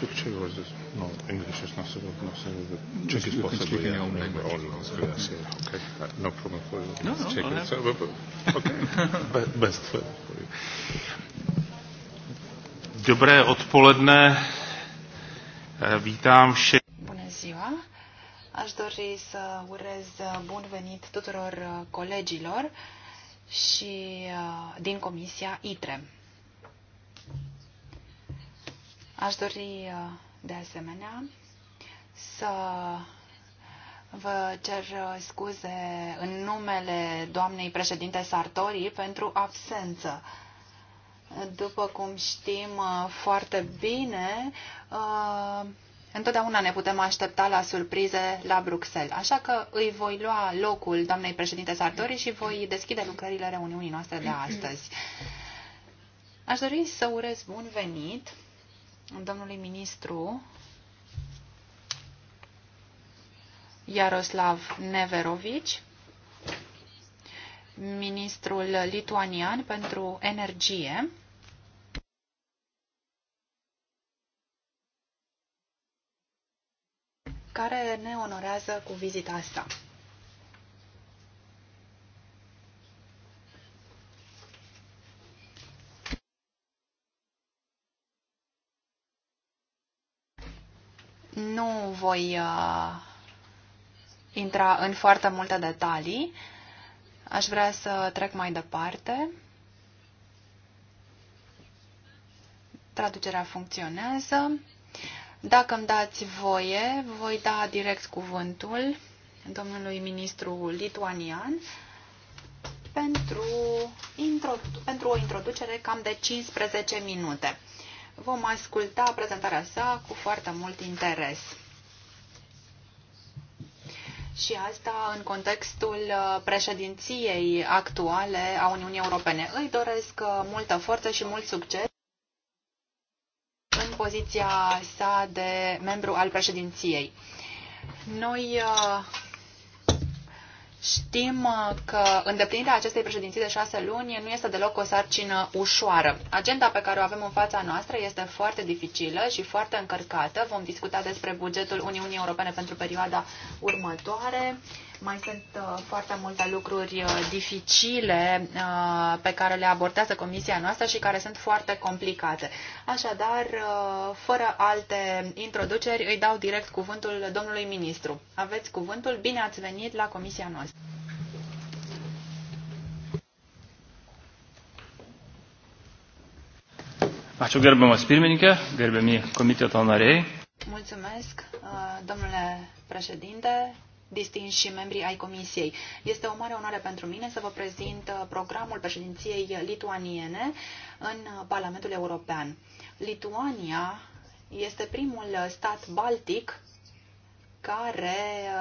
Czech picture was this? No, English is not so good. No, so good. Czech is possible. Yeah, own language. All language. Yeah. Okay, uh, no problem for you. No, no, Czech is so, but, okay. Best for you. Dobré odpoledne. Eh, vítám vše. Bună ziua. Aș dori să urez bun venit tuturor eh, colegilor și eh, din Comisia ITREM. Aș dori uh, de asemenea să Vă cer uh, scuze în numele doamnei președinte Sartori pentru absență. După cum știm uh, foarte bine, întotdeauna ne putem aștepta la surprize la Bruxelles. Așa că îi voi lua locul doamnei președinte Sartori și voi deschide lucrările reuniunii noastre de astăzi. Aș dori să urez bun venit domnului ministru Iaroslav Neverovici, ministrul lituanian pentru energie. care ne onorează cu vizita asta. Nu voi uh, intra în foarte multe detalii. Aș vrea să trec mai departe. Traducerea funcționează. Dacă îmi dați voie, voi da direct cuvântul domnului ministru lituanian pentru, pentru o introducere cam de 15 minute. Vom asculta prezentarea sa cu foarte mult interes. Și asta în contextul uh, președinției actuale a Uniunii Europene. Îi doresc uh, multă forță și mult succes în poziția sa de membru al președinției. Noi uh, Știm uh, că îndeplinirea acestei președinții de șase luni nu este deloc o sarcină ușoară. Agenda pe care o avem în fața noastră este foarte dificilă și foarte încărcată. Vom discuta despre bugetul Uniunii Europene pentru perioada următoare. Mai sunt uh, foarte multe lucruri uh, dificile uh, pe care le abordează comisia noastră și care sunt foarte complicate. Așadar, fără alte introduceri, îi dau direct cuvântul domnului ministru. Aveți cuvântul, bine ați venit la comisia noastră. Ačiū gerbiamas pirmininkė, gerbiami komiteto nariai. Mulțumesc, domnule președinte, distinși membrii ai Comisiei. Este o mare onoare pentru mine să vă prezint uh, programul președinției lituaniene în Parlamentul European. Lituania este primul stat baltic care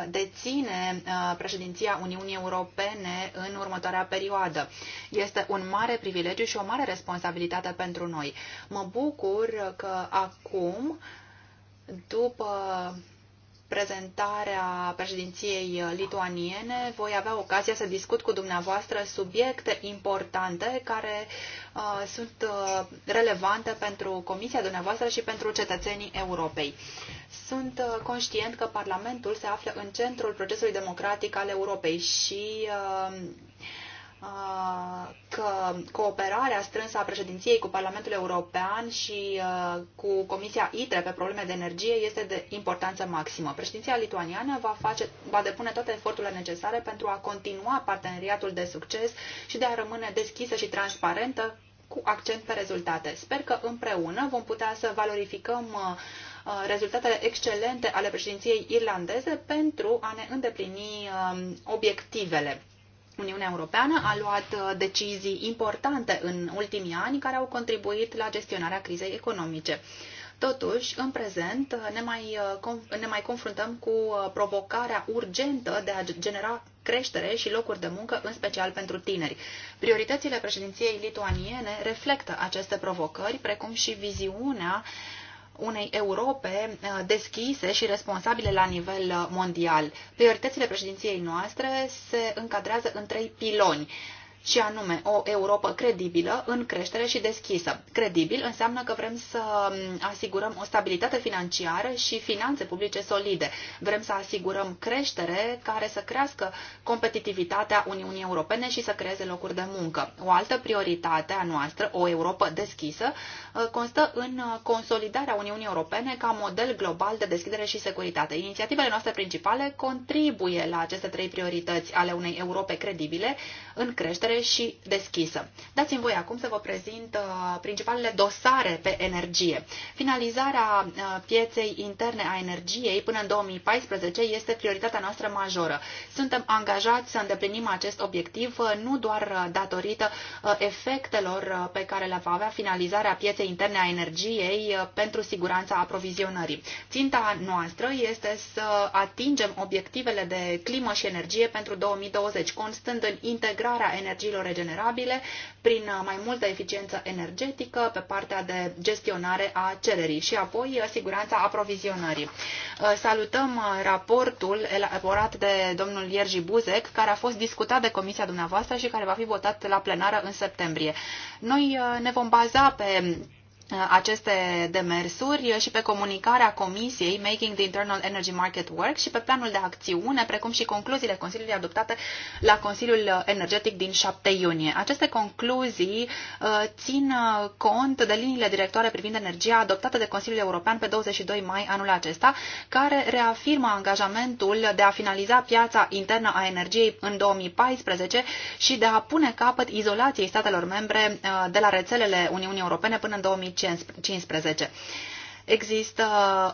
deține uh, președinția Uniunii Europene în următoarea perioadă. Este un mare privilegiu și o mare responsabilitate pentru noi. Mă bucur că acum, după prezentarea președinției lituaniene voi avea ocazia să discut cu dumneavoastră subiecte importante care uh, sunt uh, relevante pentru Comisia dumneavoastră și pentru cetățenii Europei. Sunt uh, conștient că Parlamentul se află în centrul procesului democratic al Europei și uh, că cooperarea strânsă a președinției cu Parlamentul European și cu Comisia ITRE pe probleme de energie este de importanță maximă. Președinția lituaniană va, face, va depune toate eforturile necesare pentru a continua parteneriatul de succes și de a rămâne deschisă și transparentă cu accent pe rezultate. Sper că împreună vom putea să valorificăm rezultatele excelente ale președinției irlandeze pentru a ne îndeplini obiectivele Uniunea Europeană a luat uh, decizii importante în ultimii ani care au contribuit la gestionarea crizei economice. Totuși, în prezent, uh, ne mai, uh, ne mai confruntăm cu provocarea urgentă de a genera creștere și locuri de muncă, în special pentru tineri. Prioritățile președinției lituaniene reflectă aceste provocări, precum și viziunea uh, unei Europe uh, deschise și responsabile la nivel uh, mondial. Prioritățile președinției noastre se încadrează în trei piloni și anume o Europa credibilă, în creștere și deschisă. Credibil înseamnă că vrem să asigurăm o stabilitate financiară și finanțe publice solide. Vrem să asigurăm creștere care să crească competitivitatea Uniunii Europene și să creeze locuri de muncă. O altă prioritate a noastră, o Europa deschisă, constă în consolidarea Uniunii Europene ca model global de deschidere și securitate. Inițiativele noastre principale contribuie la aceste trei priorități ale unei Europe credibile, în creștere și deschisă. Dați-mi voi acum să vă prezint uh, principalele dosare pe energie. Finalizarea uh, pieței interne a energiei până în 2014 este prioritatea noastră majoră. Suntem angajați să îndeplinim acest obiectiv uh, nu doar datorită efectelor pe care le va avea finalizarea pieței interne a energiei pentru siguranța aprovizionării. Ținta noastră este să atingem obiectivele de climă și energie pentru 2020, constând în integrarea energiei energiilor regenerabile prin mai multă eficiență energetică pe partea de gestionare a cererii și apoi uh, siguranța aprovizionării. Uh, salutăm uh, raportul elaborat de domnul Iergi Buzek, care a fost discutat de comisia dumneavoastră și care va fi votat la plenară în septembrie. Noi ne vom baza pe Uh, aceste demersuri și pe comunicarea Comisiei Making the Internal Energy Market Work și pe planul de acțiune, precum și concluziile Consiliului adoptate la Consiliul Energetic din 7 iunie. Aceste concluzii uh, țin uh, cont de liniile directoare privind energia adoptate de Consiliul European pe 22 mai anul acesta, care reafirmă angajamentul de a finaliza piața internă a energiei în 2014 și de a pune capăt izolației statelor membre de la rețelele Uniunii Europene până în 2015. 2015 există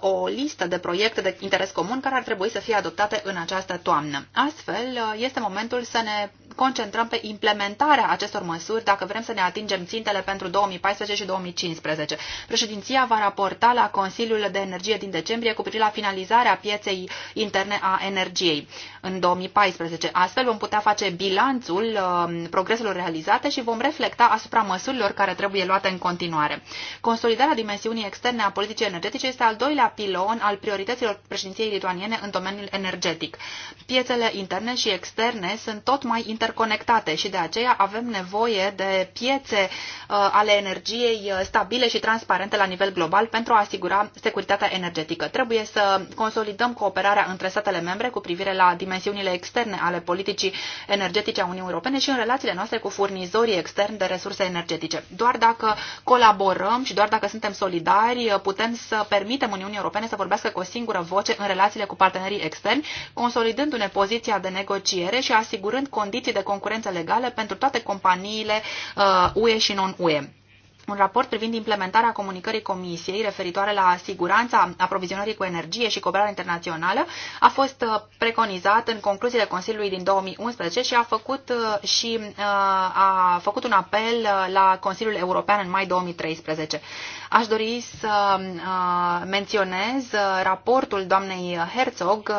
o listă de proiecte de interes comun care ar trebui să fie adoptate în această toamnă. Astfel, este momentul să ne concentrăm pe implementarea acestor măsuri dacă vrem să ne atingem țintele pentru 2014 și 2015. Președinția va raporta la Consiliul de Energie din decembrie cu privire la finalizarea pieței interne a energiei în 2014. Astfel vom putea face bilanțul uh, progreselor realizate și vom reflecta asupra măsurilor care trebuie luate în continuare. Consolidarea dimensiunii externe a politicii eficienței energetice este al doilea pilon al priorităților președinției lituaniene în domeniul energetic. Piețele interne și externe sunt tot mai interconectate și de aceea avem nevoie de piețe uh, ale energiei uh, stabile și transparente la nivel global pentru a asigura securitatea energetică. Trebuie să consolidăm cooperarea între statele membre cu privire la dimensiunile externe ale politicii energetice a Uniunii Europene și în relațiile noastre cu furnizorii externi de resurse energetice. Doar dacă colaborăm și doar dacă suntem solidari, uh, putem ani să permitem Uniunii Europene să vorbească cu o singură voce în relațiile cu partenerii externi, consolidându-ne poziția de negociere și asigurând condiții de concurență legale pentru toate companiile uh, UE și non-UE un raport privind implementarea comunicării Comisiei referitoare la siguranța aprovizionării cu energie și cooperarea internațională a fost uh, preconizat în concluziile Consiliului din 2011 și a făcut, uh, și, uh, a făcut un apel la Consiliul European în mai 2013. Aș dori să menționez raportul doamnei Herzog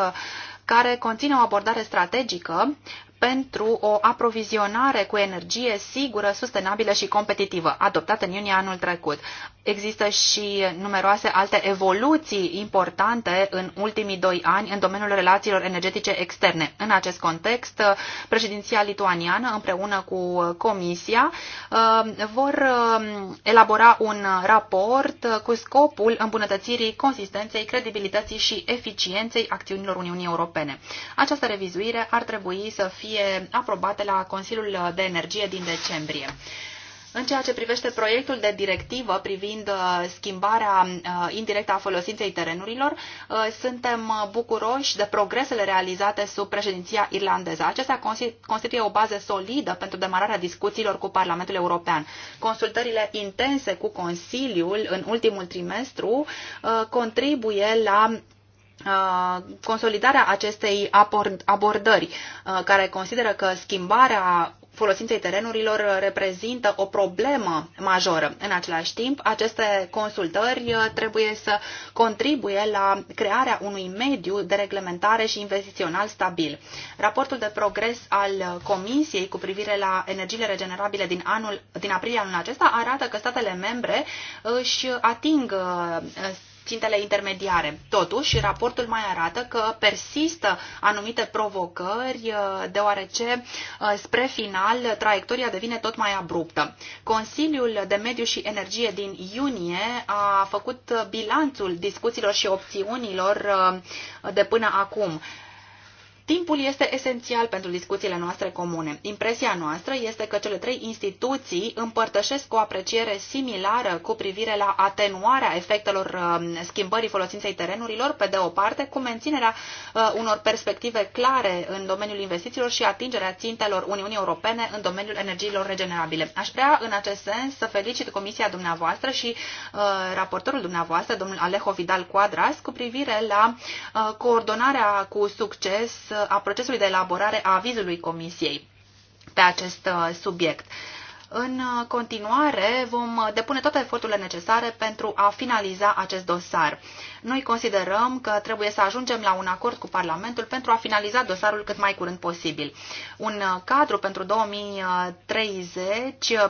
care conține o abordare strategică pentru o aprovizionare cu energie sigură, sustenabilă și competitivă, adoptat în iunie anul trecut. Există și numeroase alte evoluții importante în ultimii doi ani în domeniul relațiilor energetice externe. În acest context, președinția lituaniană împreună cu Comisia uh, vor uh, elabora un raport cu scopul îmbunătățirii consistenței, credibilității și eficienței acțiunilor Uniunii Europene. Această revizuire ar trebui să fie aprobată la Consiliul de Energie din decembrie. În ceea ce privește proiectul de directivă privind uh, schimbarea uh, indirectă a folosinței terenurilor, uh, suntem bucuroși de progresele realizate sub președinția irlandeză. Acestea constituie o bază solidă pentru demararea discuțiilor cu Parlamentul European. Consultările intense cu Consiliul în ultimul trimestru contribuie la consolidarea acestei abordări, care consideră că schimbarea folosinței terenurilor reprezintă o problemă majoră. În același timp, aceste consultări uh, trebuie să contribuie la crearea unui mediu de reglementare și investițional stabil. Raportul de progres al Comisiei cu privire la energiile regenerabile din, anul, din aprilie anul acesta arată că statele membre uh, își ating uh, țintele intermediare. Totuși, raportul mai arată că persistă anumite provocări, uh, deoarece uh, spre final traiectoria devine tot mai abruptă. Consiliul de Mediu și Energie din iunie a făcut bilanțul discuțiilor și opțiunilor uh, de până acum. Timpul este esențial pentru discuțiile noastre comune. Impresia noastră este că cele trei instituții împărtășesc o apreciere similară cu privire la atenuarea efectelor um, schimbării folosinței terenurilor, pe de o parte, cu menținerea uh, unor perspective clare în domeniul investițiilor și atingerea țintelor Uniunii Europene în domeniul energiilor regenerabile. Aș vrea, în acest sens, să felicit Comisia dumneavoastră și uh, raportorul dumneavoastră, domnul Alejo Vidal Quadras, cu privire la uh, coordonarea cu succes a procesului de elaborare a avizului Comisiei pe acest uh, subiect. În uh, continuare, vom depune toate eforturile necesare pentru a finaliza acest dosar. Noi considerăm că trebuie să ajungem la un acord cu Parlamentul pentru a finaliza dosarul cât mai curând posibil. Un uh, cadru pentru 2030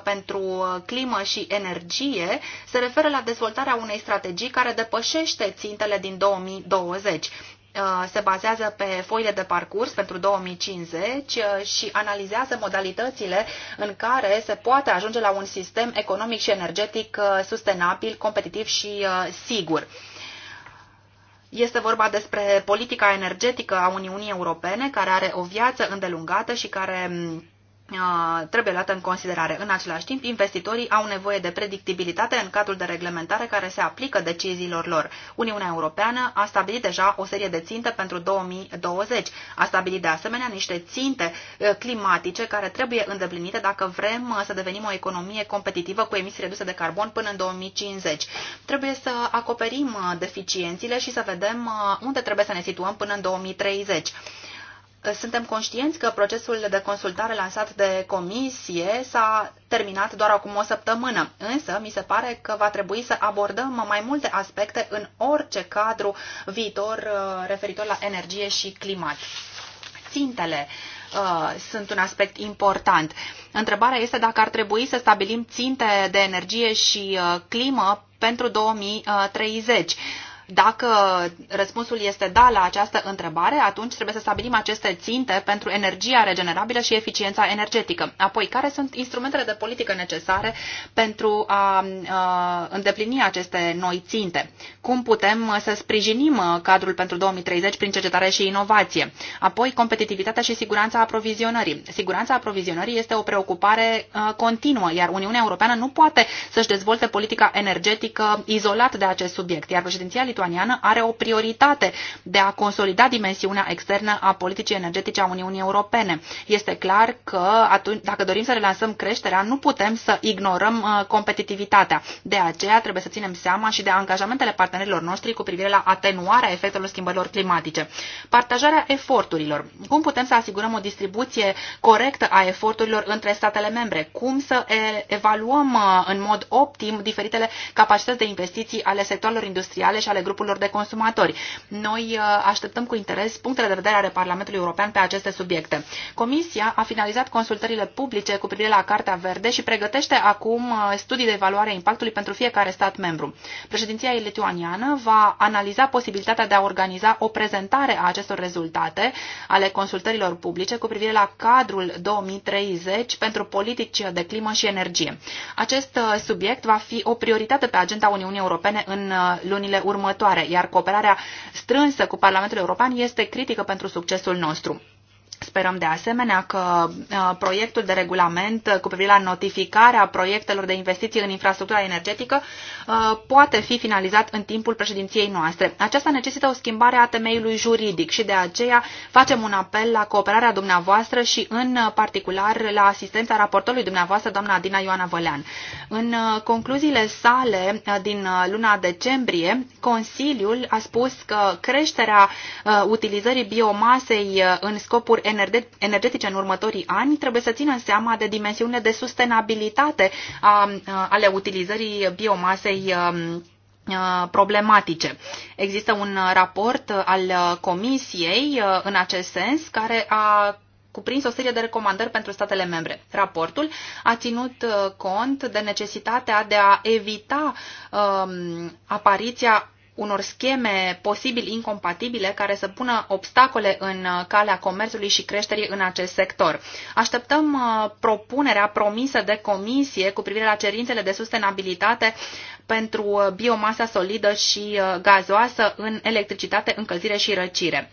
pentru climă și energie se referă la dezvoltarea unei strategii care depășește țintele din 2020. Uh, se bazează pe foile de parcurs pentru 2050 uh, și analizează modalitățile în care se poate ajunge la un sistem economic și energetic uh, sustenabil, competitiv și sigur. Este vorba despre politica energetică a Uniunii Europene, care are o viață îndelungată și care mm, Uh, trebuie luată în considerare. În același timp, investitorii au nevoie de predictibilitate în cadrul de reglementare care se aplică deciziilor lor. Uniunea Europeană a stabilit deja o serie de ținte pentru 2020. A stabilit de asemenea niște ținte uh, climatice care trebuie îndeplinite dacă vrem uh, să devenim o economie competitivă cu emisii reduse de carbon până în 2050. Trebuie să acoperim deficiențile și să vedem unde trebuie să ne situăm până în 2030 suntem conștienți că procesul de consultare lansat de comisie s-a terminat doar acum o săptămână, însă mi se pare că va trebui să abordăm mai multe aspecte în orice cadru viitor uh, referitor la energie și climat. Țintele uh, sunt un aspect important. Întrebarea este dacă ar trebui să stabilim ținte de energie și uh, climă pentru 2030. Dacă răspunsul este da la această întrebare, atunci trebuie să stabilim aceste ținte pentru energia regenerabilă și eficiența energetică. Apoi, care sunt instrumentele de politică necesare pentru a, îndeplini aceste noi ținte? Cum putem să sprijinim cadrul pentru 2030 prin cercetare și inovație? Apoi, competitivitatea și siguranța aprovizionării. Siguranța aprovizionării este o preocupare continuă, iar Uniunea Europeană nu poate să-și dezvolte politica energetică izolat de acest subiect, iar președinția lituaniană are o prioritate de a consolida dimensiunea externă a politicii energetice a Uniunii Europene. Este clar că atunci, dacă dorim să relansăm creșterea, nu putem să ignorăm uh, competitivitatea. De aceea trebuie să ținem seama și de angajamentele partenerilor noștri cu privire la atenuarea efectelor schimbărilor climatice. Partajarea eforturilor. Cum putem să asigurăm o distribuție corectă a eforturilor între statele membre? Cum să evaluăm uh, în mod optim diferitele capacități de investiții ale sectoarelor industriale și ale grupurilor de consumatori. Noi uh, așteptăm cu interes punctele de vedere ale Parlamentului European pe aceste subiecte. Comisia a finalizat consultările publice cu privire la Cartea Verde și pregătește acum uh, studii de evaluare a impactului pentru fiecare stat membru. Președinția lituaniană va analiza posibilitatea de a organiza o prezentare a acestor rezultate ale consultărilor publice cu privire la cadrul 2030 pentru politici de climă și energie. Acest uh, subiect va fi o prioritate pe agenda Uniunii Europene în lunile următoare următoare, iar cooperarea strânsă cu Parlamentul European este critică pentru succesul nostru. Sperăm de asemenea că uh, proiectul de regulament uh, cu privire la notificarea proiectelor de investiții în infrastructura energetică uh, poate fi finalizat în timpul președinției noastre. Aceasta necesită o schimbare a temeiului juridic și de aceea facem un apel la cooperarea dumneavoastră și în particular la asistența raportorului dumneavoastră, doamna Adina Ioana Vălean. În concluziile sale din luna decembrie, Consiliul a spus că creșterea utilizării biomasei în scopuri energetice în următorii ani trebuie să țină seama de dimensiunile de sustenabilitate a, ale utilizării biomasei problematice. Există un raport al Comisiei în acest sens care a cuprins o serie de recomandări pentru statele membre. Raportul a ținut cont de necesitatea de a evita um, apariția unor scheme posibil incompatibile care să pună obstacole în uh, calea comerțului și creșterii în acest sector. Așteptăm uh, propunerea promisă de comisie cu privire la cerințele de sustenabilitate pentru uh, biomasa solidă și gazoasă în electricitate, încălzire și răcire.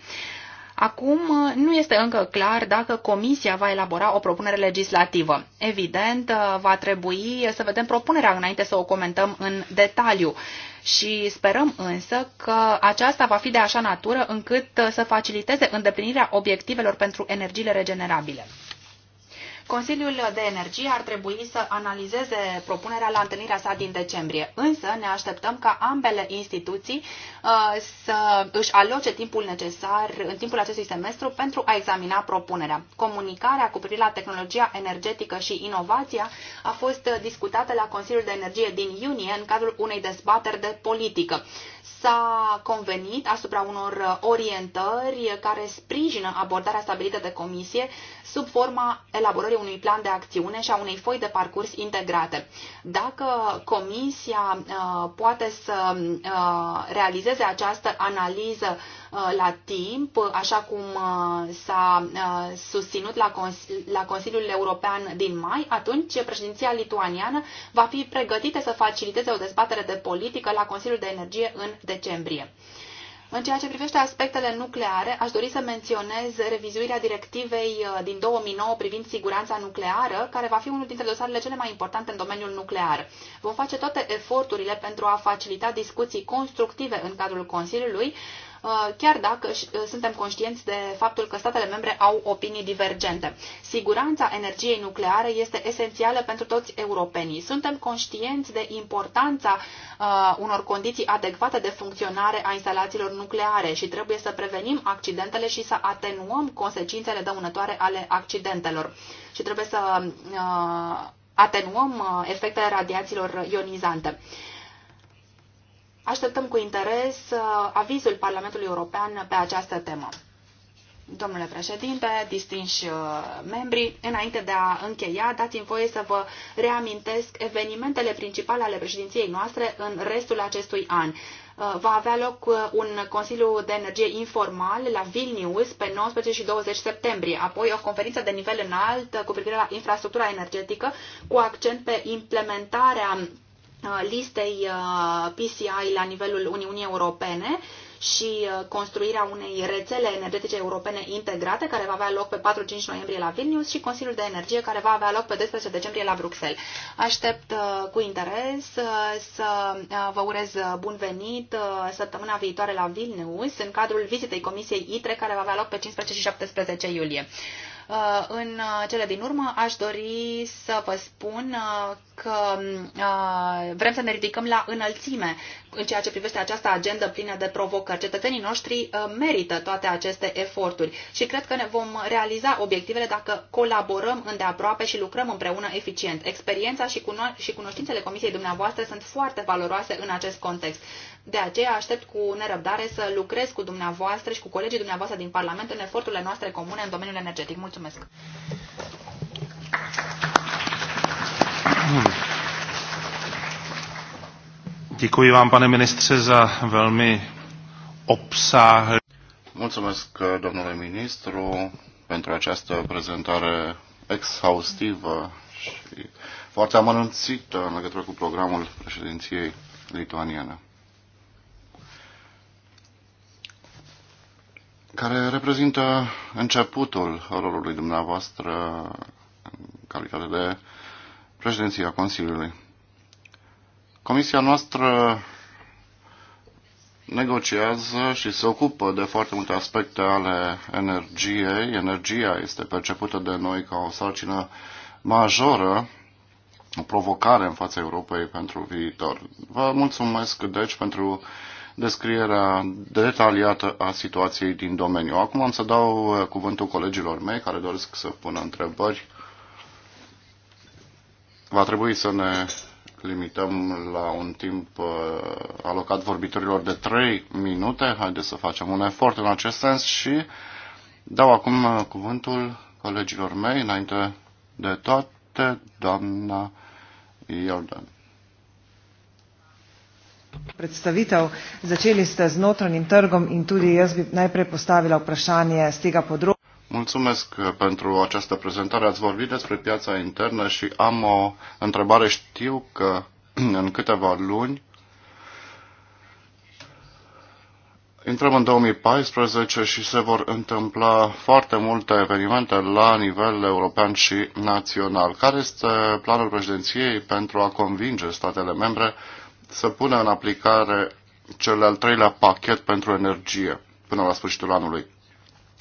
Acum uh, nu este încă clar dacă Comisia va elabora o propunere legislativă. Evident, uh, va trebui să vedem propunerea înainte să o comentăm în detaliu și sperăm însă că aceasta va fi de așa natură încât uh, să faciliteze îndeplinirea obiectivelor pentru energiile regenerabile. Consiliul de Energie ar trebui să analizeze propunerea la întâlnirea sa din decembrie, însă ne așteptăm ca ambele instituții Uh, să își aloce timpul necesar în timpul acestui semestru pentru a examina propunerea. Comunicarea cu privire la tehnologia energetică și inovația a fost discutată la Consiliul de Energie din iunie în cadrul unei dezbateri de politică. S-a convenit asupra unor orientări care sprijină abordarea stabilită de comisie sub forma elaborării unui plan de acțiune și a unei foi de parcurs integrate. Dacă comisia uh, poate să uh, realizeze realizeze această analiză uh, la timp, așa cum uh, s-a uh, susținut la, la Consiliul European din mai, atunci președinția lituaniană va fi pregătită să faciliteze o dezbatere de politică la Consiliul de Energie în decembrie. În ceea ce privește aspectele nucleare, aș dori să menționez revizuirea directivei uh, din 2009 privind siguranța nucleară, care va fi unul dintre dosarele cele mai importante în domeniul nuclear. Vom face toate eforturile pentru a facilita discuții constructive în cadrul Consiliului Uh, chiar dacă uh, suntem conștienți de faptul că statele membre au opinii divergente. Siguranța energiei nucleare este esențială pentru toți europenii. Suntem conștienți de importanța uh, unor condiții adecvate de funcționare a instalațiilor nucleare și trebuie să prevenim accidentele și să atenuăm consecințele dăunătoare ale accidentelor. Și trebuie să atenuăm efectele radiațiilor ionizante. Așteptăm cu interes uh, avizul Parlamentului European pe această temă. Domnule președinte, distinși uh, membri, înainte de a încheia, dați-mi voie să vă reamintesc evenimentele principale ale președinției noastre în restul acestui an. Uh, va avea loc un Consiliu de Energie informal la Vilnius pe 19 și 20 septembrie, apoi o conferință de nivel înalt cu privire la infrastructura energetică cu accent pe implementarea Uh, listei uh, PCI la nivelul Uniunii Europene și uh, construirea unei rețele energetice europene integrate care va avea loc pe 4-5 noiembrie la Vilnius și Consiliul de Energie care va avea loc pe 12 decembrie la Bruxelles. Aștept cu interes să vă urez bun venit săptămâna viitoare la Vilnius în cadrul vizitei Comisiei ITRE care va avea loc pe 15 și 17 iulie. În cele din urmă aș dori să vă spun că uh, vrem să ne ridicăm la înălțime în ceea ce privește această agendă plină de provocări. Cetățenii noștri uh, merită toate aceste eforturi și cred că ne vom realiza obiectivele dacă colaborăm îndeaproape și lucrăm împreună eficient. Experiența și, cuno- și cunoștințele Comisiei dumneavoastră sunt foarte valoroase în acest context. De aceea aștept cu nerăbdare să lucrez cu dumneavoastră și cu colegii dumneavoastră din Parlament în eforturile noastre comune în domeniul energetic. Mulțumesc! Děkuji vám, pane ministře, za velmi obsáhlý. Mulțumesc, domnule ministru, pentru această prezentare exhaustivă și foarte amănânțită în legătură cu programul președinției lituaniene, care reprezintă începutul rolului dumneavoastră în calitate de președinția Consiliului. Comisia noastră negociază și se ocupă de foarte multe aspecte ale energiei. Energia este percepută de noi ca o sarcină majoră, o provocare în fața Europei pentru viitor. Vă mulțumesc, deci, pentru descrierea detaliată a situației din domeniu. Acum am să dau uh, cuvântul colegilor mei care doresc să pună întrebări Va trebui să ne limităm la un timp uh, alocat vorbitorilor de 3 minute. Haideți să facem un efort în acest sens și dau acum uh, cuvântul colegilor mei, înainte de toate, doamna Jordan. Predstavitev začeli ste z notranjim trgom in tudi jaz bi najprej postavila vprašanje z tega področja. Mulțumesc uh, pentru această prezentare. Ați vorbit despre piața internă și am o întrebare. Știu că în câteva luni intrăm în 2014 și se vor întâmpla foarte multe evenimente la nivel european și național. Care este planul președinției pentru a convinge statele membre să pună în aplicare cel al treilea pachet pentru energie până la sfârșitul anului?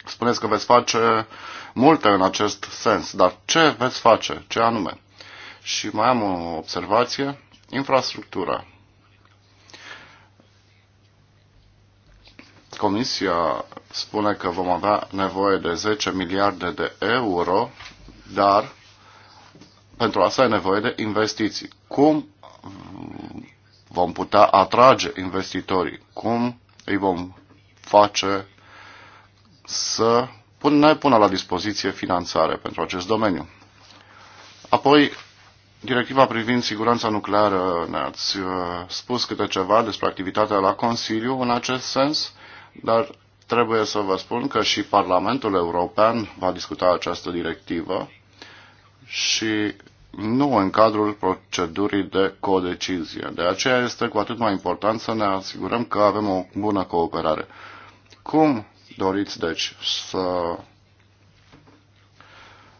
Spuneți că veți face multe în acest sens, dar ce veți face? Ce anume? Și mai am o observație. Infrastructura. Comisia spune că vom avea nevoie de 10 miliarde de euro, dar pentru asta e nevoie de investiții. Cum vom putea atrage investitorii? Cum îi vom face să ne pună la dispoziție finanțare pentru acest domeniu. Apoi, directiva privind siguranța nucleară, ne-ați uh, spus câte ceva despre activitatea la Consiliu în acest sens, dar trebuie să vă spun că și Parlamentul European va discuta această directivă și nu în cadrul procedurii de codecizie. De aceea este cu atât mai important să ne asigurăm că avem o bună cooperare. Cum Doriți, deci, să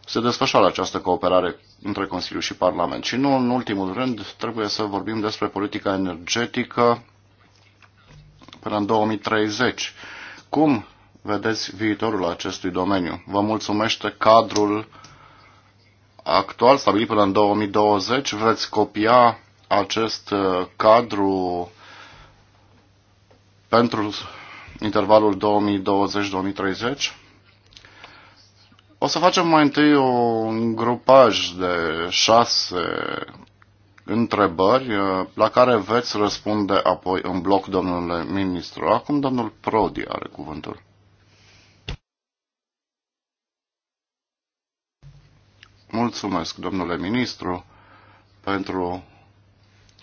se desfășoare această cooperare între Consiliu și Parlament. Și nu în ultimul rând, trebuie să vorbim despre politica energetică până în 2030. Cum vedeți viitorul acestui domeniu? Vă mulțumește cadrul actual stabilit până în 2020? Veți copia acest uh, cadru pentru intervalul 2020-2030. O să facem mai întâi un grupaj de șase întrebări uh, la care veți răspunde apoi în bloc, domnule ministru. Acum domnul Prodi are cuvântul. Mulțumesc, domnule ministru, pentru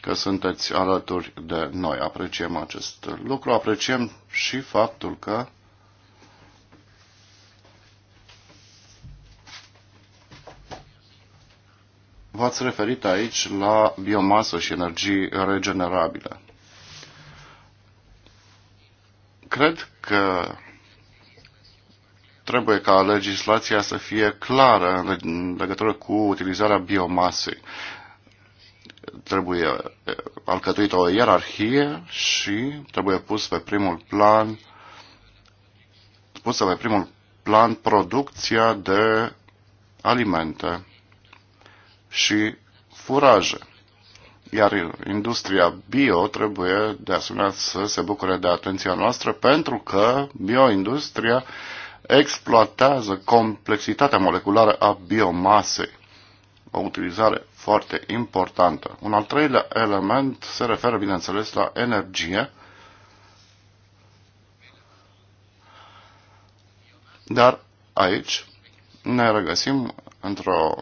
că sunteți alături de noi. Apreciem acest lucru, apreciem și faptul că v-ați referit aici la biomasă și energii regenerabile. Cred că trebuie ca legislația să fie clară în legătură cu utilizarea biomasei trebuie alcătuită o ierarhie și trebuie pus pe primul plan pusă pe primul plan producția de alimente și furaje. Iar industria bio trebuie de asemenea să se bucure de atenția noastră pentru că bioindustria exploatează complexitatea moleculară a biomasei. O utilizare foarte importantă. Un al treilea element se referă, bineînțeles, la energie, dar aici ne regăsim într-o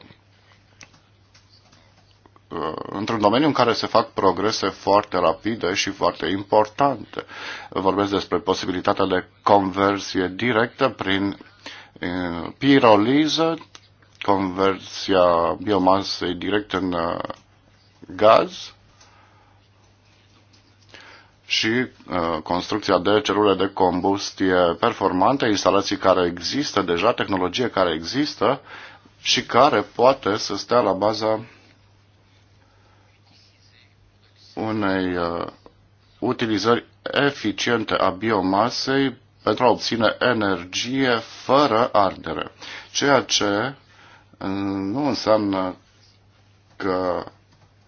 uh, într-un domeniu în care se fac progrese foarte rapide și foarte importante. Vorbesc despre posibilitatea de conversie directă prin uh, piroliză conversia biomasei direct în uh, gaz și uh, construcția de celule de combustie performante, instalații care există deja, tehnologie care există și care poate să stea la baza unei uh, utilizări eficiente a biomasei pentru a obține energie fără ardere, ceea ce nu înseamnă că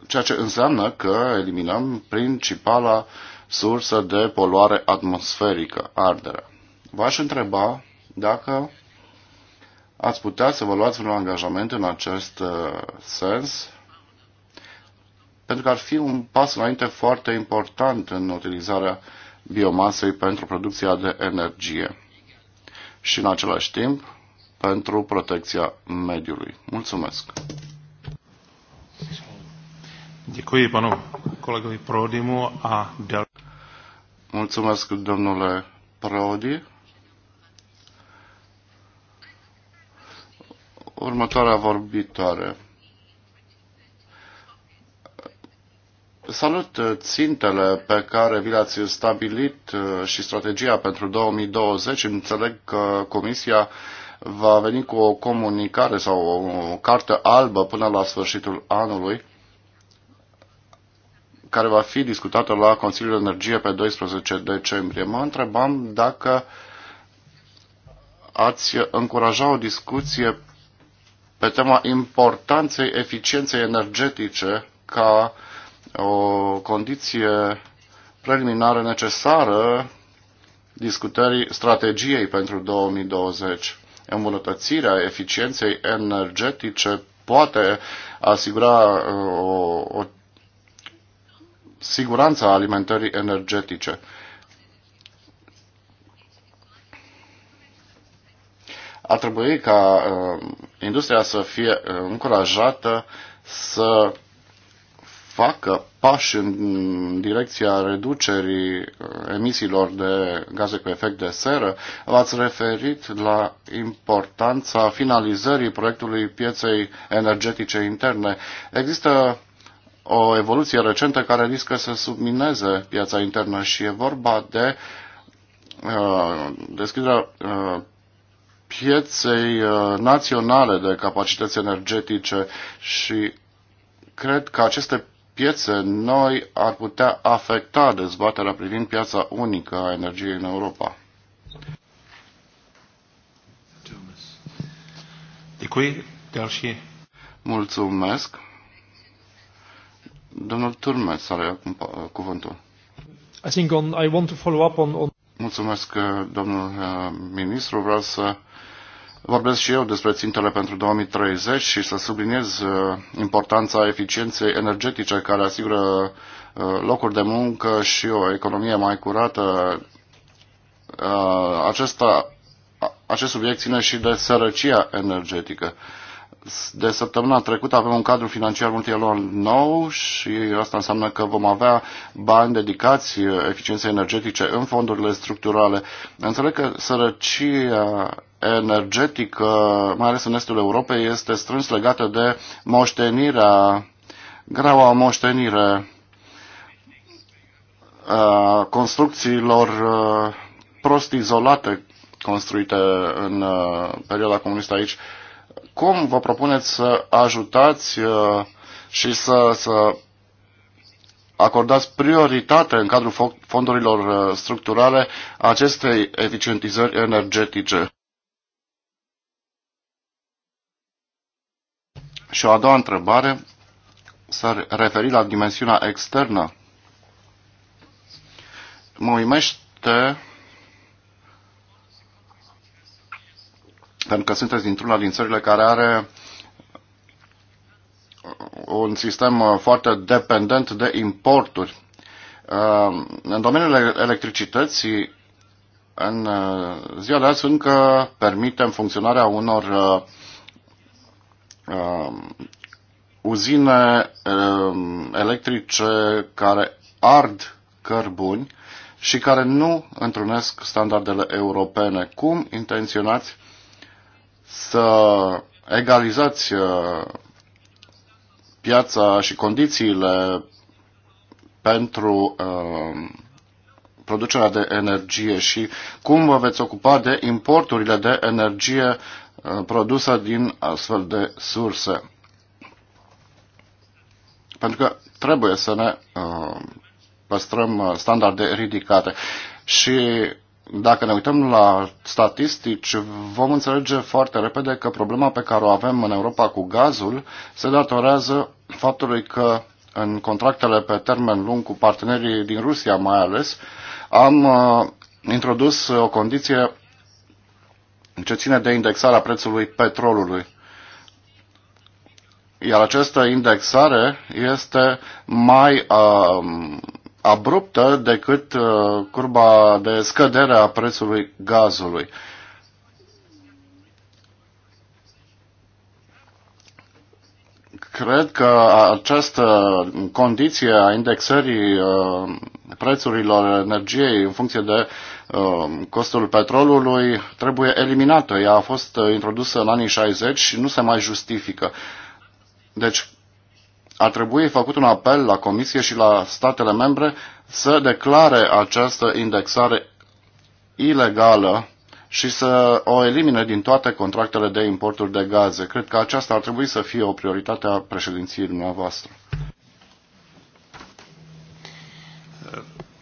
ceea ce înseamnă că eliminăm principala sursă de poluare atmosferică, arderea. V-aș întreba dacă ați putea să vă luați un angajament în acest uh, sens, pentru că ar fi un pas înainte foarte important în utilizarea biomasei pentru producția de energie. Și în același timp, pentru protecția mediului. Mulțumesc! Děkuji panu kolegovi Prodimu a del. Mulțumesc, domnule Prodi. Următoarea vorbitoare. Salut țintele pe care vi le-ați stabilit și strategia pentru 2020. Înțeleg că Comisia va veni cu o comunicare sau o carte albă până la sfârșitul anului care va fi discutată la Consiliul Energie pe 12 decembrie. Mă întrebam dacă ați încuraja o discuție pe tema importanței eficienței energetice ca o condiție preliminară necesară discutării strategiei pentru 2020 îmbunătățirea eficienței energetice poate asigura uh, o, o siguranță a alimentării energetice. A trebuit ca uh, industria să fie uh, încurajată să facă pași în direcția reducerii uh, emisiilor de gaze cu efect de seră, v-ați referit la importanța finalizării proiectului pieței energetice interne. Există o evoluție recentă care riscă să submineze piața internă și e vorba de uh, deschiderea uh, pieței uh, naționale de capacități energetice și cred că aceste piețe noi ar putea afecta dezbaterea privind piața unică a energiei în Europa. Mulțumesc. Domnul Turmes are acum uh, cuvântul. I think on, I want to follow up on, on... Mulțumesc, uh, domnul uh, ministru. Vreau să Vorbesc și eu despre țintele pentru 2030 și să subliniez uh, importanța eficienței energetice care asigură uh, locuri de muncă și o economie mai curată. Uh, acesta, acest subiect ține și de sărăcia energetică. De săptămâna trecută avem un cadru financiar multianual nou și asta înseamnă că vom avea bani dedicați eficienței energetice în fondurile structurale. Înțeleg că sărăcia energetică, mai ales în estul Europei, este strâns legată de moștenirea, graua moștenire a construcțiilor uh, prost izolate construite în uh, perioada comunistă aici. Cum vă propuneți să ajutați uh, și să, să acordați prioritate în cadrul fondurilor structurale acestei eficientizări energetice? Și o a doua întrebare s a referi la dimensiunea externă. Mă uimește pentru că sunteți dintr-una din țările care are un sistem foarte dependent de importuri. În domeniul electricității, în ziua de azi încă permitem funcționarea unor uh, uzine uh, electrice care ard cărbuni și care nu întrunesc standardele europene. Cum intenționați să egalizați uh, piața și condițiile pentru uh, producerea de energie și cum vă veți ocupa de importurile de energie produsă din astfel de surse. Pentru că trebuie să ne uh, păstrăm uh, standarde ridicate. Și dacă ne uităm la statistici, vom înțelege foarte repede că problema pe care o avem în Europa cu gazul se datorează faptului că în contractele pe termen lung cu partenerii din Rusia mai ales, am uh, introdus o condiție în ce ține de indexarea prețului petrolului. Iar această indexare este mai uh, abruptă decât uh, curba de scădere a prețului gazului. Cred că această condiție a indexării uh, prețurilor energiei în funcție de Um, costul petrolului trebuie eliminată. Ea a fost uh, introdusă în anii 60 și nu se mai justifică. Deci ar trebui făcut un apel la Comisie și la statele membre să declare această indexare ilegală și să o elimine din toate contractele de importuri de gaze. Cred că aceasta ar trebui să fie o prioritate a președinției dumneavoastră.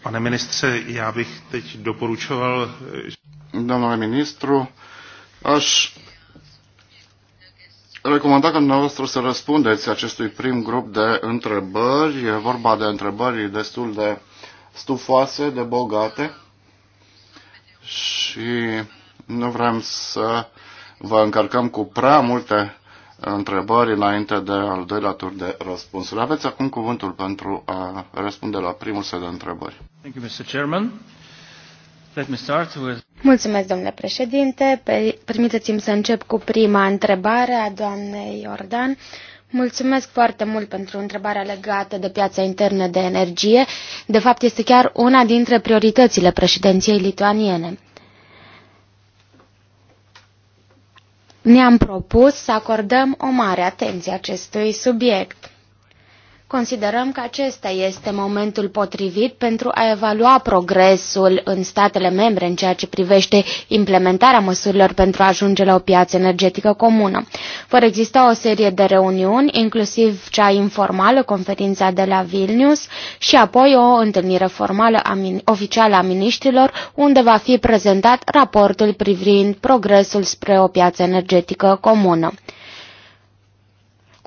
Pane ministře, já bych teď doporučoval... Eh, Domnule ministru, aș recomanda ca dumneavoastră să răspundeți acestui prim grup de întrebări. E vorba de întrebări destul de stufoase, de bogate și nu vrem să vă încărcăm cu prea multe întrebări înainte de al doilea tur de răspunsuri. Aveți acum cuvântul pentru a răspunde la primul set de întrebări. Thank you, Mr. Chairman. Let me start with... Mulțumesc, domnule președinte. Permiteți-mi să încep cu prima întrebare a doamnei Iordan. Mulțumesc foarte mult pentru întrebarea legată de piața internă de energie. De fapt, este chiar una dintre prioritățile președinției lituaniene. ne-am propus să acordăm o mare atenție acestui subiect. Considerăm că acesta este momentul potrivit pentru a evalua progresul în statele membre în ceea ce privește implementarea măsurilor pentru a ajunge la o piață energetică comună. Vor exista o serie de reuniuni, inclusiv cea informală, conferința de la Vilnius, și apoi o întâlnire formală a oficială a miniștrilor, unde va fi prezentat raportul privind progresul spre o piață energetică comună.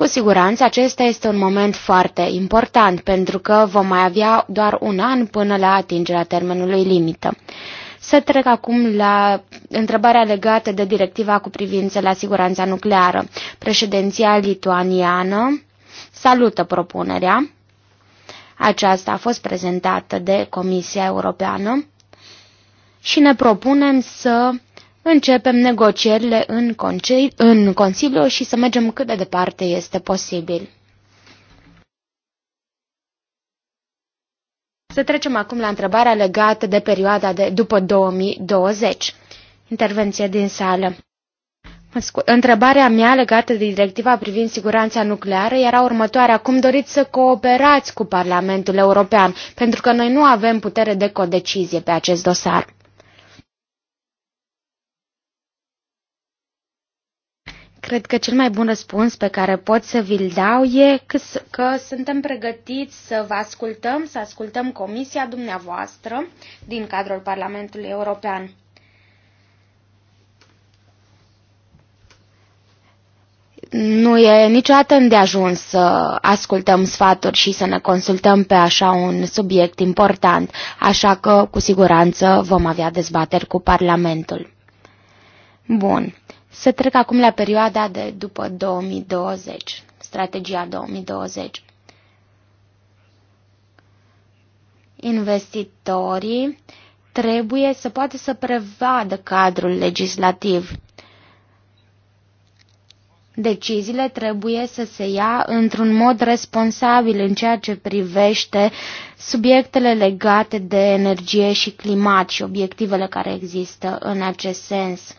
Cu siguranță acesta este un moment foarte important pentru că vom mai avea doar un an până la atingerea termenului limită. Să trec acum la întrebarea legată de directiva cu privință la siguranța nucleară. Președinția lituaniană salută propunerea. Aceasta a fost prezentată de Comisia Europeană și ne propunem să începem negocierile în, în Consiliu și să mergem cât de departe este posibil. Să trecem acum la întrebarea legată de perioada de după 2020. Intervenție din sală. Întrebarea mea legată de directiva privind siguranța nucleară era următoarea. Cum doriți să cooperați cu Parlamentul European? Pentru că noi nu avem putere de codecizie pe acest dosar. Cred că cel mai bun răspuns pe care pot să vi-l dau e că, că suntem pregătiți să vă ascultăm, să ascultăm comisia dumneavoastră din cadrul Parlamentului European. nu e niciodată îndeajuns să ascultăm sfaturi și să ne consultăm pe așa un subiect important, așa că cu siguranță vom avea dezbateri cu Parlamentul. Bun, să trec acum la perioada de după 2020, strategia 2020. Investitorii trebuie să poată să prevadă cadrul legislativ. Deciziile trebuie să se ia într-un mod responsabil în ceea ce privește subiectele legate de energie și climat și obiectivele care există în acest sens.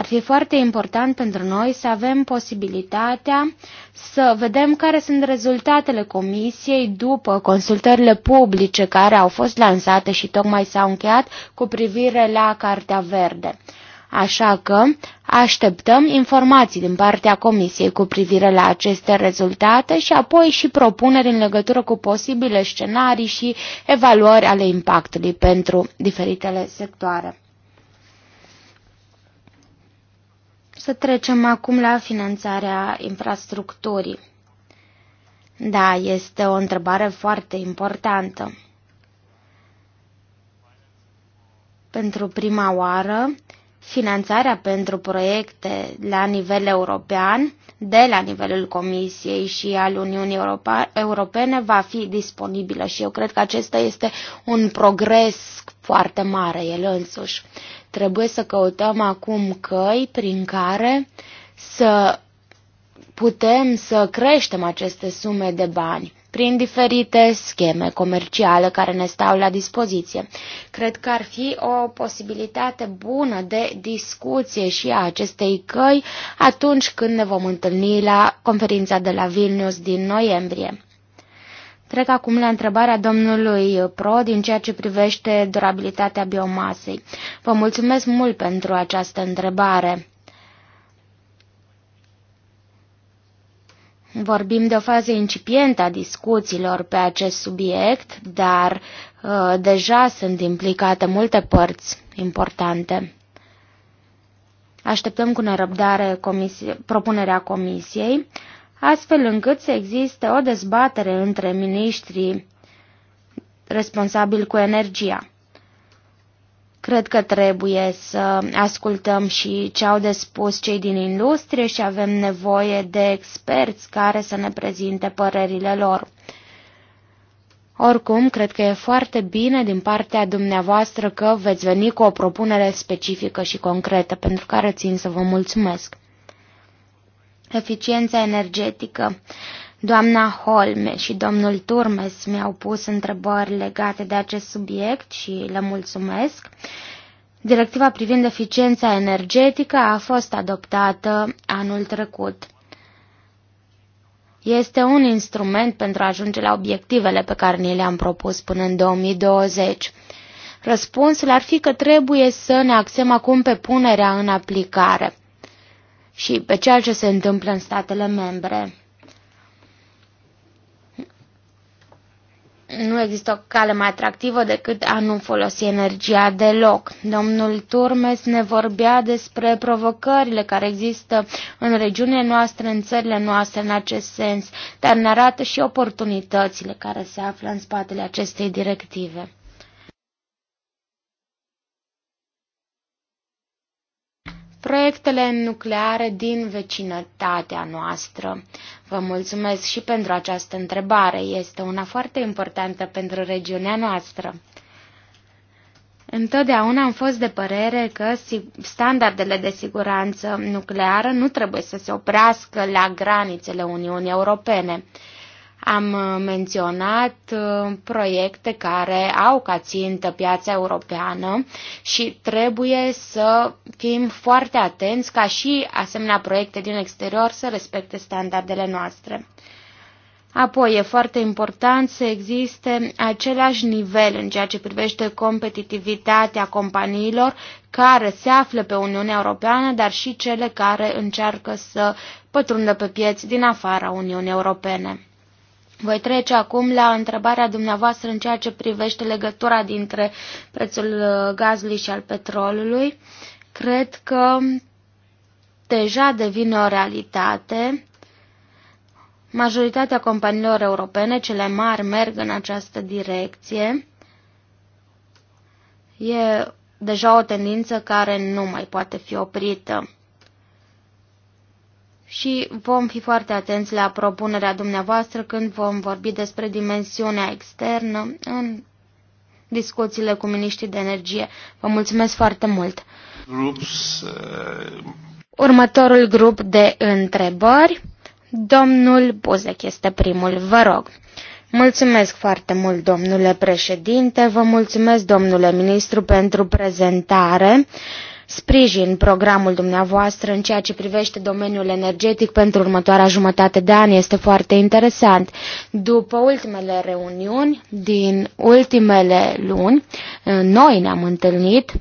Ar fi foarte important pentru noi să avem posibilitatea să vedem care sunt rezultatele comisiei după consultările publice care au fost lansate și tocmai s-au încheiat cu privire la Cartea Verde. Așa că așteptăm informații din partea Comisiei cu privire la aceste rezultate și apoi și propuneri în legătură cu posibile scenarii și evaluări ale impactului pentru diferitele sectoare. Să trecem acum la finanțarea infrastructurii. Da, este o întrebare foarte importantă. Pentru prima oară, finanțarea pentru proiecte la nivel european, de la nivelul Comisiei și al Uniunii Europene, va fi disponibilă și eu cred că acesta este un progres foarte mare el însuși. Trebuie să căutăm acum căi prin care să putem să creștem aceste sume de bani prin diferite scheme comerciale care ne stau la dispoziție. Cred că ar fi o posibilitate bună de discuție și a acestei căi atunci când ne vom întâlni la conferința de la Vilnius din noiembrie. Trec acum la întrebarea domnului Pro din ceea ce privește durabilitatea biomasei. Vă mulțumesc mult pentru această întrebare. Vorbim de o fază incipientă a discuțiilor pe acest subiect, dar uh, deja sunt implicate multe părți importante. Așteptăm cu nerăbdare comisie, propunerea comisiei. Uh, astfel încât să existe o dezbatere între miniștrii responsabili cu energia. Cred că trebuie să ascultăm și ce au de spus cei din industrie și avem nevoie de experți care să ne prezinte părerile lor. Oricum, cred că e foarte bine din partea dumneavoastră că veți veni cu o propunere specifică și concretă, pentru care țin să vă mulțumesc eficiența energetică. Doamna Holme și domnul Turmes mi-au pus întrebări legate de acest subiect și le mulțumesc. Directiva privind eficiența energetică a fost adoptată anul trecut. Este un instrument pentru a ajunge la obiectivele pe care ni le-am propus până în 2020. Răspunsul ar fi că trebuie să ne axăm acum pe punerea în aplicare și pe ceea ce se întâmplă în statele membre. nu există o cale mai atractivă decât a nu folosi energia deloc. Domnul Turmes ne vorbea despre provocările care există în regiunile noastre, în țările noastre în acest sens, dar ne arată și oportunitățile care se află în spatele acestei directive. proiectele nucleare din vecinătatea noastră. Vă mulțumesc și pentru această întrebare. Este una foarte importantă pentru regiunea noastră. Întotdeauna am fost de părere că standardele de siguranță nucleară nu trebuie să se oprească la granițele Uniunii Europene. Am uh, menționat uh, proiecte care au ca țintă piața europeană și trebuie să fim foarte atenți ca și asemenea proiecte din exterior să respecte standardele noastre. Apoi, e foarte important să existe același nivel în ceea ce privește competitivitatea companiilor care se află pe Uniunea Europeană, dar și cele care încearcă să pătrundă pe pieți din afara Uniunii Europene. Voi trece acum la întrebarea dumneavoastră în ceea ce privește legătura dintre prețul uh, gazului și al petrolului. Cred că deja devine o realitate. Majoritatea companiilor europene, cele mari, merg în această direcție. E deja o tendință care nu mai poate fi oprită și vom fi foarte atenți la propunerea dumneavoastră când vom vorbi despre dimensiunea externă în discuțiile cu miniștrii de energie. Vă mulțumesc foarte mult! Groups, uh... Următorul grup de întrebări, domnul Buzek este primul, vă rog. Mulțumesc foarte mult, domnule președinte, vă mulțumesc, domnule ministru, pentru prezentare. Uh, Sprijin programul dumneavoastră în ceea ce privește domeniul energetic pentru următoarea jumătate de an. Este foarte interesant. După ultimele reuniuni din ultimele luni, noi ne-am întâlnit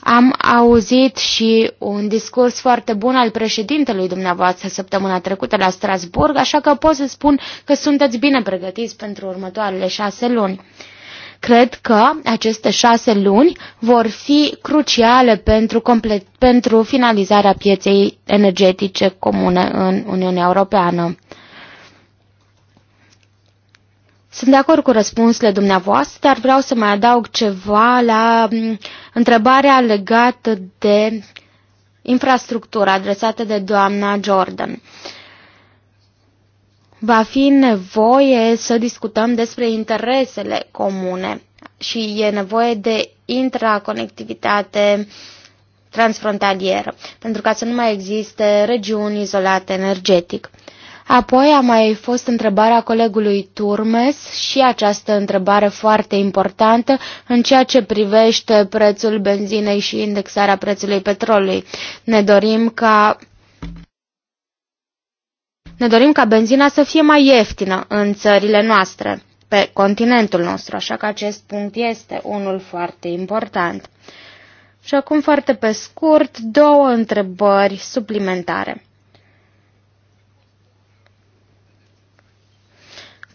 am auzit și un discurs foarte bun al președintelui dumneavoastră săptămâna trecută la Strasburg, așa că pot să spun că sunteți bine pregătiți pentru următoarele șase luni. Cred că aceste șase luni vor fi cruciale pentru, complet, pentru finalizarea pieței energetice comune în Uniunea Europeană. Sunt de acord cu răspunsurile dumneavoastră, dar vreau să mai adaug ceva la mm, întrebarea legată de infrastructura adresată de doamna Jordan. Uh, va fi nevoie să discutăm despre interesele comune și e nevoie de intraconectivitate transfrontalieră, pentru ca să nu mai existe regiuni izolate energetic. Apoi a mai fost întrebarea colegului Turmes și această întrebare foarte importantă în ceea ce privește prețul benzinei și indexarea prețului petrolului. Ne dorim ca ne dorim ca benzina să fie mai ieftină în țările noastre, pe continentul nostru, așa că acest punct este unul foarte important. Și acum, foarte pe scurt, două întrebări suplimentare.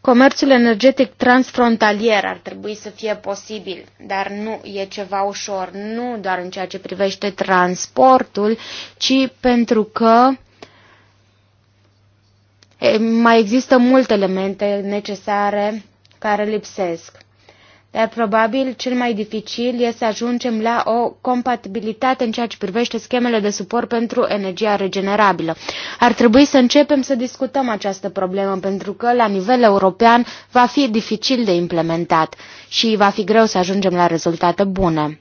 Comerțul energetic transfrontalier ar trebui să fie posibil, dar nu e ceva ușor, nu doar în ceea ce privește transportul, ci pentru că mai există multe elemente necesare care lipsesc. Dar probabil cel mai dificil este să ajungem la o compatibilitate în ceea ce privește schemele de suport pentru energia regenerabilă. Ar trebui să începem să discutăm această problemă pentru că la nivel european va fi dificil de implementat și va fi greu să ajungem la rezultate bune.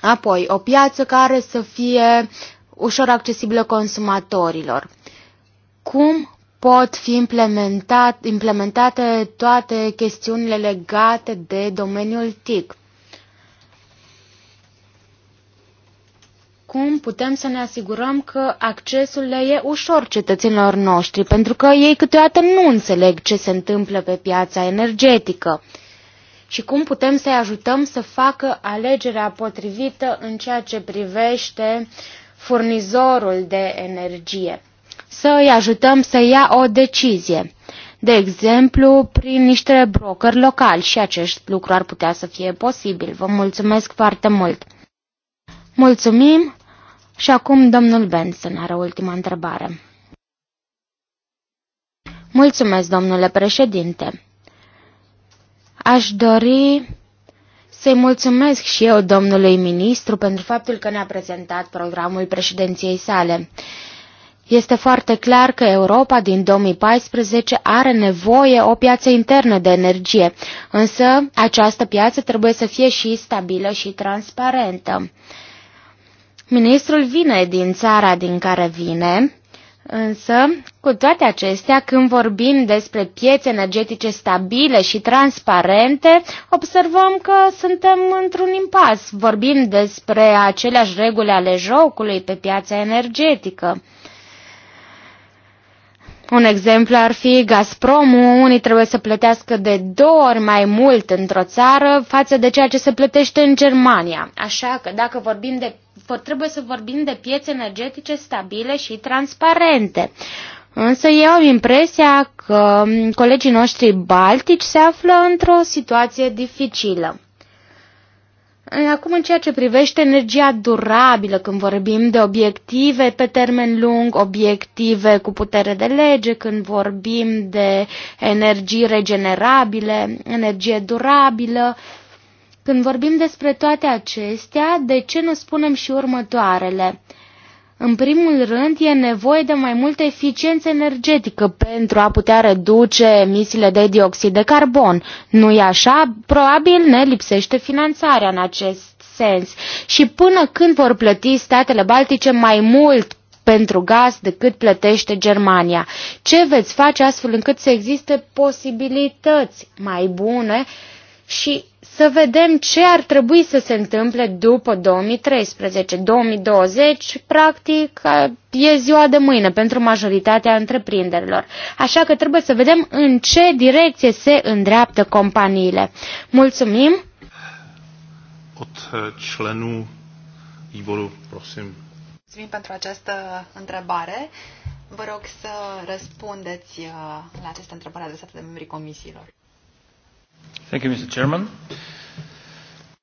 Apoi, o piață care să fie ușor accesibilă consumatorilor cum pot fi implementat, implementate toate chestiunile legate de domeniul TIC. Cum putem să ne asigurăm că accesul le e ușor cetățenilor noștri, pentru că ei câteodată nu înțeleg ce se întâmplă pe piața energetică și cum putem să-i ajutăm să facă alegerea potrivită în ceea ce privește furnizorul de energie să îi ajutăm să ia o decizie. De exemplu, prin niște brokeri locali și acest lucru ar putea să fie posibil. Vă mulțumesc foarte mult! Mulțumim și acum domnul Benson are ultima întrebare. Mulțumesc, domnule președinte! Aș dori să-i mulțumesc și eu domnului ministru pentru faptul că ne-a prezentat programul președinției sale. Este foarte clar că Europa din 2014 are nevoie o piață internă de energie, însă această piață trebuie să fie și stabilă și transparentă. Ministrul vine din țara din care vine, însă, cu toate acestea, când vorbim despre piețe energetice stabile și transparente, observăm că suntem într-un impas. Vorbim despre aceleași reguli ale jocului pe piața energetică. Un exemplu ar fi Gazpromul, unii trebuie să plătească de două ori mai mult într-o țară față de ceea ce se plătește în Germania. Așa că dacă vorbim de, trebuie să vorbim de piețe energetice stabile și transparente. Însă eu am impresia că colegii noștri baltici se află într-o situație dificilă. Eh, acum, în ceea ce privește energia durabilă, când vorbim de obiective pe termen lung, obiective cu putere de lege, când vorbim de energii regenerabile, energie durabilă, când vorbim despre toate acestea, de ce nu spunem și următoarele? În primul rând, e nevoie de mai multă eficiență energetică pentru a putea reduce emisiile de dioxid de carbon. nu e așa? Probabil ne lipsește finanțarea în acest sens. Și până când vor plăti statele baltice mai mult pentru gaz decât plătește Germania? Ce veți face astfel încât să existe posibilități mai bune și să vedem ce ar trebui să se întâmple după 2013. 2020, practic, e ziua de mâine pentru majoritatea întreprinderilor. Așa că trebuie să vedem în ce direcție se îndreaptă companiile. Mulțumim! Od eh, členů výboru, prosím. Mulțumim pentru această întrebare. Vă rog să răspundeți eh, la această întrebare adresată de membrii comisiilor.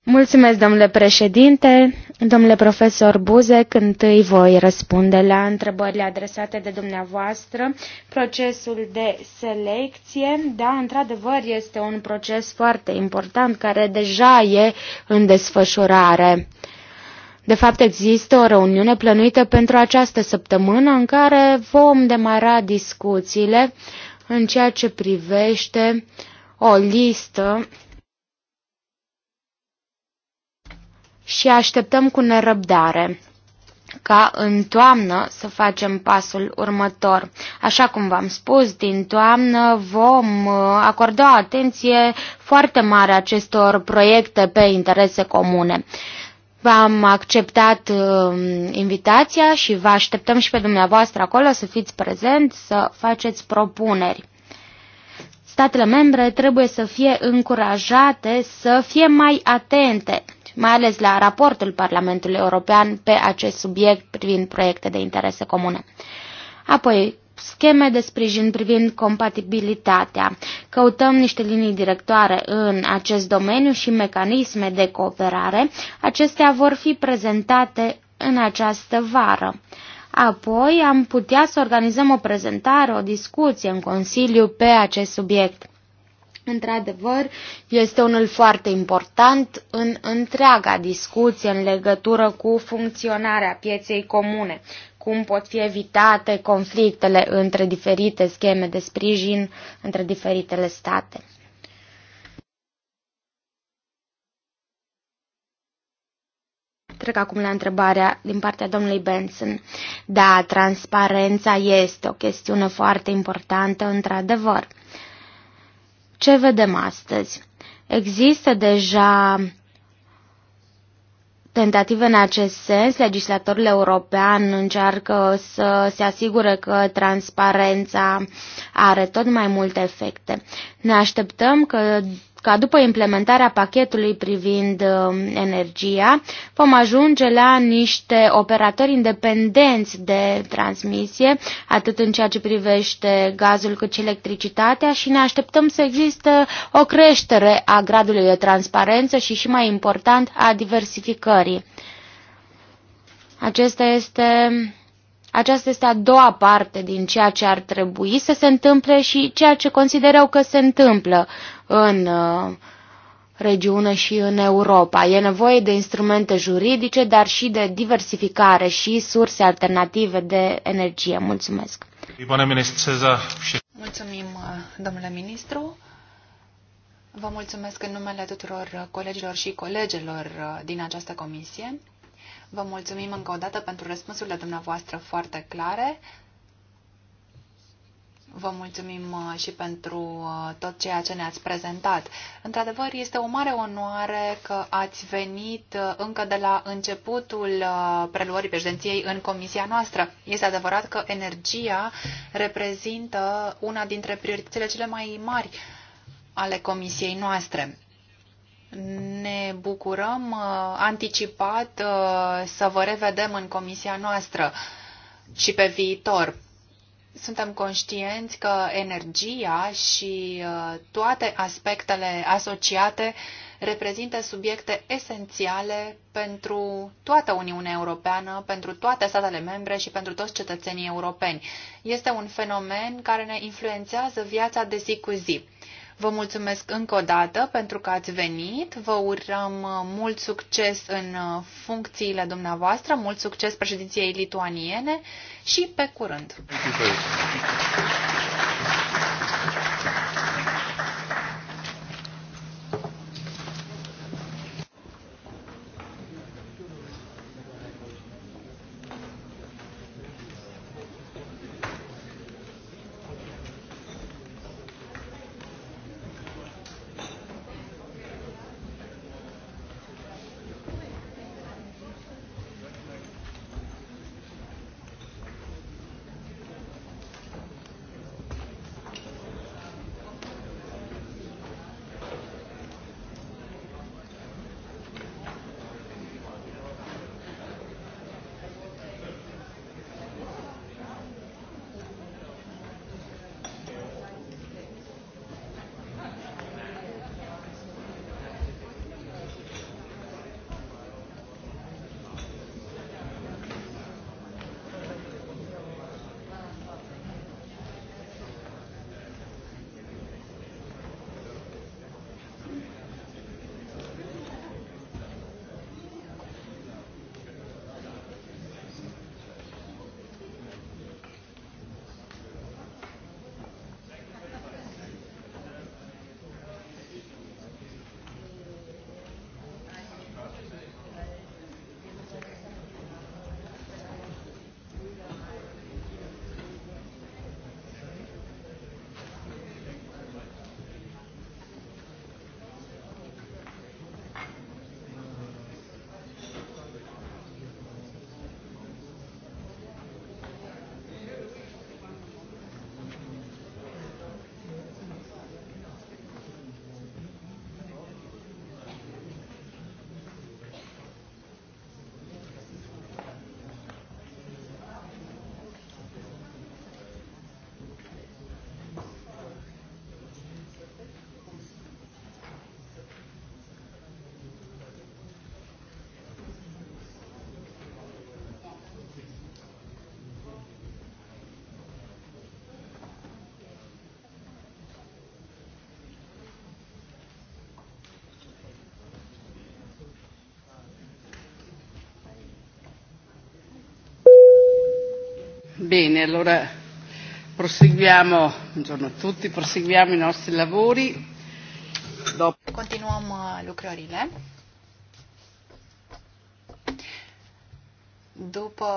Mulțumesc, domnule președinte. Domnule profesor Buzek, întâi voi răspunde la întrebările adresate de dumneavoastră. Procesul de selecție, da, într-adevăr, este un proces foarte important care deja e în desfășurare. De fapt, există o reuniune plănuită pentru această săptămână în care vom demara discuțiile în ceea ce privește uh, o listă și așteptăm cu nerăbdare ca în toamnă să facem pasul următor. Așa cum v-am spus, din toamnă vom uh, acorda atenție foarte mare acestor proiecte pe interese comune. V-am acceptat uh, invitația și vă așteptăm și pe dumneavoastră acolo să fiți prezenți, să faceți propuneri. Statele membre trebuie să fie încurajate să fie mai atente, mai ales la raportul Parlamentului European pe acest subiect privind proiecte de interese comune. Apoi, scheme de sprijin privind compatibilitatea. Căutăm niște linii directoare în acest domeniu și mecanisme de cooperare. Acestea vor fi prezentate în această vară. Apoi am putea să organizăm o prezentare, o discuție în Consiliu pe acest subiect. Într-adevăr, este unul foarte important în întreaga discuție în legătură cu funcționarea pieței comune, cum pot fi evitate conflictele între diferite scheme de sprijin între diferitele state. Trec acum la întrebarea din partea domnului Benson. Da, transparența este o chestiune foarte importantă, într-adevăr. Ce vedem astăzi? Există deja tentative în acest sens, legislatorul european încearcă să se asigure că transparența are tot mai multe efecte. Ne așteptăm că ca după implementarea pachetului privind um, energia, vom ajunge la niște operatori independenți de transmisie, atât în ceea ce privește gazul cât și electricitatea și ne așteptăm să existe o creștere a gradului de transparență și, și mai important, a diversificării. Acesta este aceasta este a doua parte din ceea ce ar trebui să se întâmple și ceea ce consider eu că se întâmplă în uh, regiune și în Europa. E nevoie de instrumente juridice, dar și de diversificare și surse alternative de energie. Mulțumesc! Mulțumim, uh, domnule ministru! Vă mulțumesc în numele tuturor colegilor și colegelor uh, din această comisie. Vă mulțumim încă o dată pentru răspunsurile dumneavoastră foarte clare. Vă mulțumim uh, și pentru uh, tot ceea ce ne-ați prezentat. Într-adevăr, este o mare onoare că ați venit uh, încă de la începutul preluării președinției în comisia noastră. Este adevărat că energia reprezintă una dintre prioritățile cele mai mari ale comisiei noastre. Ne bucurăm anticipat să vă revedem în comisia noastră și pe viitor suntem conștienți că energia și uh, toate aspectele asociate reprezintă subiecte esențiale pentru toată Uniunea Europeană, pentru toate statele membre și pentru toți cetățenii europeni. Este un fenomen care ne influențează viața de zi cu zi. Vă mulțumesc încă o dată pentru că ați venit. Vă urăm uh, mult succes în uh, funcțiile dumneavoastră, mult succes președinției lituaniene și pe curând. Bene, allora proseguiamo, buongiorno a tutti, proseguiamo i nostri lavori. Dop- Continuăm uh, lucrările. După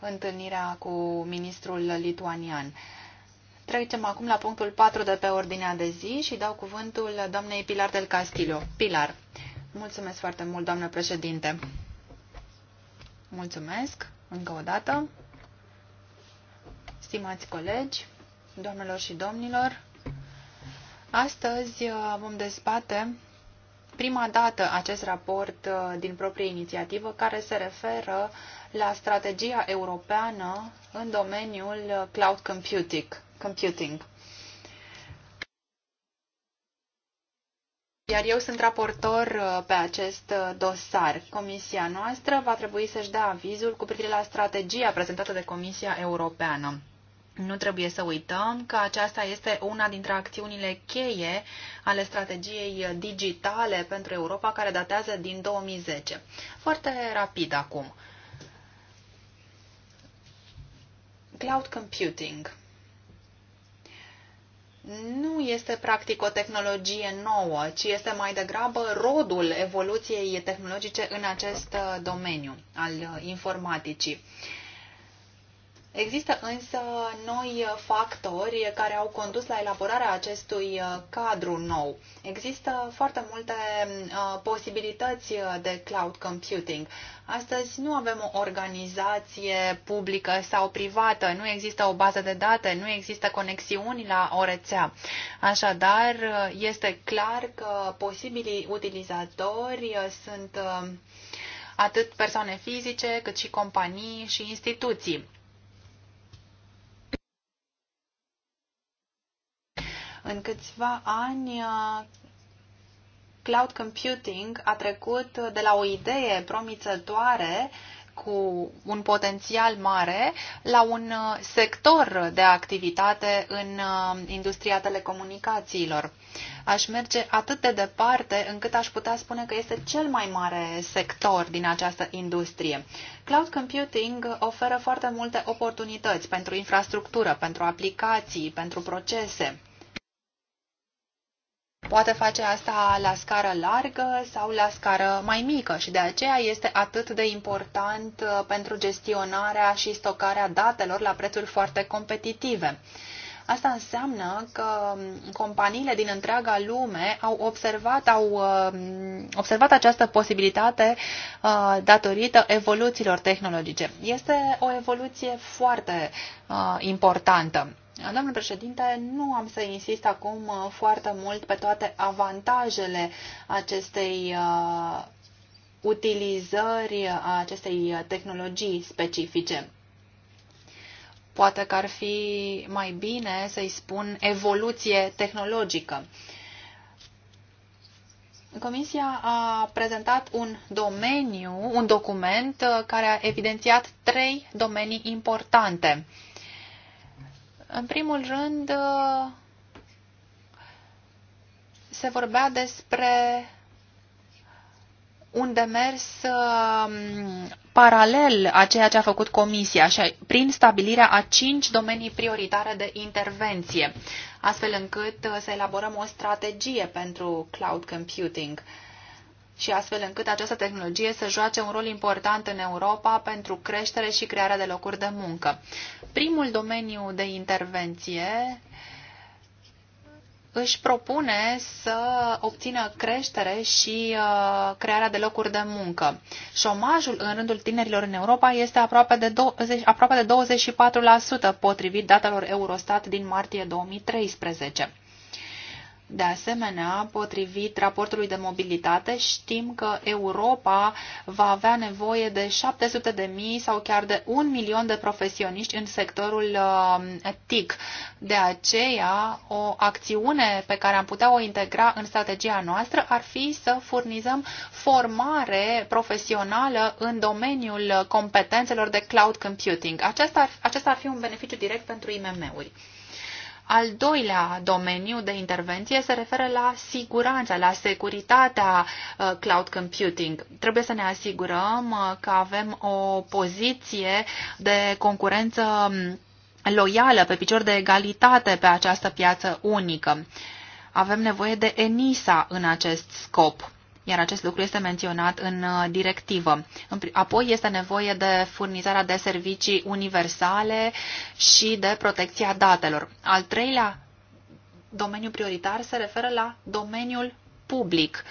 întâlnirea cu ministrul lituanian. Trecem acum la punctul 4 de pe ordinea de zi și dau cuvântul doamnei Pilar del Castillo. Pilar, mulțumesc foarte mult, doamnă președinte. Mulțumesc încă o dată stimați colegi, domnilor și domnilor, astăzi uh, vom dezbate prima dată acest raport uh, din proprie inițiativă care se referă la strategia europeană în domeniul uh, cloud computing. computing. Iar eu sunt raportor pe acest dosar. Comisia noastră va trebui să-și dea avizul cu privire la strategia prezentată de Comisia Europeană. Nu trebuie să uităm că aceasta este una dintre acțiunile cheie ale strategiei digitale pentru Europa care datează din 2010. Foarte rapid acum. Cloud computing nu este practic o tehnologie nouă, ci este mai degrabă rodul evoluției tehnologice în acest uh, domeniu al uh, informaticii. Există însă noi factori care au condus la elaborarea acestui uh, cadru nou. Există foarte multe uh, posibilități uh, de cloud computing. Astăzi nu avem o organizație publică sau privată, nu există o bază de date, nu există conexiuni la o rețea. Așadar, este clar că posibilii utilizatori sunt atât persoane fizice, cât și companii și instituții În câțiva ani, uh, cloud computing a trecut de la o idee promițătoare cu un potențial mare la un uh, sector de activitate în uh, industria telecomunicațiilor. Aș merge atât de departe încât aș putea spune că este cel mai mare sector din această industrie. Cloud computing oferă foarte multe oportunități pentru infrastructură, pentru aplicații, pentru procese Poate face asta la scară largă sau la scară mai mică și de aceea este atât de important uh, pentru gestionarea și stocarea datelor la prețuri foarte competitive. Asta înseamnă că um, companiile din întreaga lume au observat, au um, observat această posibilitate uh, datorită evoluțiilor tehnologice. Este o evoluție foarte uh, importantă. Domnule președinte, nu am să insist acum uh, foarte mult pe toate avantajele acestei uh, utilizări a acestei uh, tehnologii specifice. Poate că ar fi mai bine să-i spun evoluție tehnologică. Comisia a prezentat un domeniu, un document care a evidențiat trei domenii importante în primul rând, uh, se vorbea despre un demers um, paralel a ceea ce a făcut Comisia și prin stabilirea a cinci domenii prioritare de intervenție, astfel încât uh, să elaborăm o strategie pentru cloud computing și astfel încât această tehnologie să joace un rol important în Europa pentru creștere și crearea de locuri de muncă. Primul domeniu de intervenție își propune să obțină creștere și uh, crearea de locuri de muncă. Șomajul în rândul tinerilor în Europa este aproape de, 20, aproape de 24% potrivit datelor Eurostat din martie 2013. De asemenea, potrivit raportului de mobilitate, știm că Europa va avea nevoie de 700 de mii sau chiar de un milion de profesioniști în sectorul uh, TIC. De aceea, o acțiune pe care am putea o integra în strategia noastră ar fi să furnizăm formare profesională în domeniul competențelor de cloud computing. Acesta ar, acesta ar fi un beneficiu direct pentru IMM-uri. Al doilea domeniu de intervenție se referă la siguranța, la securitatea uh, cloud computing. Trebuie să ne asigurăm uh, că avem o poziție de concurență um, loială, pe picior de egalitate pe această piață unică. Avem nevoie de ENISA în acest scop iar acest lucru este menționat în uh, directivă. Apoi este nevoie de furnizarea de servicii universale și de protecția datelor. Al treilea domeniu prioritar se referă la domeniul public.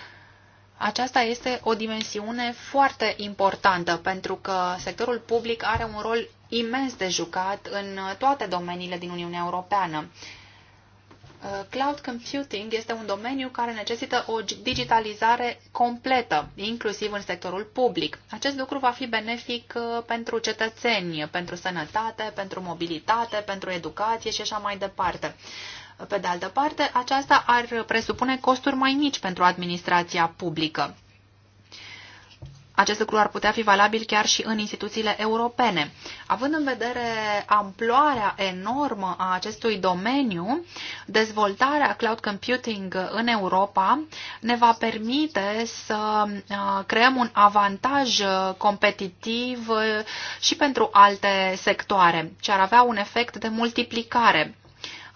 Aceasta este o dimensiune foarte importantă pentru că sectorul public are un rol imens de jucat în toate domeniile din Uniunea Europeană. Uh, cloud computing este un domeniu care necesită o digitalizare completă, inclusiv în sectorul public. Acest lucru va fi benefic uh, pentru cetățeni, pentru sănătate, pentru mobilitate, pentru educație și așa mai departe. Pe de altă parte, aceasta ar presupune costuri mai mici pentru administrația publică. Acest lucru ar putea fi valabil chiar și în instituțiile europene. Având în vedere amploarea enormă a acestui domeniu, dezvoltarea cloud computing în Europa ne va permite să uh, creăm un avantaj competitiv uh, și pentru alte sectoare, ce ar avea un efect de multiplicare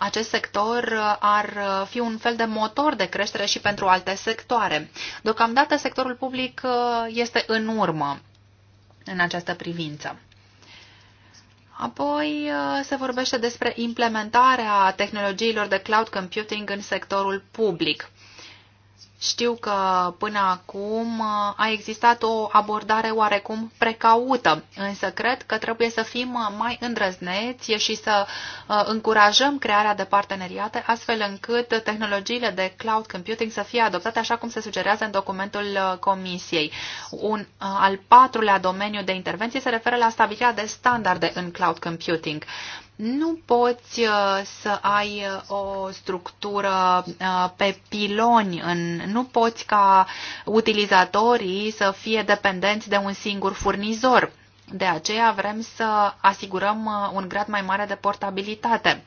acest sector uh, ar uh, fi un fel de motor de creștere și pentru alte sectoare. Deocamdată sectorul public uh, este în urmă în această privință. Apoi se vorbește despre implementarea tehnologiilor de cloud computing în sectorul public. Știu că până acum uh, a existat o abordare oarecum precaută, însă cred că trebuie să fim uh, mai îndrăzneți și să uh, încurajăm crearea de parteneriate astfel încât tehnologiile de cloud computing să fie adoptate așa cum se sugerează în documentul Comisiei. Un al patrulea domeniu de intervenție se referă la stabilirea de standarde în cloud computing nu poți uh, să ai uh, o structură uh, pe piloni, nu poți ca utilizatorii să fie dependenți de un singur furnizor. De aceea vrem să asigurăm un grad mai mare de portabilitate.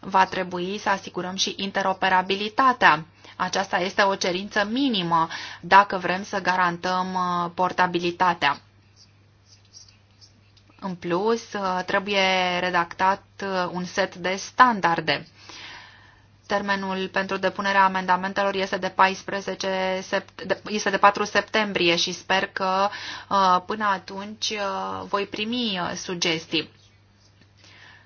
Va trebui să asigurăm și interoperabilitatea. Aceasta este o cerință minimă dacă vrem să garantăm portabilitatea. În plus, uh, trebuie redactat uh, un set de standarde. Termenul pentru depunerea amendamentelor este de, 14 sept, este de 4 septembrie și sper că uh, până atunci voi primi sugestii.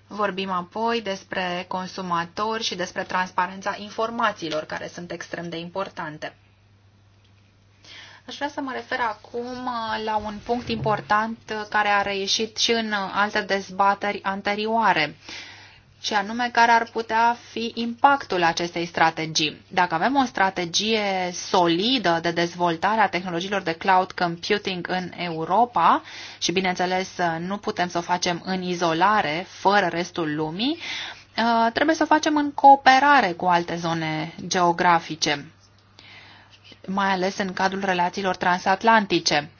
Vorbim apoi despre consumatori și despre transparența informațiilor care sunt extrem de importante. Aș vrea să mă refer acum uh, la un punct important uh, care a reieșit și în uh, alte dezbateri anterioare și anume care ar putea fi impactul acestei strategii. Dacă avem o strategie solidă de dezvoltare a tehnologiilor de cloud computing în Europa și, bineînțeles, nu putem să o facem în izolare, fără restul lumii, trebuie să o facem în cooperare cu alte zone geografice mai ales în cadrul relațiilor transatlantice.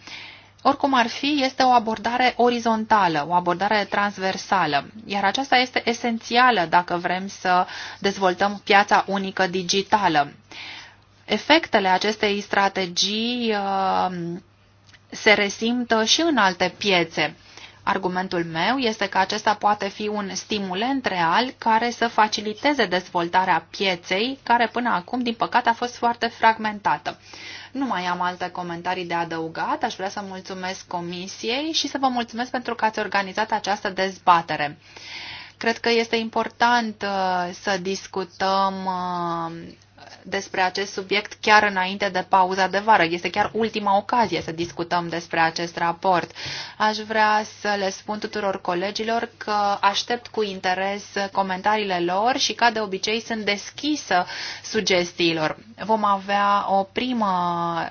Oricum ar fi, este o abordare orizontală, o abordare transversală, iar aceasta este esențială dacă vrem să dezvoltăm piața unică digitală. Efectele acestei strategii uh, se resimtă și în alte piețe. Argumentul meu este că acesta poate fi un stimulent real care să faciliteze dezvoltarea pieței, care până acum, din păcate, a fost foarte fragmentată. Nu mai am alte comentarii de adăugat, aș vrea să mulțumesc comisiei și să vă mulțumesc pentru că ați organizat această dezbatere. Cred că este important uh, să discutăm uh, despre acest subiect chiar înainte de pauza de vară. Este chiar ultima ocazie să discutăm despre acest raport. Aș vrea să le spun tuturor colegilor că aștept cu interes comentariile lor și ca de obicei sunt deschisă sugestiilor. Vom avea o primă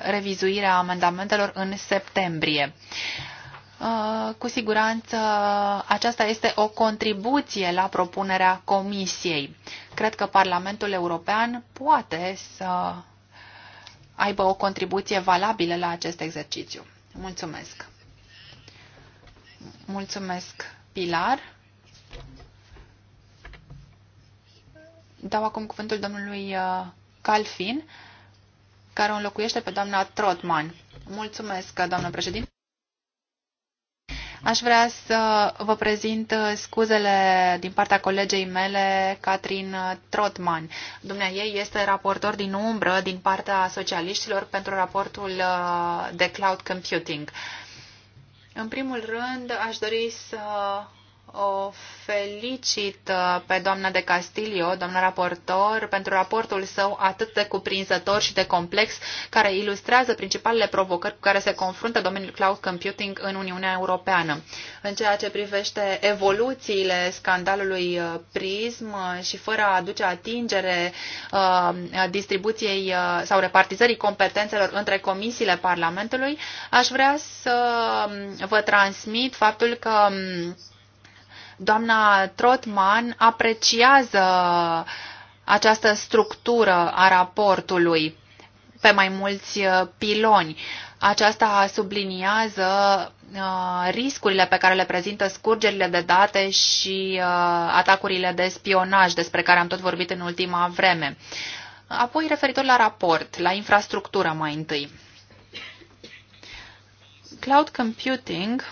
revizuire a amendamentelor în septembrie. Uh, cu siguranță aceasta este o contribuție la propunerea Comisiei. Cred că Parlamentul European poate să aibă o contribuție valabilă la acest exercițiu. Mulțumesc! Mulțumesc, Pilar! Dau acum cuvântul domnului uh, Calfin, care o înlocuiește pe doamna Trotman. Mulțumesc, doamnă președinte! Aș vrea să vă prezint scuzele din partea colegei mele, Catrin Trotman. Dumnea ei este raportor din umbră din partea socialiștilor pentru raportul uh, de cloud computing. În primul rând, aș dori să o felicit uh, pe doamna de Castilio, doamna raportor, pentru raportul său atât de cuprinzător și de complex, care ilustrează principalele provocări cu care se confruntă domeniul cloud computing în Uniunea Europeană. În ceea ce privește evoluțiile scandalului uh, PRISM uh, și fără a aduce atingere distribuției sau repartizării competențelor între comisiile Parlamentului, aș vrea să um, vă transmit faptul că um, Doamna Trotman apreciază această structură a raportului pe mai mulți uh, piloni. Aceasta subliniază uh, riscurile pe care le prezintă scurgerile de date și uh, atacurile de spionaj despre care am tot vorbit în ultima vreme. Apoi, referitor la raport, la infrastructură mai întâi. Cloud computing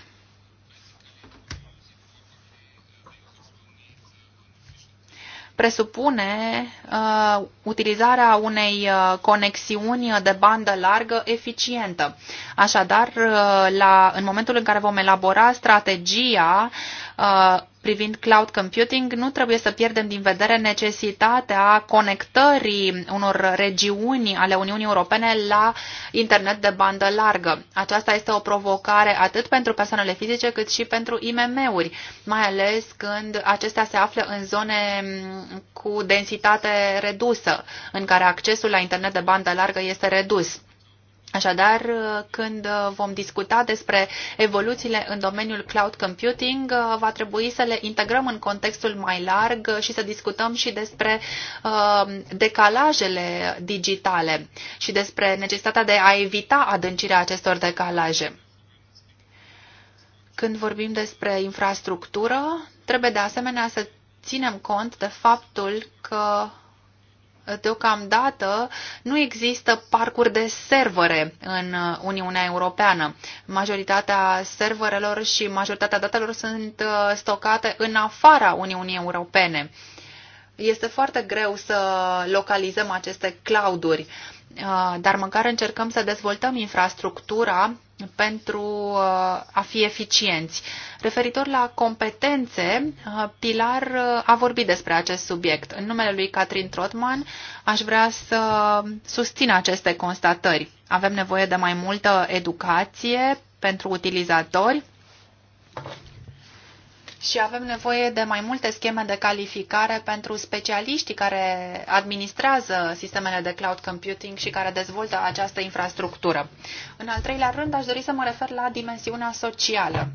presupune uh, utilizarea unei uh, conexiuni de bandă largă eficientă. Așadar, uh, la, în momentul în care vom elabora strategia uh, privind cloud computing, nu trebuie să pierdem din vedere necesitatea conectării unor regiuni ale Uniunii Europene la internet de bandă largă. Aceasta este o provocare atât pentru persoanele fizice cât și pentru IMM-uri, mai ales când acestea se află în zone mm, cu densitate redusă, în care accesul la internet de bandă largă este redus. Așadar, când vom discuta despre evoluțiile în domeniul cloud computing, va trebui să le integrăm în contextul mai larg și să discutăm și despre uh, decalajele digitale și despre necesitatea de a evita adâncirea acestor decalaje. Când vorbim despre infrastructură, trebuie de asemenea să ținem cont de faptul că deocamdată nu există parcuri de servere în Uniunea Europeană. Majoritatea serverelor și majoritatea datelor sunt uh, stocate în afara Uniunii Europene. Este foarte greu să localizăm aceste clauduri. Uh, dar măcar încercăm să dezvoltăm infrastructura pentru uh, a fi eficienți. Referitor la competențe, uh, Pilar a vorbit despre acest subiect. În numele lui Catherine Trotman aș vrea să susțin aceste constatări. Avem nevoie de mai multă educație pentru utilizatori și avem nevoie de mai multe scheme de calificare pentru specialiștii care administrează sistemele de cloud computing și care dezvoltă această infrastructură. În al treilea rând, aș dori să mă refer la dimensiunea socială.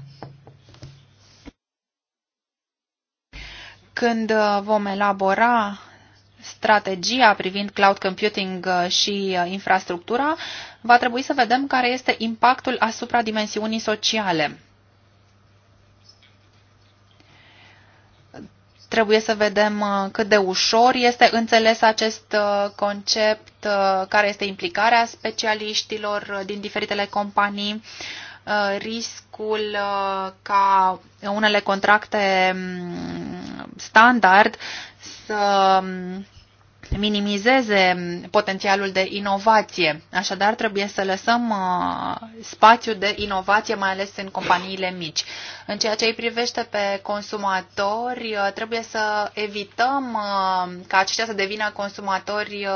Când uh, vom elabora strategia privind cloud computing uh, și uh, infrastructura, va trebui să vedem care este impactul asupra dimensiunii sociale Trebuie să vedem uh, cât de ușor este înțeles acest uh, concept, uh, care este implicarea specialiștilor din diferitele companii, riscul ca unele contracte mm, standard să mm, minimizeze potențialul de inovație. Așadar, trebuie să lăsăm uh, spațiu de inovație, mai ales în companiile mici. În ceea ce îi privește pe consumatori, uh, trebuie să evităm uh, ca aceștia să devină consumatori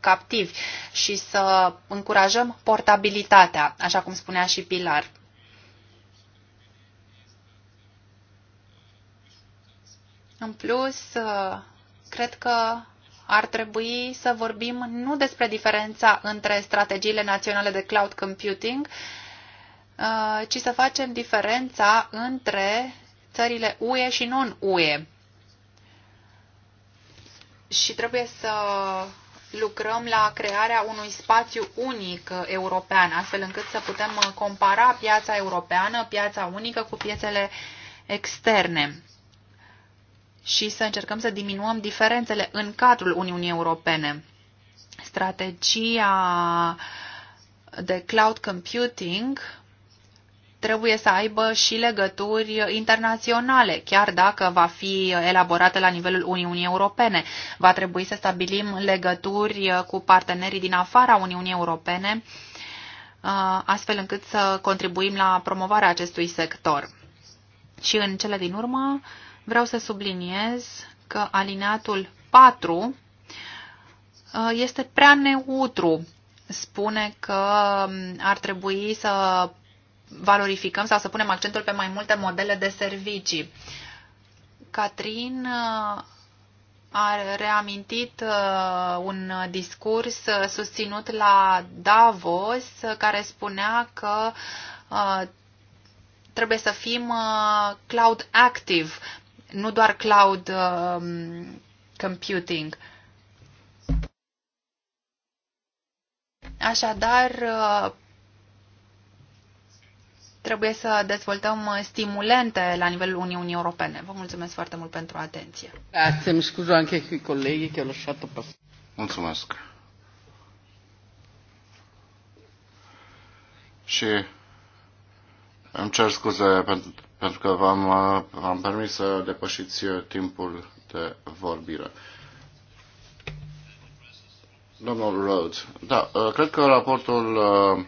captivi și să încurajăm portabilitatea, așa cum spunea și Pilar. În plus, cred că ar trebui să vorbim nu despre diferența între strategiile naționale de cloud computing, uh, ci să facem diferența între țările UE și non-UE. Și trebuie să lucrăm la crearea unui spațiu unic european, astfel încât să putem compara piața europeană, piața unică cu piețele externe și să încercăm să diminuăm diferențele în cadrul Uniunii Europene. Strategia de cloud computing trebuie să aibă și legături internaționale, chiar dacă va fi elaborată la nivelul Uniunii Europene. Va trebui să stabilim legături cu partenerii din afara Uniunii Europene, uh, astfel încât să contribuim la promovarea acestui sector. Și în cele din urmă, Vreau să subliniez că alineatul 4 uh, este prea neutru. Spune că um, ar trebui să valorificăm sau să punem accentul pe mai multe modele de servicii. Catrin uh, a reamintit uh, un discurs susținut la Davos care spunea că trebuie să fim cloud active, nu doar cloud um, computing. Așadar, uh, trebuie să dezvoltăm uh, stimulente la nivelul Uniunii Europene. Vă mulțumesc foarte mult pentru atenție. Grazie, mi scuzo anche che ho lasciato passare. Mulțumesc. Și îmi cer scuze pentru, pentru că v-am, v-am permis să depășiți timpul de vorbire. Domnul Rhodes, da, cred că raportul uh,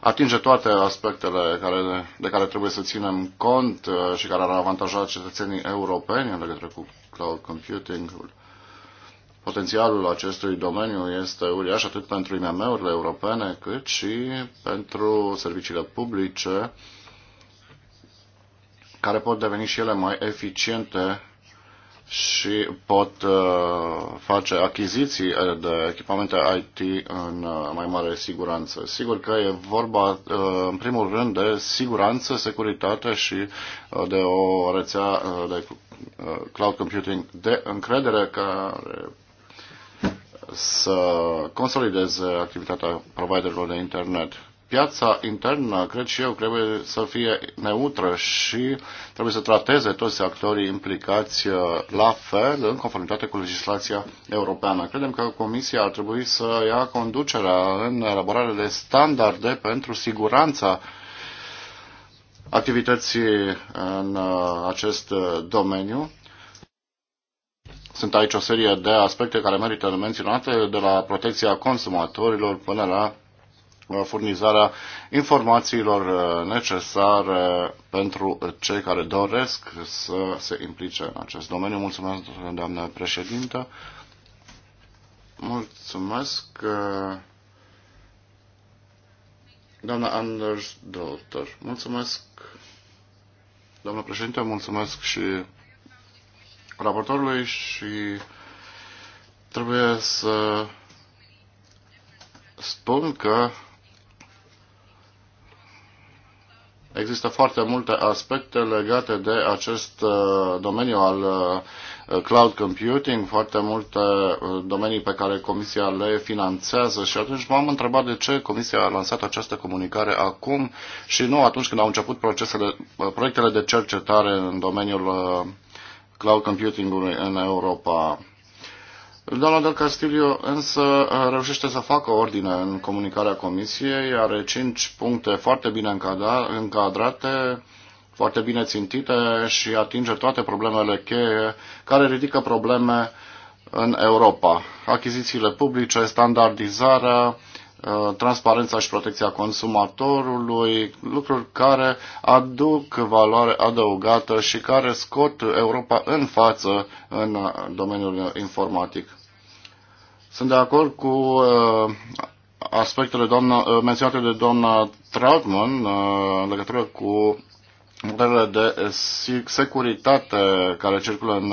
atinge toate aspectele care, de care trebuie să ținem cont uh, și care ar avantaja cetățenii europeni în legătură cu cloud computing-ul. Potențialul acestui domeniu este uriaș atât pentru IMM-urile europene cât și pentru serviciile publice care pot deveni și ele mai eficiente și pot uh, face achiziții uh, de echipamente IT în uh, mai mare siguranță. Sigur că e vorba, uh, în primul rând, de siguranță, securitate și uh, de o rețea uh, de uh, cloud computing de încredere care să consolideze activitatea providerilor de internet. Piața internă, cred și eu, trebuie să fie neutră și trebuie să trateze toți actorii implicați uh, la fel, în conformitate cu legislația europeană. Credem că Comisia ar trebui să ia conducerea în elaborarea de standarde pentru siguranța activității în uh, acest domeniu sunt aici o serie de aspecte care merită menționate, de la protecția consumatorilor până la uh, furnizarea informațiilor uh, necesare pentru cei care doresc să se implice în acest domeniu. Mulțumesc, doamnă președintă. Mulțumesc, uh, doamna Anders Daughter. Mulțumesc, doamnă președinte, mulțumesc și raportorului și trebuie să spun că Există foarte multe aspecte legate de acest uh, domeniu al uh, cloud computing, foarte multe uh, domenii pe care Comisia le finanțează și atunci m-am întrebat de ce Comisia a lansat această comunicare acum și nu atunci când au început procesele, proiectele de cercetare în domeniul cloud computingului în Europa. Doamna del Castillo însă reușește să facă ordine în comunicarea Comisiei, are cinci puncte foarte bine încadrate, foarte bine țintite și atinge toate problemele cheie care ridică probleme în Europa. Achizițiile publice, standardizarea, Uh, transparența și protecția consumatorului, lucruri care aduc valoare adăugată și care scot Europa în față în domeniul informatic. Sunt de acord cu uh, aspectele doamna, uh, menționate de doamna Trautmann în legătură cu modelele de securitate care circulă în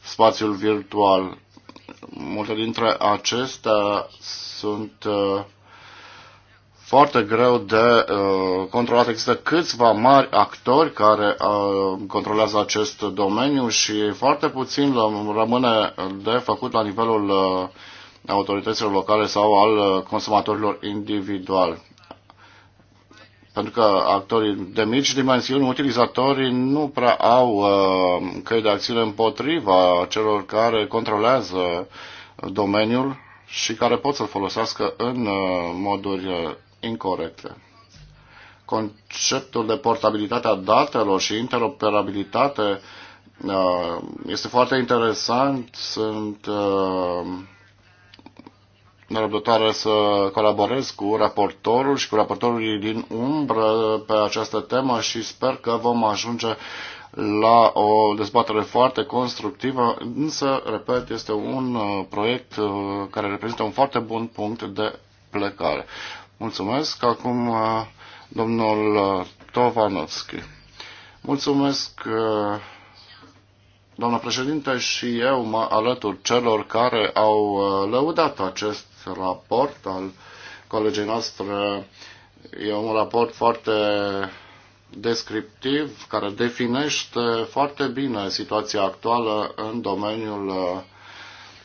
spațiul virtual. Multe dintre acestea sunt uh, foarte greu de uh, controlat. Există câțiva mari actori care uh, controlează acest domeniu și foarte puțin rămâne de făcut la nivelul uh, autorităților locale sau al uh, consumatorilor individual, Pentru că actorii de mici dimensiuni, utilizatorii nu prea au uh, căi de acțiune împotriva celor care controlează domeniul și care pot să-l folosească în uh, moduri uh, incorrecte. Conceptul de portabilitate a datelor și interoperabilitate uh, este foarte interesant. Sunt uh, nerăbdătoare să colaborez cu raportorul și cu raportorii din umbră pe această temă și sper că vom ajunge la o dezbatere foarte constructivă, însă, repet, este un uh, proiect care reprezintă un foarte bun punct de plecare. Mulțumesc. Acum uh, domnul uh, Tovanovski. Mulțumesc, uh, doamnă președinte, și eu mă alătur celor care au lăudat acest raport al colegii noastre. E un raport foarte descriptiv care definește foarte bine situația actuală în domeniul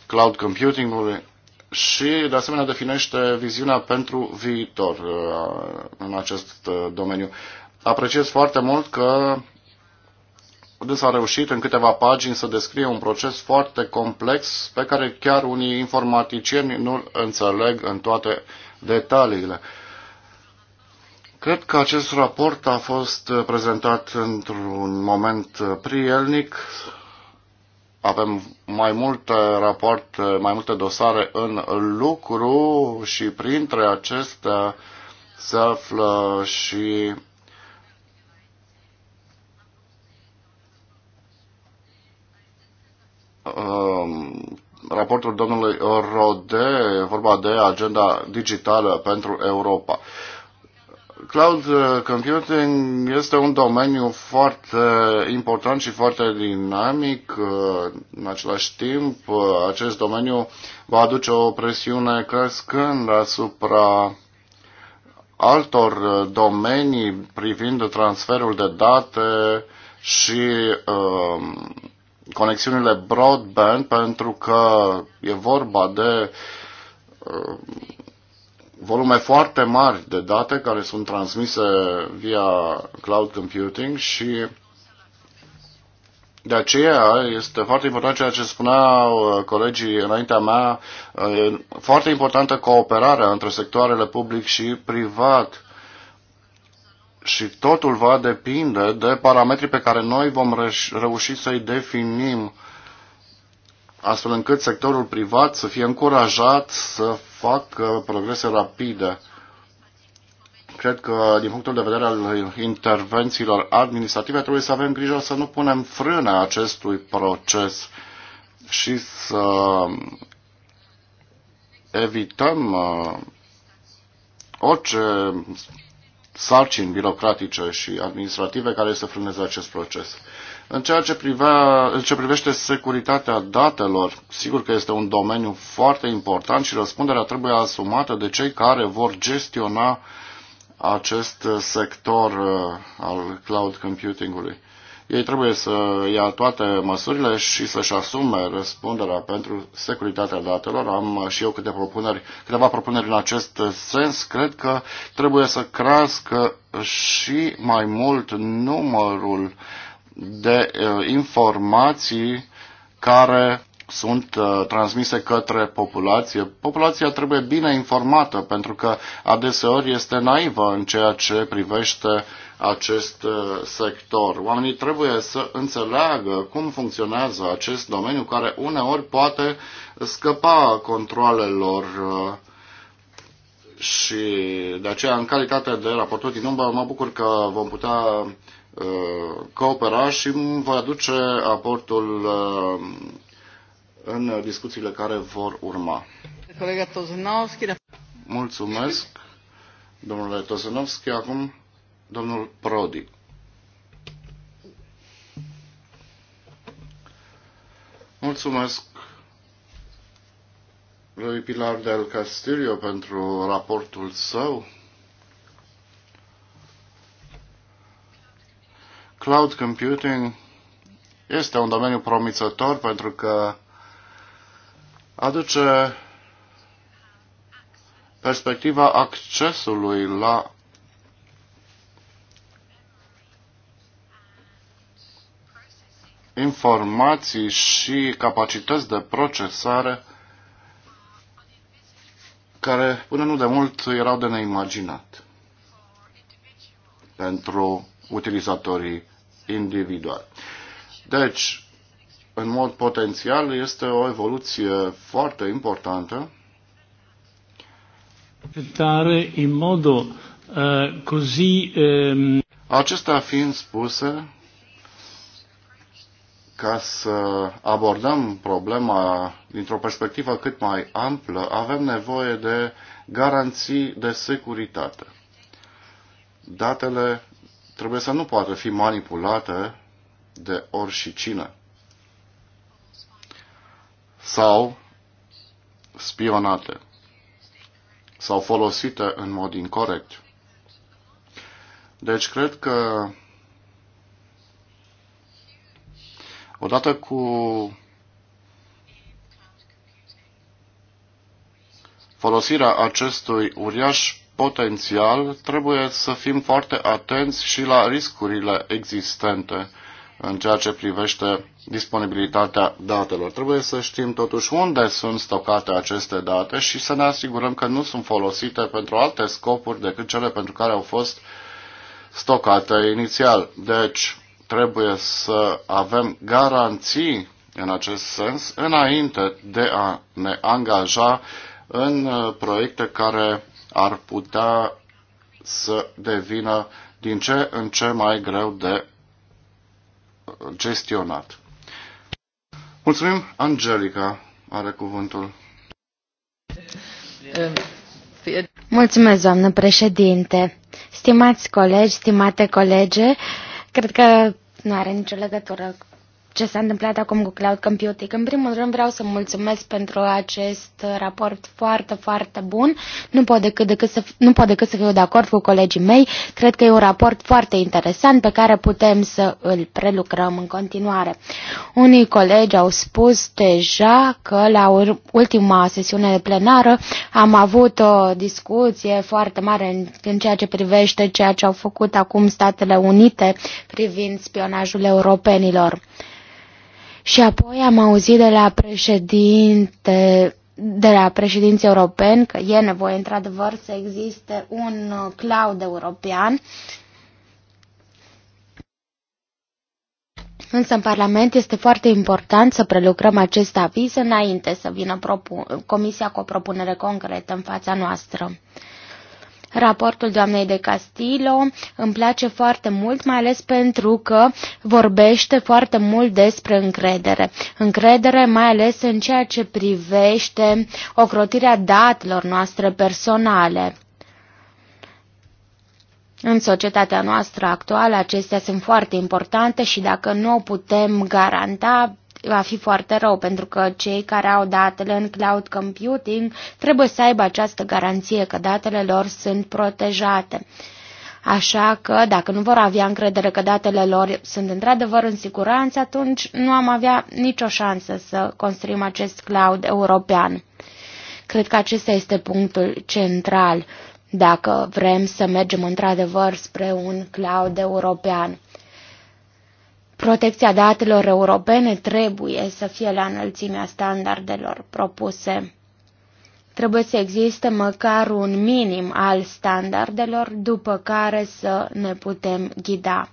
cloud computingului și, de asemenea, definește viziunea pentru viitor uh, în acest uh, domeniu. Apreciez foarte mult că dânsa a reușit în câteva pagini să descrie un proces foarte complex pe care chiar unii informaticieni nu-l înțeleg în toate detaliile. Cred că acest raport a fost uh, prezentat într-un moment prielnic, avem mai multe rapoarte, mai multe dosare în lucru și printre acestea se află și um, raportul domnului Rode, vorba de agenda digitală pentru Europa. Cloud uh, computing este un domeniu foarte important și foarte dinamic. Uh, în același timp, uh, acest domeniu va aduce o presiune crescând asupra altor domenii privind transferul de date și um, conexiunile broadband, pentru că e vorba de um, volume foarte mari de date care sunt transmise via cloud computing și de aceea este foarte important ceea ce spuneau uh, colegii înaintea mea, uh, foarte importantă cooperarea între sectoarele public și privat și totul va depinde de parametrii pe care noi vom reuși să-i definim astfel încât sectorul privat să fie încurajat să facă progrese rapide. Cred că, din punctul de vedere al intervențiilor administrative, trebuie să avem grijă să nu punem frâne acestui proces și să evităm uh, orice sarcini birocratice și administrative care să frâneze acest proces. În ceea ce, privea, în ce privește securitatea datelor, sigur că este un domeniu foarte important și răspunderea trebuie asumată de cei care vor gestiona acest sector uh, al cloud computingului. Ei trebuie să ia toate măsurile și să-și asume răspunderea pentru securitatea datelor. Am și eu câte propuneri, câteva propuneri în acest sens. Cred că trebuie să crească și mai mult numărul de uh, informații care sunt uh, transmise către populație. Populația trebuie bine informată pentru că adeseori este naivă în ceea ce privește acest uh, sector. Oamenii trebuie să înțeleagă cum funcționează acest domeniu care uneori poate scăpa controlelor și de aceea, în calitate de raportor din umbă, mă bucur că vom putea Uh, coopera și va voi aduce aportul uh, în discuțiile care vor urma. Mulțumesc, domnule Tozenovski. Acum, domnul Prodi. Mulțumesc lui Pilar del Castillo pentru raportul său. Cloud computing este un domeniu promițător pentru că aduce perspectiva accesului la informații și capacități de procesare care până nu de mult erau de neimaginat pentru utilizatorii individual. Deci, în mod potențial, este o evoluție foarte importantă. Dar în mod uh, così... Um... Acestea fiind spuse, ca să abordăm problema dintr-o perspectivă cât mai amplă, avem nevoie de garanții de securitate. Datele trebuie să nu poată fi manipulată de ori și cine. Sau spionate. Sau folosite în mod incorrect. Deci cred că odată cu folosirea acestui uriaș potențial, trebuie să fim foarte atenți și la riscurile existente în ceea ce privește disponibilitatea datelor. Trebuie să știm totuși unde sunt stocate aceste date și să ne asigurăm că nu sunt folosite pentru alte scopuri decât cele pentru care au fost stocate inițial. Deci trebuie să avem garanții în acest sens înainte de a ne angaja în uh, proiecte care ar putea să devină din ce în ce mai greu de gestionat. Mulțumim, Angelica are cuvântul. Mulțumesc, doamnă președinte. Stimați colegi, stimate colege, cred că nu are nicio legătură ce s-a întâmplat acum cu cloud computing. În primul rând vreau să mulțumesc pentru acest raport foarte, foarte bun. Nu pot decât, decât să, nu pot decât să fiu de acord cu colegii mei. Cred că e un raport foarte interesant pe care putem să îl prelucrăm în continuare. Unii colegi au spus deja că la ultima sesiune de plenară am avut o discuție foarte mare în, în ceea ce privește ceea ce au făcut acum Statele Unite privind spionajul europenilor. Și apoi am auzit de la președinte de la președinții europeni că e nevoie într-adevăr să existe un uh, cloud european. Însă în Parlament este foarte important să prelucrăm acest aviz înainte să vină Comisia cu o propunere concretă în fața noastră. Raportul doamnei de Castillo îmi place foarte mult, mai ales pentru că vorbește foarte mult despre încredere. Încredere mai ales în ceea ce privește ocrotirea datelor noastre personale. În societatea noastră actuală acestea sunt foarte importante și dacă nu o putem garanta, va fi foarte rău, pentru că cei care au datele în cloud computing trebuie să aibă această garanție că datele lor sunt protejate. Așa că, dacă nu vor avea încredere că datele lor sunt într-adevăr în siguranță, atunci nu am avea nicio șansă să construim acest cloud european. Cred că acesta este punctul central dacă vrem să mergem într-adevăr spre un cloud european. Protecția datelor europene trebuie să fie la înălțimea standardelor propuse. Trebuie să existe măcar un minim al standardelor după care să ne putem ghida.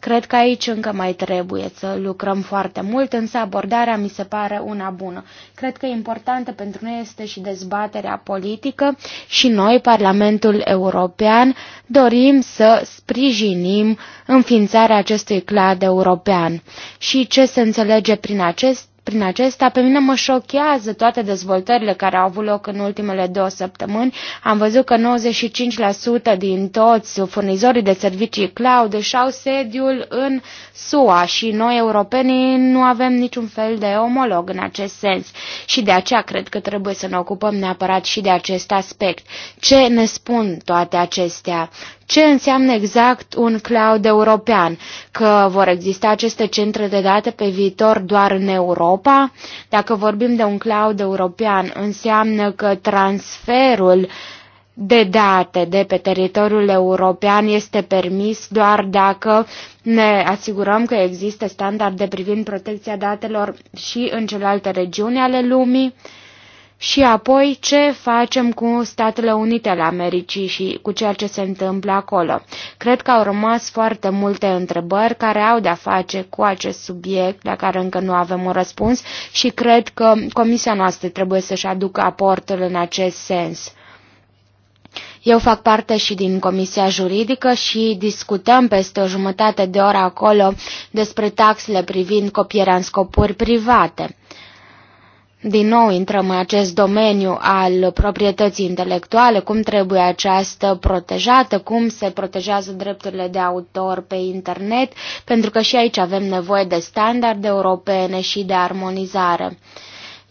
Cred că aici încă mai trebuie să lucrăm foarte mult, însă abordarea mi se pare una bună. Cred că importantă pentru noi este și dezbaterea politică și noi, Parlamentul European, dorim să sprijinim înființarea acestui clad european. Și ce se înțelege prin acest prin acesta, pe mine mă șochează toate dezvoltările care au avut loc în ultimele două săptămâni. Am văzut că 95% din toți furnizorii de servicii cloud își au sediul în SUA și noi europenii nu avem niciun fel de omolog în acest sens și de aceea cred că trebuie să ne ocupăm neapărat și de acest aspect. Ce ne spun toate acestea? ce înseamnă exact un cloud european, că vor exista aceste centre de date pe viitor doar în Europa. Dacă vorbim de un cloud european, înseamnă că transferul de date de pe teritoriul european este permis doar dacă ne asigurăm că există standarde privind protecția datelor și în celelalte regiuni ale lumii și apoi ce facem cu Statele Unite ale Americii și cu ceea ce se întâmplă acolo. Cred că au rămas foarte multe întrebări care au de-a face cu acest subiect la care încă nu avem un răspuns și cred că comisia noastră trebuie să-și aducă aportul în acest sens. Eu fac parte și din Comisia Juridică și discutăm peste o jumătate de oră acolo despre taxele privind copierea în scopuri private. Din nou intrăm în acest domeniu al proprietății intelectuale, cum trebuie această protejată, cum se protejează drepturile de autor pe internet, pentru că și aici avem nevoie de standarde europene și de armonizare.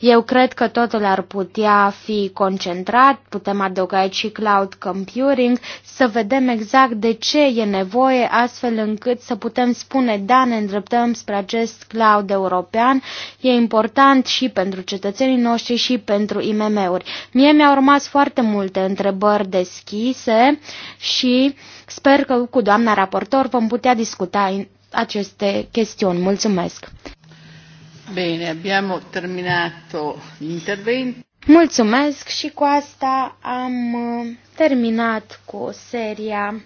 Eu cred că totul ar putea fi concentrat, putem adăuga aici și cloud computing, să vedem exact de ce e nevoie, astfel încât să putem spune, da, ne îndreptăm spre acest cloud european, e important și pentru cetățenii noștri și pentru IMM-uri. Mie mi-au rămas foarte multe întrebări deschise și sper că cu doamna raportor vom putea discuta aceste chestiuni. Mulțumesc! Bine, abbiamo terminato l'intervento. Mulțumesc și cu asta am uh, terminat cu seria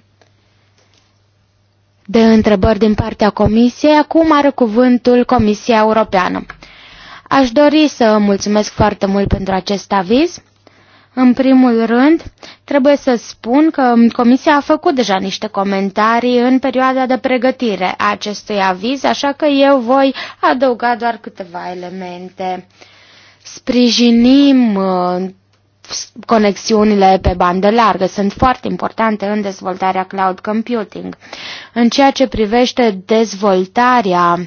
de întrebări din partea Comisiei. Acum are cuvântul Comisia Europeană. Aș dori să mulțumesc foarte mult pentru acest aviz. În primul rând, trebuie să spun că Comisia a făcut deja niște comentarii în perioada de pregătire a acestui aviz, așa că eu voi adăuga doar câteva elemente. Sprijinim uh, conexiunile pe bandă largă sunt foarte importante în dezvoltarea cloud computing. În ceea ce privește dezvoltarea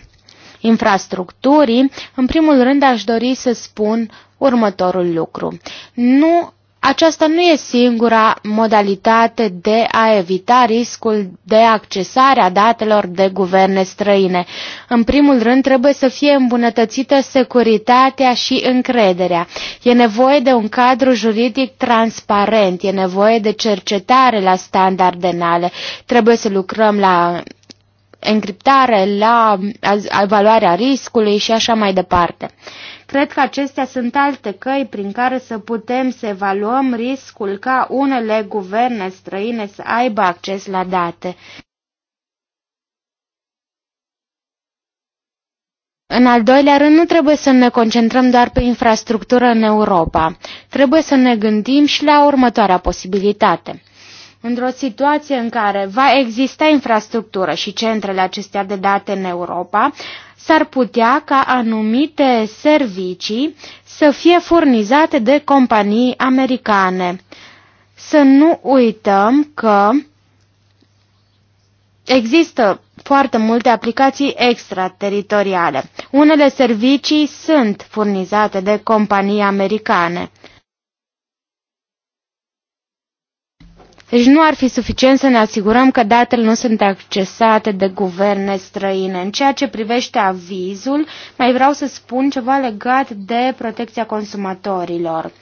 infrastructurii, în primul rând aș dori să spun următorul lucru. Nu aceasta nu e singura modalitate de a evita riscul de accesare a datelor de guverne străine. În primul rând, trebuie să fie îmbunătățită securitatea și încrederea. E nevoie de un cadru juridic transparent, e nevoie de cercetare la standarde înale, trebuie să lucrăm la încriptare, la evaluarea riscului și așa mai departe. Cred că acestea sunt alte căi prin care să putem să evaluăm riscul ca unele guverne străine să aibă acces la date. În al doilea rând, nu trebuie să ne concentrăm doar pe infrastructură în Europa. Trebuie să ne gândim și la următoarea posibilitate. Într-o situație în care va exista infrastructură și centrele acestea de date în Europa, s-ar putea ca anumite servicii să fie furnizate de companii americane. Să nu uităm că există foarte multe aplicații extrateritoriale. Unele servicii sunt furnizate de companii americane. Deci nu ar fi suficient să ne asigurăm că datele nu sunt accesate de guverne străine. În ceea ce privește avizul, mai vreau să spun ceva legat de protecția consumatorilor.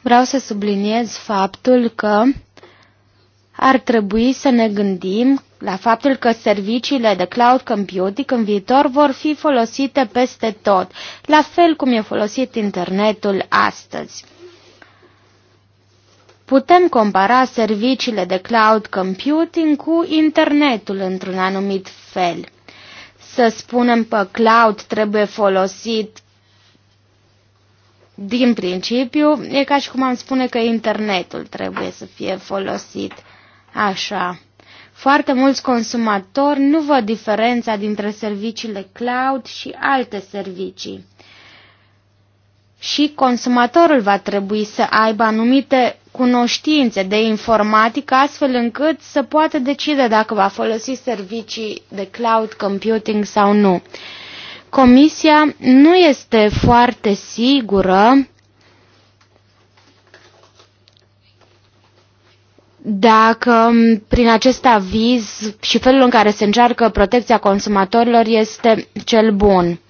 Vreau să subliniez faptul că ar trebui să ne gândim la faptul că serviciile de cloud computing în viitor vor fi folosite peste tot, la fel cum e folosit internetul astăzi. Putem compara serviciile de cloud computing cu internetul într-un anumit fel. Să spunem că cloud trebuie folosit din principiu, e ca și cum am spune că internetul trebuie să fie folosit așa. Foarte mulți consumatori nu văd diferența dintre serviciile cloud și alte servicii. Și consumatorul va trebui să aibă anumite cunoștințe de informatică astfel încât să poată decide dacă va folosi servicii de cloud computing sau nu. Comisia nu este foarte sigură dacă prin acest aviz și felul în care se încearcă protecția consumatorilor este cel bun.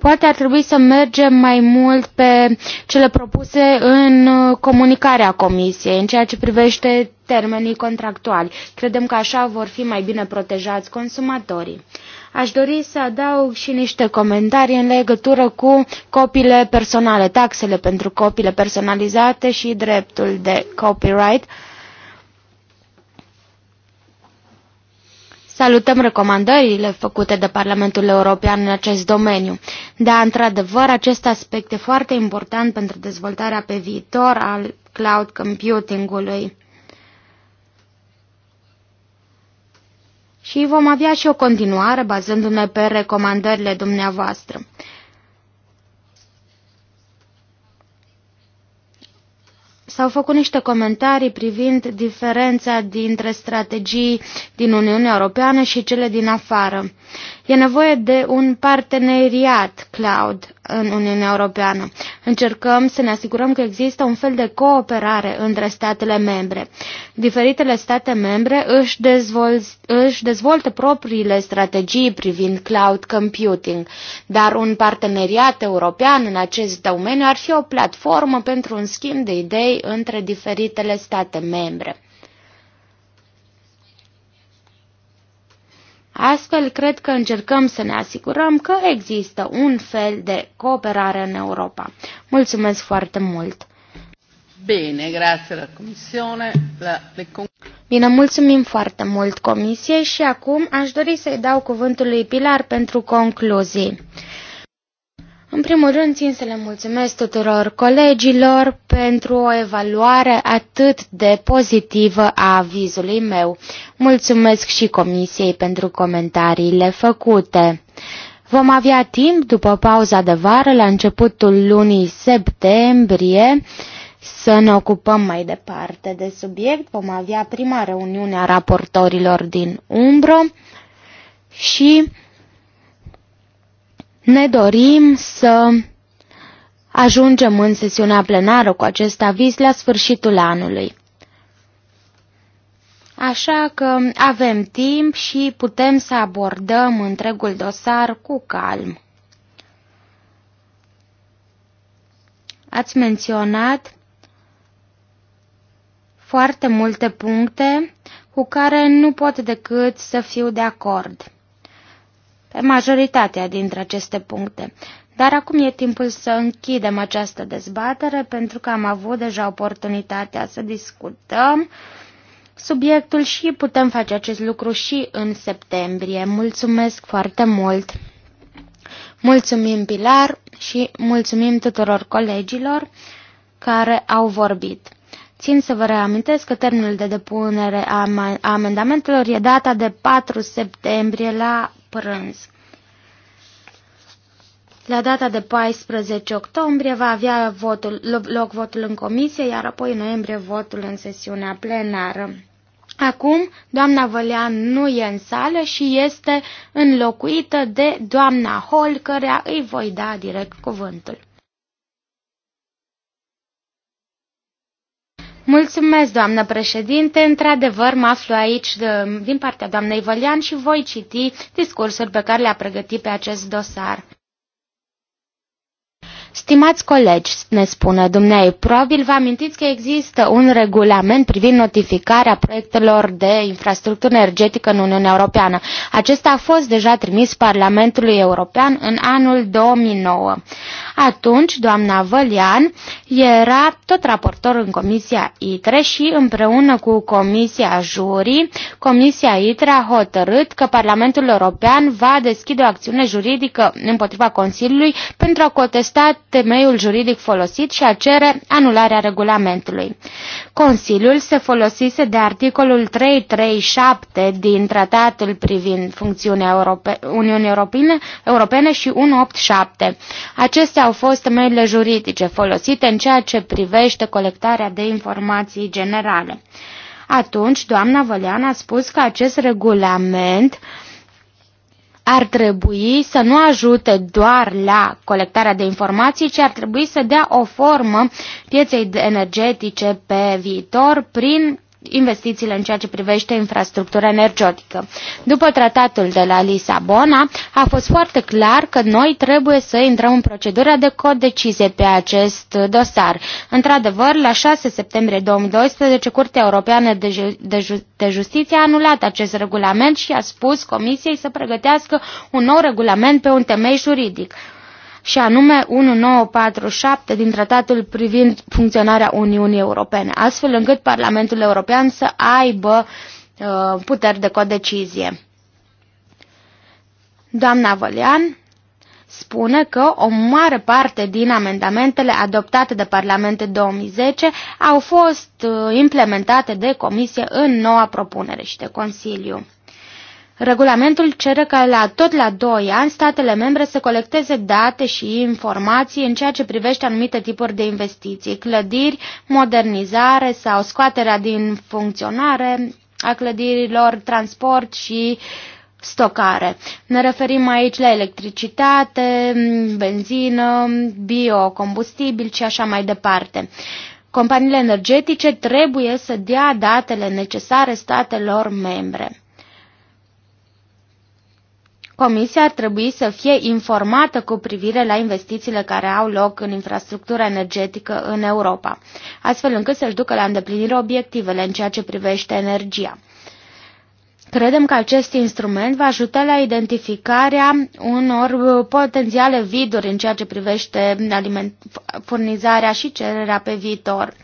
Poate ar trebui să mergem mai mult pe cele propuse în uh, comunicarea Comisiei, în ceea ce privește termenii contractuali. Credem că așa vor fi mai bine protejați consumatorii. Aș dori să adaug și niște comentarii în legătură cu copiile personale, taxele pentru copiile personalizate și dreptul de copyright. Salutăm recomandările făcute de Parlamentul European în acest domeniu. Da, într-adevăr, acest aspect e foarte important pentru dezvoltarea pe viitor al cloud computing-ului. Și vom avea și o continuare bazându-ne pe recomandările dumneavoastră. S-au făcut niște comentarii privind diferența dintre strategii din Uniunea Europeană și cele din afară. E nevoie de un parteneriat cloud în Uniunea Europeană. Încercăm să ne asigurăm că există un fel de cooperare între statele membre. Diferitele state membre își, dezvol- își dezvoltă propriile strategii privind cloud computing, dar un parteneriat european în acest domeniu ar fi o platformă pentru un schimb de idei între diferitele state membre. Astfel, cred că încercăm să ne asigurăm că există un fel de cooperare în Europa. Mulțumesc foarte mult! Bine, grazie la Comisione. La, le... Bine, mulțumim foarte mult Comisiei și acum aș dori să-i dau cuvântul lui Pilar pentru concluzii. În primul rând, țin să le mulțumesc tuturor colegilor pentru o evaluare atât de pozitivă a avizului meu. Mulțumesc și comisiei pentru comentariile făcute. Vom avea timp după pauza de vară, la începutul lunii septembrie, să ne ocupăm mai departe de subiect. Vom avea prima reuniune a raportorilor din Umbro și ne dorim să ajungem în sesiunea plenară cu acest aviz la sfârșitul anului. Așa că avem timp și putem să abordăm întregul dosar cu calm. Ați menționat foarte multe puncte cu care nu pot decât să fiu de acord pe majoritatea dintre aceste puncte. Dar acum e timpul să închidem această dezbatere pentru că am avut deja oportunitatea să discutăm subiectul și putem face acest lucru și în septembrie. Mulțumesc foarte mult! Mulțumim Pilar și mulțumim tuturor colegilor care au vorbit. Țin să vă reamintesc că termenul de depunere a amendamentelor e data de 4 septembrie la prânz. La data de 14 octombrie va avea votul, loc votul în comisie, iar apoi în noiembrie votul în sesiunea plenară. Acum, doamna Vălean nu e în sală și este înlocuită de doamna Hol, care îi voi da direct cuvântul. Mulțumesc, doamnă președinte. Într-adevăr, mă aflu aici de, din partea doamnei Vălian și voi citi discursul pe care le-a pregătit pe acest dosar. Stimați colegi, ne spune dumnei, probabil vă amintiți că există un regulament privind notificarea proiectelor de infrastructură energetică în Uniunea Europeană. Acesta a fost deja trimis Parlamentului European în anul 2009. Atunci, doamna Vălian era tot raportor în Comisia ITRE și împreună cu Comisia Jurii, Comisia ITRE a hotărât că Parlamentul European va deschide o acțiune juridică împotriva Consiliului pentru a contesta temeiul juridic folosit și a cere anularea regulamentului. Consiliul se folosise de articolul 337 din tratatul privind funcțiunea Europe Uniunii Europene, Europene și 187. Acestea au fost temeiurile juridice folosite în ceea ce privește colectarea de informații generale. Atunci, doamna Văleana a spus că acest regulament uh, ar trebui să nu ajute doar la colectarea de informații, ci ar trebui să dea o formă pieței energetice pe viitor prin investițiile în ceea ce privește infrastructura energetică. După tratatul de la Lisabona, a fost foarte clar că noi trebuie să intrăm în procedura de codecizie pe acest dosar. Într-adevăr, la 6 septembrie 2012, Curtea Europeană de, Ju- de, Ju- de Justiție a anulat acest regulament și a spus Comisiei să pregătească un nou regulament pe un temei juridic și anume 1947 din tratatul privind funcționarea Uniunii Europene, astfel încât Parlamentul European să aibă uh, puteri de codecizie. Doamna Vălean spune că o mare parte din amendamentele adoptate de Parlamente 2010 au fost uh, implementate de Comisie în noua propunere și de Consiliu. Regulamentul cere ca la tot la 2 ani statele membre să colecteze date și informații în ceea ce privește anumite tipuri de investiții, clădiri, modernizare sau scoaterea din funcționare a clădirilor, transport și stocare. Ne referim aici la electricitate, benzină, biocombustibil și așa mai departe. Companiile energetice trebuie să dea datele necesare statelor membre. Comisia ar trebui să fie informată cu privire la investițiile care au loc în infrastructura energetică în Europa, astfel încât să-și ducă la îndeplinire obiectivele în ceea ce privește energia. Credem că acest instrument va ajuta la identificarea unor uh, potențiale viduri în ceea ce privește aliment, furnizarea și cererea pe viitor.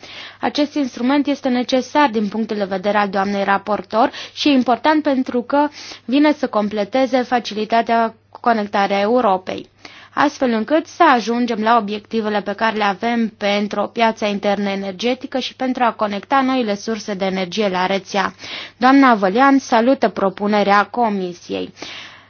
Acest instrument este necesar din punctul de vedere al doamnei raportor și e important pentru că vine să completeze facilitatea conectarea Europei astfel încât să ajungem la obiectivele pe care le avem pentru piața internă energetică și pentru a conecta noile surse de energie la rețea. Doamna Vălian salută propunerea Comisiei.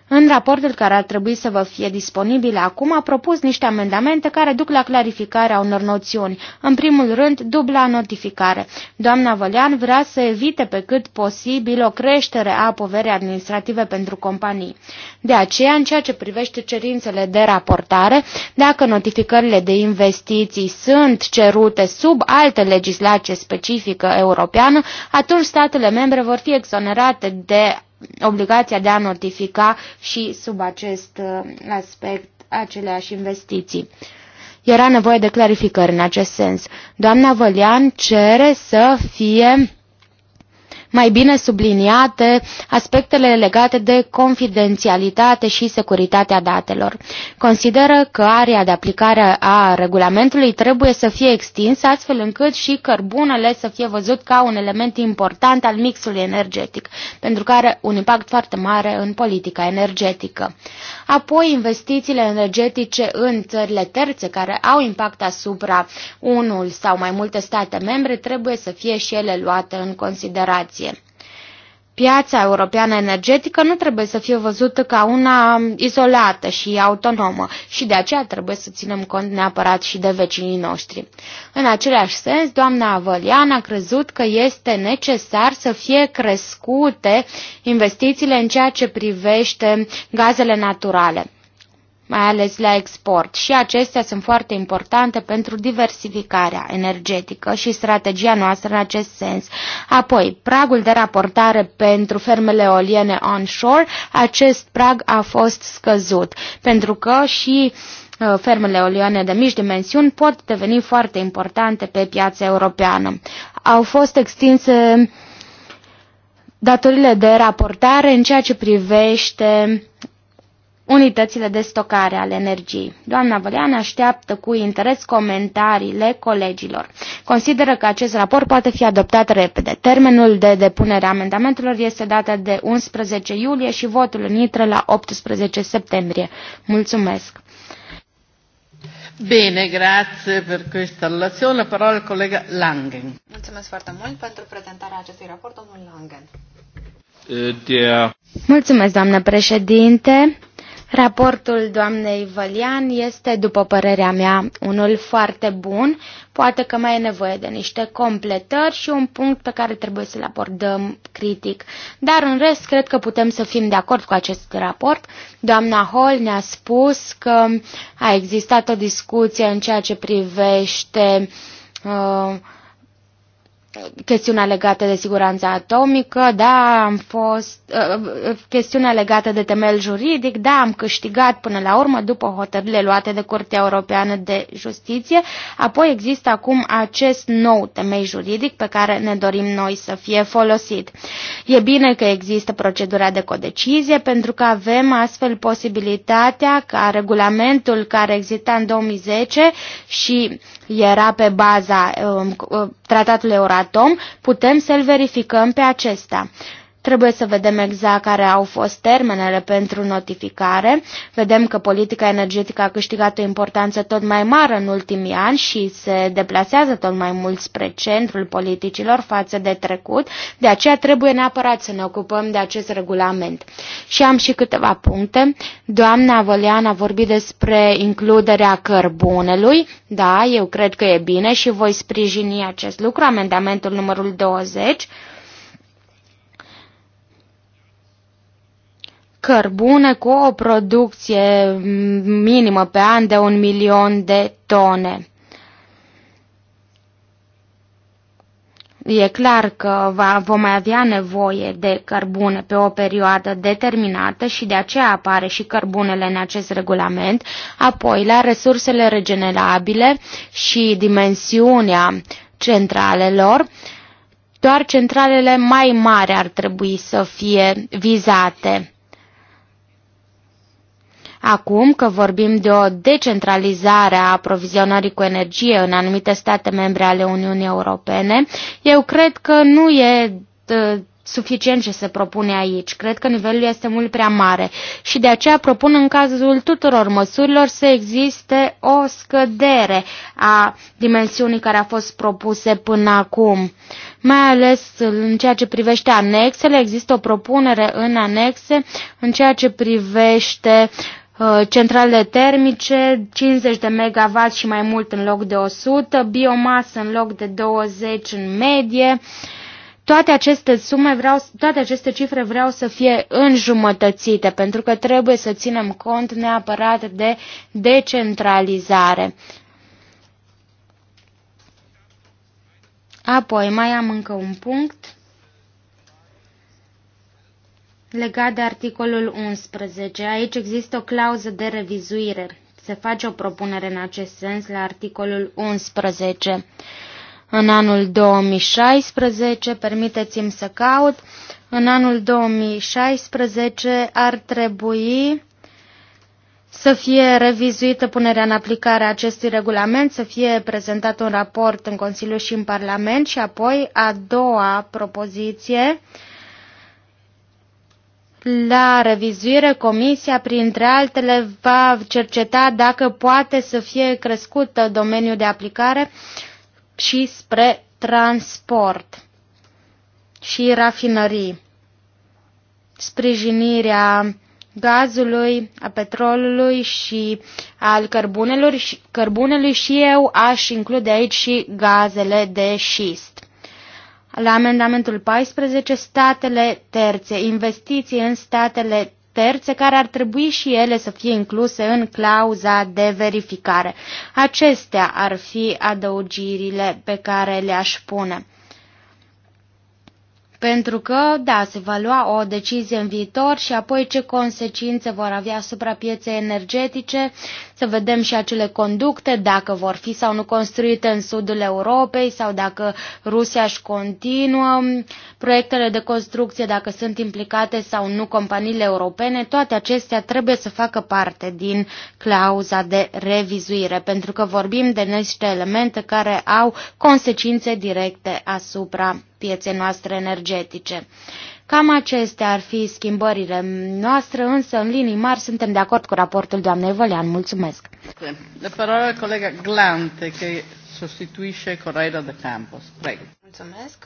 În raportul care ar trebui să vă fie disponibil acum a propus niște amendamente care duc la clarificarea unor noțiuni. În primul rând, dubla notificare. Doamna Vălean vrea să evite pe cât posibil o creștere a poverii administrative pentru companii. De aceea, în ceea ce privește cerințele de raportare, dacă notificările de investiții sunt cerute sub alte legislație specifică europeană, atunci statele membre vor fi exonerate de obligația de a notifica și sub acest uh, aspect aceleași investiții. Era nevoie de clarificări în acest sens. Doamna Vălian cere să fie mai bine subliniate aspectele legate de confidențialitate și securitatea datelor. Consideră că area de aplicare a regulamentului trebuie să fie extinsă astfel încât și cărbunele să fie văzut ca un element important al mixului energetic, pentru că are un impact foarte mare în politica energetică. Apoi, investițiile energetice în țările terțe care au impact asupra unul sau mai multe state membre trebuie să fie și ele luate în considerație. Piața europeană energetică nu trebuie să fie văzută ca una izolată și autonomă și de aceea trebuie să ținem cont neapărat și de vecinii noștri. În același sens, doamna Avălian a crezut că este necesar să fie crescute investițiile în ceea ce privește gazele naturale mai ales la export, și acestea sunt foarte importante pentru diversificarea energetică și strategia noastră în acest sens. Apoi, pragul de raportare pentru fermele eoliene onshore, acest prag a fost scăzut, pentru că și uh, fermele eoliene de mici dimensiuni pot deveni foarte importante pe piața europeană. Au fost extinse datorile de raportare în ceea ce privește unitățile de stocare ale energiei. Doamna Vălean așteaptă cu interes comentariile colegilor. Consideră că acest raport poate fi adoptat repede. Termenul de depunere a amendamentelor este data de 11 iulie și votul în intră la 18 septembrie. Mulțumesc! Bine, grazie per questa relazione. La parola al collega Langen. Mulțumesc foarte mult pentru prezentarea acestui raport, domnul Langen. Uh, Mulțumesc, doamnă președinte. Raportul doamnei Vălian este, după părerea mea, unul foarte bun. Poate că mai e nevoie de niște completări și un punct pe care trebuie să-l abordăm critic. Dar, în rest, cred că putem să fim de acord cu acest raport. Doamna Hall ne-a spus că a existat o discuție în ceea ce privește uh, chestiunea legată de siguranța atomică, da, am fost, uh, chestiunea legată de temel juridic, da, am câștigat până la urmă după hotărârile luate de Curtea Europeană de Justiție, apoi există acum acest nou temei juridic pe care ne dorim noi să fie folosit. E bine că există procedura de codecizie pentru că avem astfel posibilitatea ca regulamentul care exista în 2010 și era pe baza um, uh, tratatului Euratom, putem să-l verificăm pe acesta. Trebuie să vedem exact care au fost termenele pentru notificare. Vedem că politica energetică a câștigat o importanță tot mai mare în ultimii ani și se deplasează tot mai mult spre centrul politicilor față de trecut. De aceea trebuie neapărat să ne ocupăm de acest regulament. Și am și câteva puncte. Doamna Vălean a vorbit despre includerea cărbunelui. Da, eu cred că e bine și voi sprijini acest lucru, amendamentul numărul 20. cărbune cu o producție minimă pe an de un milion de tone. E clar că va, vom mai avea nevoie de cărbune pe o perioadă determinată și de aceea apare și cărbunele în acest regulament. Apoi, la resursele regenerabile și dimensiunea centralelor, doar centralele mai mari ar trebui să fie vizate. Acum că vorbim de o decentralizare a aprovizionării cu energie în anumite state membre ale Uniunii Europene, eu cred că nu e ă, suficient ce se propune aici. Cred că nivelul este mult prea mare și de aceea propun în cazul tuturor măsurilor să existe o scădere a dimensiunii care a fost propuse până acum. Mai ales în ceea ce privește anexele, există o propunere în anexe în ceea ce privește Uh, centrale termice, 50 de MW și mai mult în loc de 100, biomasă în loc de 20 în medie. Toate aceste sume vreau, toate aceste cifre vreau să fie înjumătățite, pentru că trebuie să ținem cont neapărat de decentralizare. Apoi mai am încă un punct. Legat de articolul 11, aici există o clauză de revizuire. Se face o propunere în acest sens la articolul 11. În anul 2016, permiteți-mi să caut, în anul 2016 ar trebui să fie revizuită punerea în aplicare a acestui regulament, să fie prezentat un raport în Consiliu și în Parlament și apoi a doua propoziție uh, la revizuire, Comisia, printre altele, va cerceta dacă poate să fie crescut domeniul de aplicare și spre transport și rafinării, sprijinirea gazului, a petrolului și al cărbunelor, cărbunelui și eu aș include aici și gazele de șist. La amendamentul 14, statele terțe, investiții în statele terțe care ar trebui și ele să fie incluse în clauza de verificare. Acestea ar fi adăugirile pe care le-aș pune. Pentru că, da, se va lua o decizie în viitor și apoi ce consecințe vor avea asupra pieței energetice, să vedem și acele conducte, dacă vor fi sau nu construite în sudul Europei sau dacă Rusia își continuă proiectele de construcție, dacă sunt implicate sau nu companiile europene. Toate acestea trebuie să facă parte din clauza de revizuire, pentru că vorbim de niște elemente care au consecințe directe asupra pieței noastre energetice. Cam acestea ar fi schimbările noastre, însă în linii mari suntem de acord cu raportul doamnei Vălean. Mulțumesc! De parola colega Glante, care sostituisce Correira de Campos. Prego. Mulțumesc!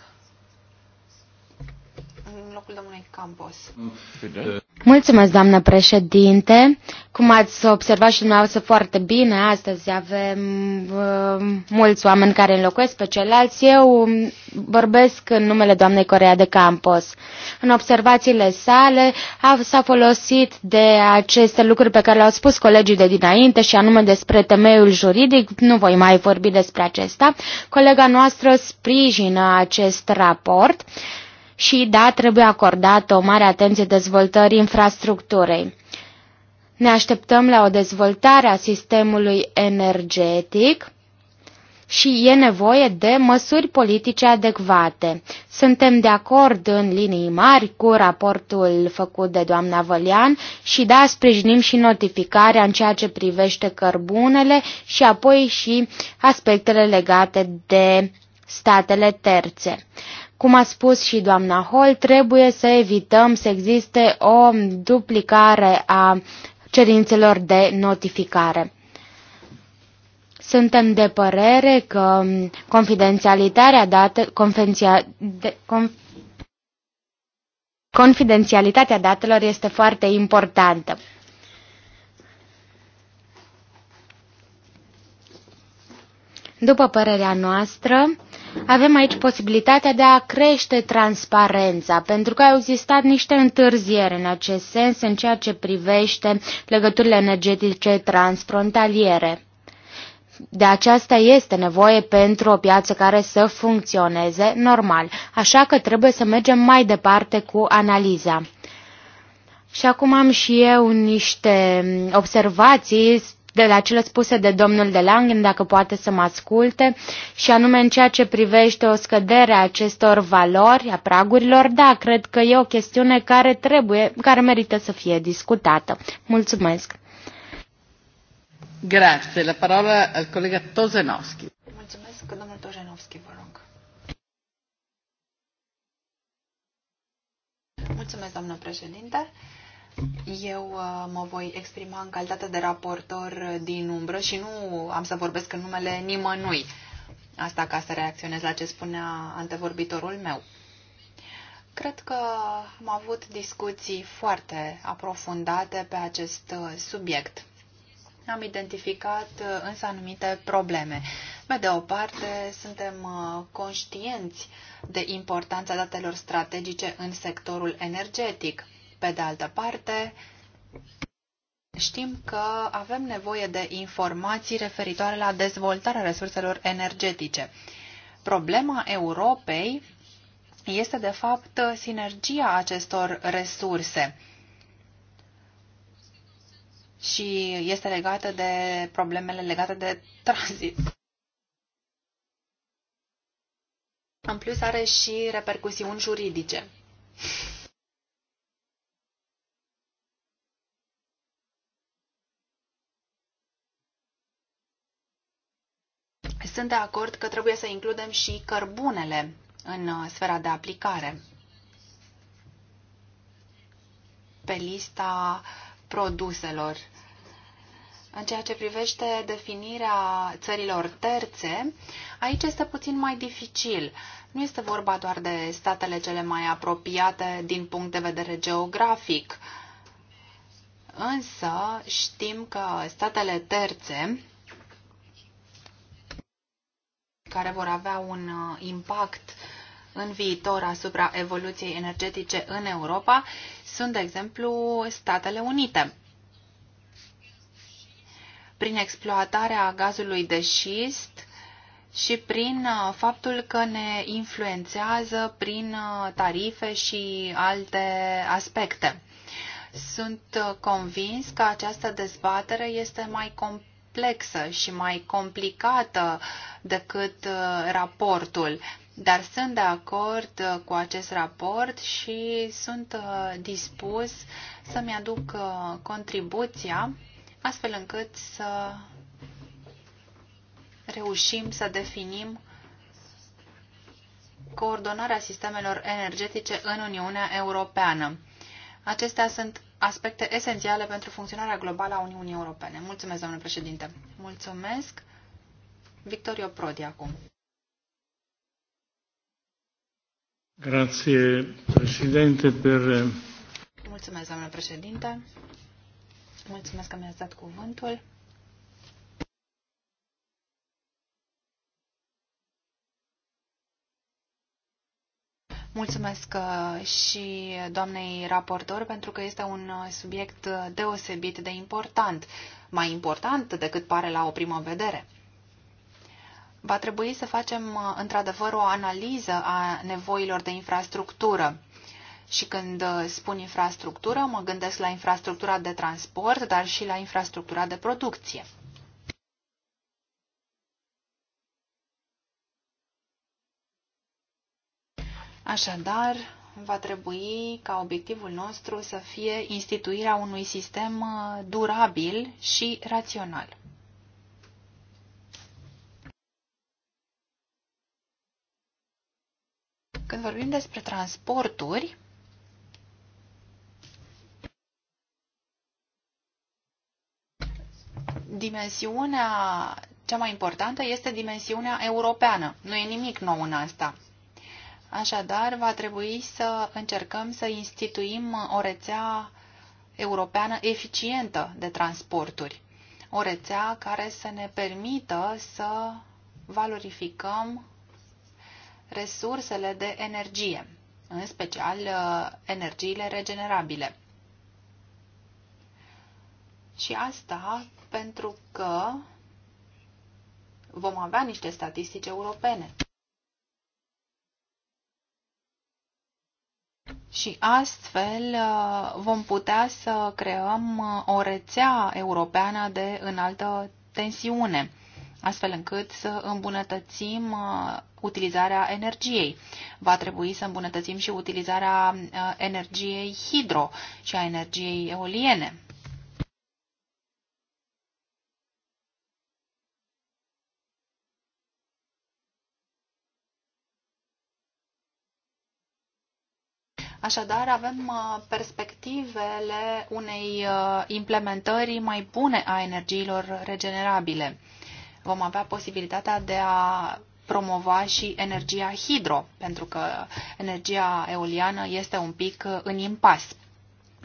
în locul domnului Campos. Mulțumesc, doamnă președinte. Cum ați observat și dumneavoastră foarte bine, astăzi avem uh, mulți oameni care înlocuiesc pe ceilalți. Eu vorbesc în numele doamnei Corea de Campos. În observațiile sale s-a folosit de aceste lucruri pe care le-au spus colegii de dinainte și anume despre temeiul juridic. Nu voi mai vorbi despre acesta. Colega noastră sprijină acest raport și, da, trebuie acordată o mare atenție dezvoltării infrastructurii. Ne așteptăm la o dezvoltare a sistemului energetic și e nevoie de măsuri politice adecvate. Suntem de acord în linii mari cu raportul făcut de doamna Vălian și da, sprijinim și notificarea în ceea ce privește cărbunele și apoi și aspectele legate de statele terțe. Cum a spus și doamna Hall, trebuie să evităm să existe o duplicare a cerințelor de notificare. Suntem de părere că confidențialitatea date, de, conf, confidențialitatea datelor este foarte importantă. După părerea noastră, avem aici posibilitatea de a crește transparența, pentru că au existat niște întârzieri în acest sens în ceea ce privește legăturile energetice transfrontaliere. De aceasta este nevoie pentru o piață care să funcționeze normal, așa că trebuie să mergem mai departe cu analiza. Și acum am și eu niște observații de la cele spuse de domnul de Langen, dacă poate să mă asculte, și anume în ceea ce privește o scădere a acestor valori, a pragurilor, da, cred că e o chestiune care trebuie, care merită să fie discutată. Mulțumesc! Grazie. La parola al colega Tozenowski. Mulțumesc, domnul Tozenovski, vă rog. Mulțumesc, doamnă președinte. Eu uh, mă voi exprima în calitate de raportor din umbră și nu am să vorbesc în numele nimănui. Asta ca să reacționez la ce spunea antevorbitorul meu. Cred că am avut discuții foarte aprofundate pe acest uh, subiect. Am identificat uh, însă anumite probleme. Pe de o parte, suntem conștienți de importanța datelor strategice în sectorul energetic pe de altă parte, Știm că avem nevoie de informații referitoare la dezvoltarea resurselor energetice. Problema Europei este, de fapt, sinergia acestor resurse și este legată de problemele legate de tranzit. În plus, are și repercusiuni juridice. Sunt de acord că trebuie să includem și cărbunele în uh, sfera de aplicare. Pe lista produselor. În ceea ce privește definirea țărilor terțe, aici este puțin mai dificil. Nu este vorba doar de statele cele mai apropiate din punct de vedere geografic, însă știm că statele terțe care vor avea un uh, impact în viitor asupra evoluției energetice în Europa sunt, de exemplu, Statele Unite. Prin exploatarea gazului de șist și prin uh, faptul că ne influențează prin uh, tarife și alte aspecte. Sunt convins că această dezbatere este mai complexă complexă și mai complicată decât uh, raportul, dar sunt de acord uh, cu acest raport și sunt uh, dispus să-mi aduc contribuția astfel încât să reușim să definim coordonarea sistemelor energetice în Uniunea Europeană. Acestea sunt aspecte esențiale pentru funcționarea globală a Uniunii Europene. Mulțumesc, doamnă președinte. Mulțumesc. Victorio Prodi acum. Grazie, președinte, per... Mulțumesc, doamnă președinte. Mulțumesc că mi-ați dat cuvântul. Mulțumesc uh, și doamnei raportor pentru că este un uh, subiect uh, deosebit de important, mai important decât pare la o primă vedere. Va trebui să facem într-adevăr o analiză a nevoilor de infrastructură. Și când spun infrastructură, mă gândesc la infrastructura de transport, dar și la infrastructura de producție. Așadar, va trebui ca obiectivul nostru să fie instituirea unui sistem uh, durabil și rațional. Când vorbim despre transporturi, dimensiunea cea mai importantă este dimensiunea europeană. Nu e nimic nou în asta. Așadar, va trebui să încercăm să instituim o rețea europeană eficientă de transporturi. O rețea care să ne permită să valorificăm resursele de energie, în special uh, energiile regenerabile. Și asta pentru că vom avea niște statistici europene. Și astfel uh, vom putea să creăm uh, o rețea europeană de înaltă tensiune, astfel încât să îmbunătățim uh, utilizarea energiei. Va trebui să îmbunătățim și utilizarea energiei hidro și a energiei eoliene. Așadar, avem uh, perspectivele unei uh, implementări mai bune a energiilor regenerabile. Vom avea posibilitatea de a promova și energia hidro, pentru că energia eoliană este un pic uh, în impas.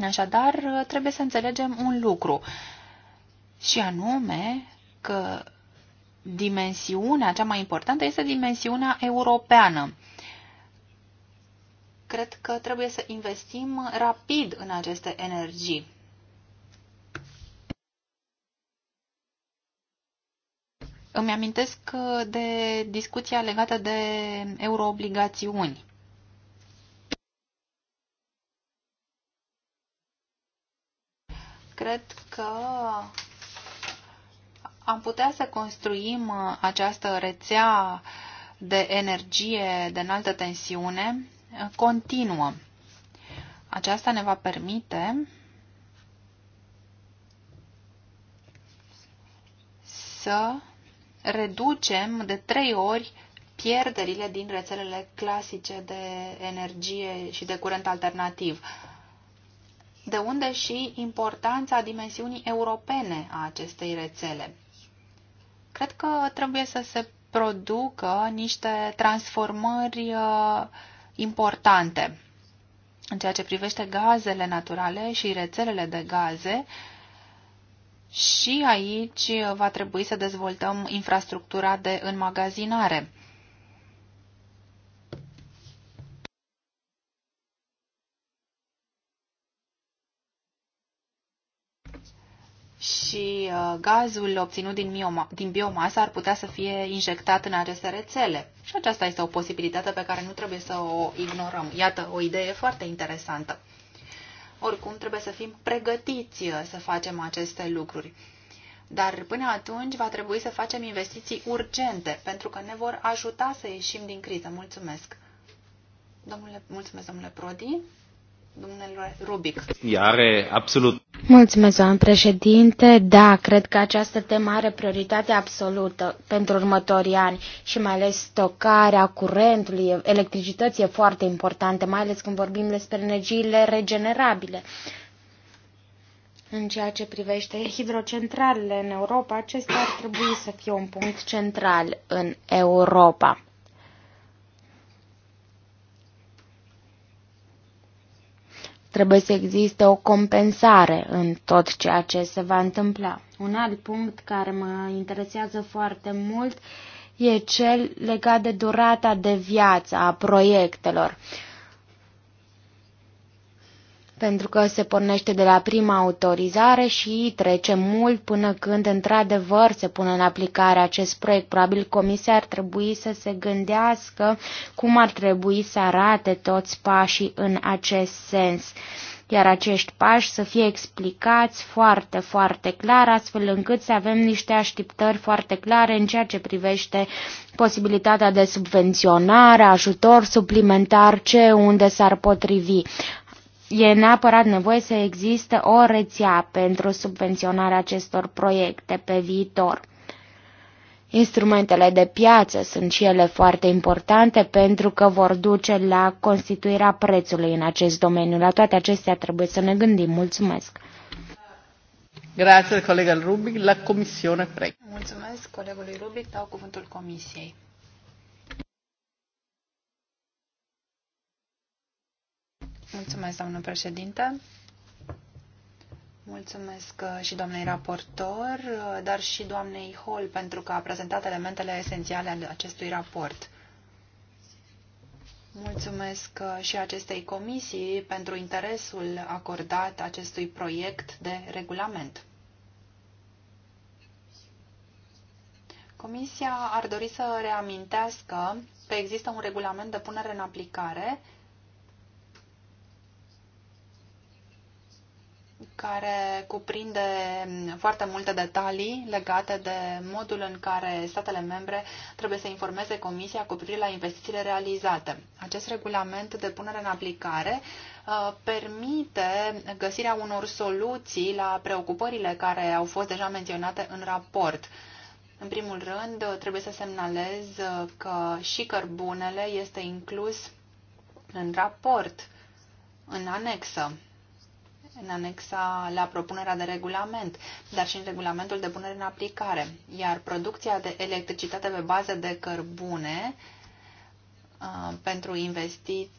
Așadar, trebuie să înțelegem un lucru, și anume că dimensiunea cea mai importantă este dimensiunea europeană cred că trebuie să investim rapid în aceste energii. Îmi amintesc de discuția legată de euroobligațiuni. Cred că am putea să construim această rețea de energie de înaltă tensiune continuă. Aceasta ne va permite să reducem de trei ori pierderile din rețelele clasice de energie și de curent alternativ. De unde și importanța dimensiunii europene a acestei rețele. Cred că trebuie să se producă niște transformări uh, importante. În ceea ce privește gazele naturale și rețelele de gaze, și aici va trebui să dezvoltăm infrastructura de înmagazinare. și uh, gazul obținut din, bioma, din biomasă ar putea să fie injectat în aceste rețele. Și aceasta este o posibilitate pe care nu trebuie să o ignorăm. Iată, o idee foarte interesantă. Oricum, trebuie să fim pregătiți uh, să facem aceste lucruri. Dar până atunci va trebui să facem investiții urgente, pentru că ne vor ajuta să ieșim din criză. Mulțumesc! Domnule, mulțumesc, domnule Prodi. Domnule absolut. Mulțumesc, doamnă președinte. Da, cred că această temă are prioritate absolută pentru următorii ani și mai ales stocarea curentului, electricității e foarte importantă, mai ales când vorbim despre energiile regenerabile. În ceea ce privește hidrocentralele în Europa, acesta ar trebui să fie un punct central în Europa. Trebuie să existe o compensare în tot ceea ce se va întâmpla. Un alt punct care mă interesează foarte mult e cel legat de durata de viață a proiectelor. Uh, pentru că se pornește de la prima autorizare și trece mult până când într-adevăr se pune în aplicare acest proiect. Probabil comisia ar trebui să se gândească cum ar trebui să arate toți pașii în acest sens iar acești pași să fie explicați foarte, foarte clar, astfel încât să avem niște așteptări foarte clare în ceea ce privește posibilitatea de subvenționare, ajutor suplimentar, ce unde s-ar potrivi e neapărat nevoie să existe o rețea pentru subvenționarea acestor proiecte pe viitor. Instrumentele de piață sunt și ele foarte importante pentru că vor duce la constituirea prețului în acest domeniu. La toate acestea trebuie să ne gândim. Mulțumesc! Grazie, colega Rubic. La Comisiune, prego. Mulțumesc, colegului Rubic. Dau cuvântul Comisiei. Mulțumesc, doamnă președinte. Mulțumesc uh, și doamnei raportor, uh, dar și doamnei Hall pentru că a prezentat elementele esențiale ale acestui raport. Mulțumesc uh, și acestei comisii pentru interesul acordat acestui proiect de regulament. Comisia ar dori să reamintească că există un regulament de punere în aplicare care cuprinde foarte multe detalii legate de modul în care statele membre trebuie să informeze Comisia cu privire la investițiile realizate. Acest regulament de punere în aplicare uh, permite găsirea unor soluții la preocupările care au fost deja menționate în raport. În primul rând, trebuie să semnalez uh, că și cărbunele este inclus în raport, în anexă în anexa la propunerea de regulament, dar și în regulamentul de punere în aplicare. Iar producția de electricitate pe bază de cărbune pentru investiții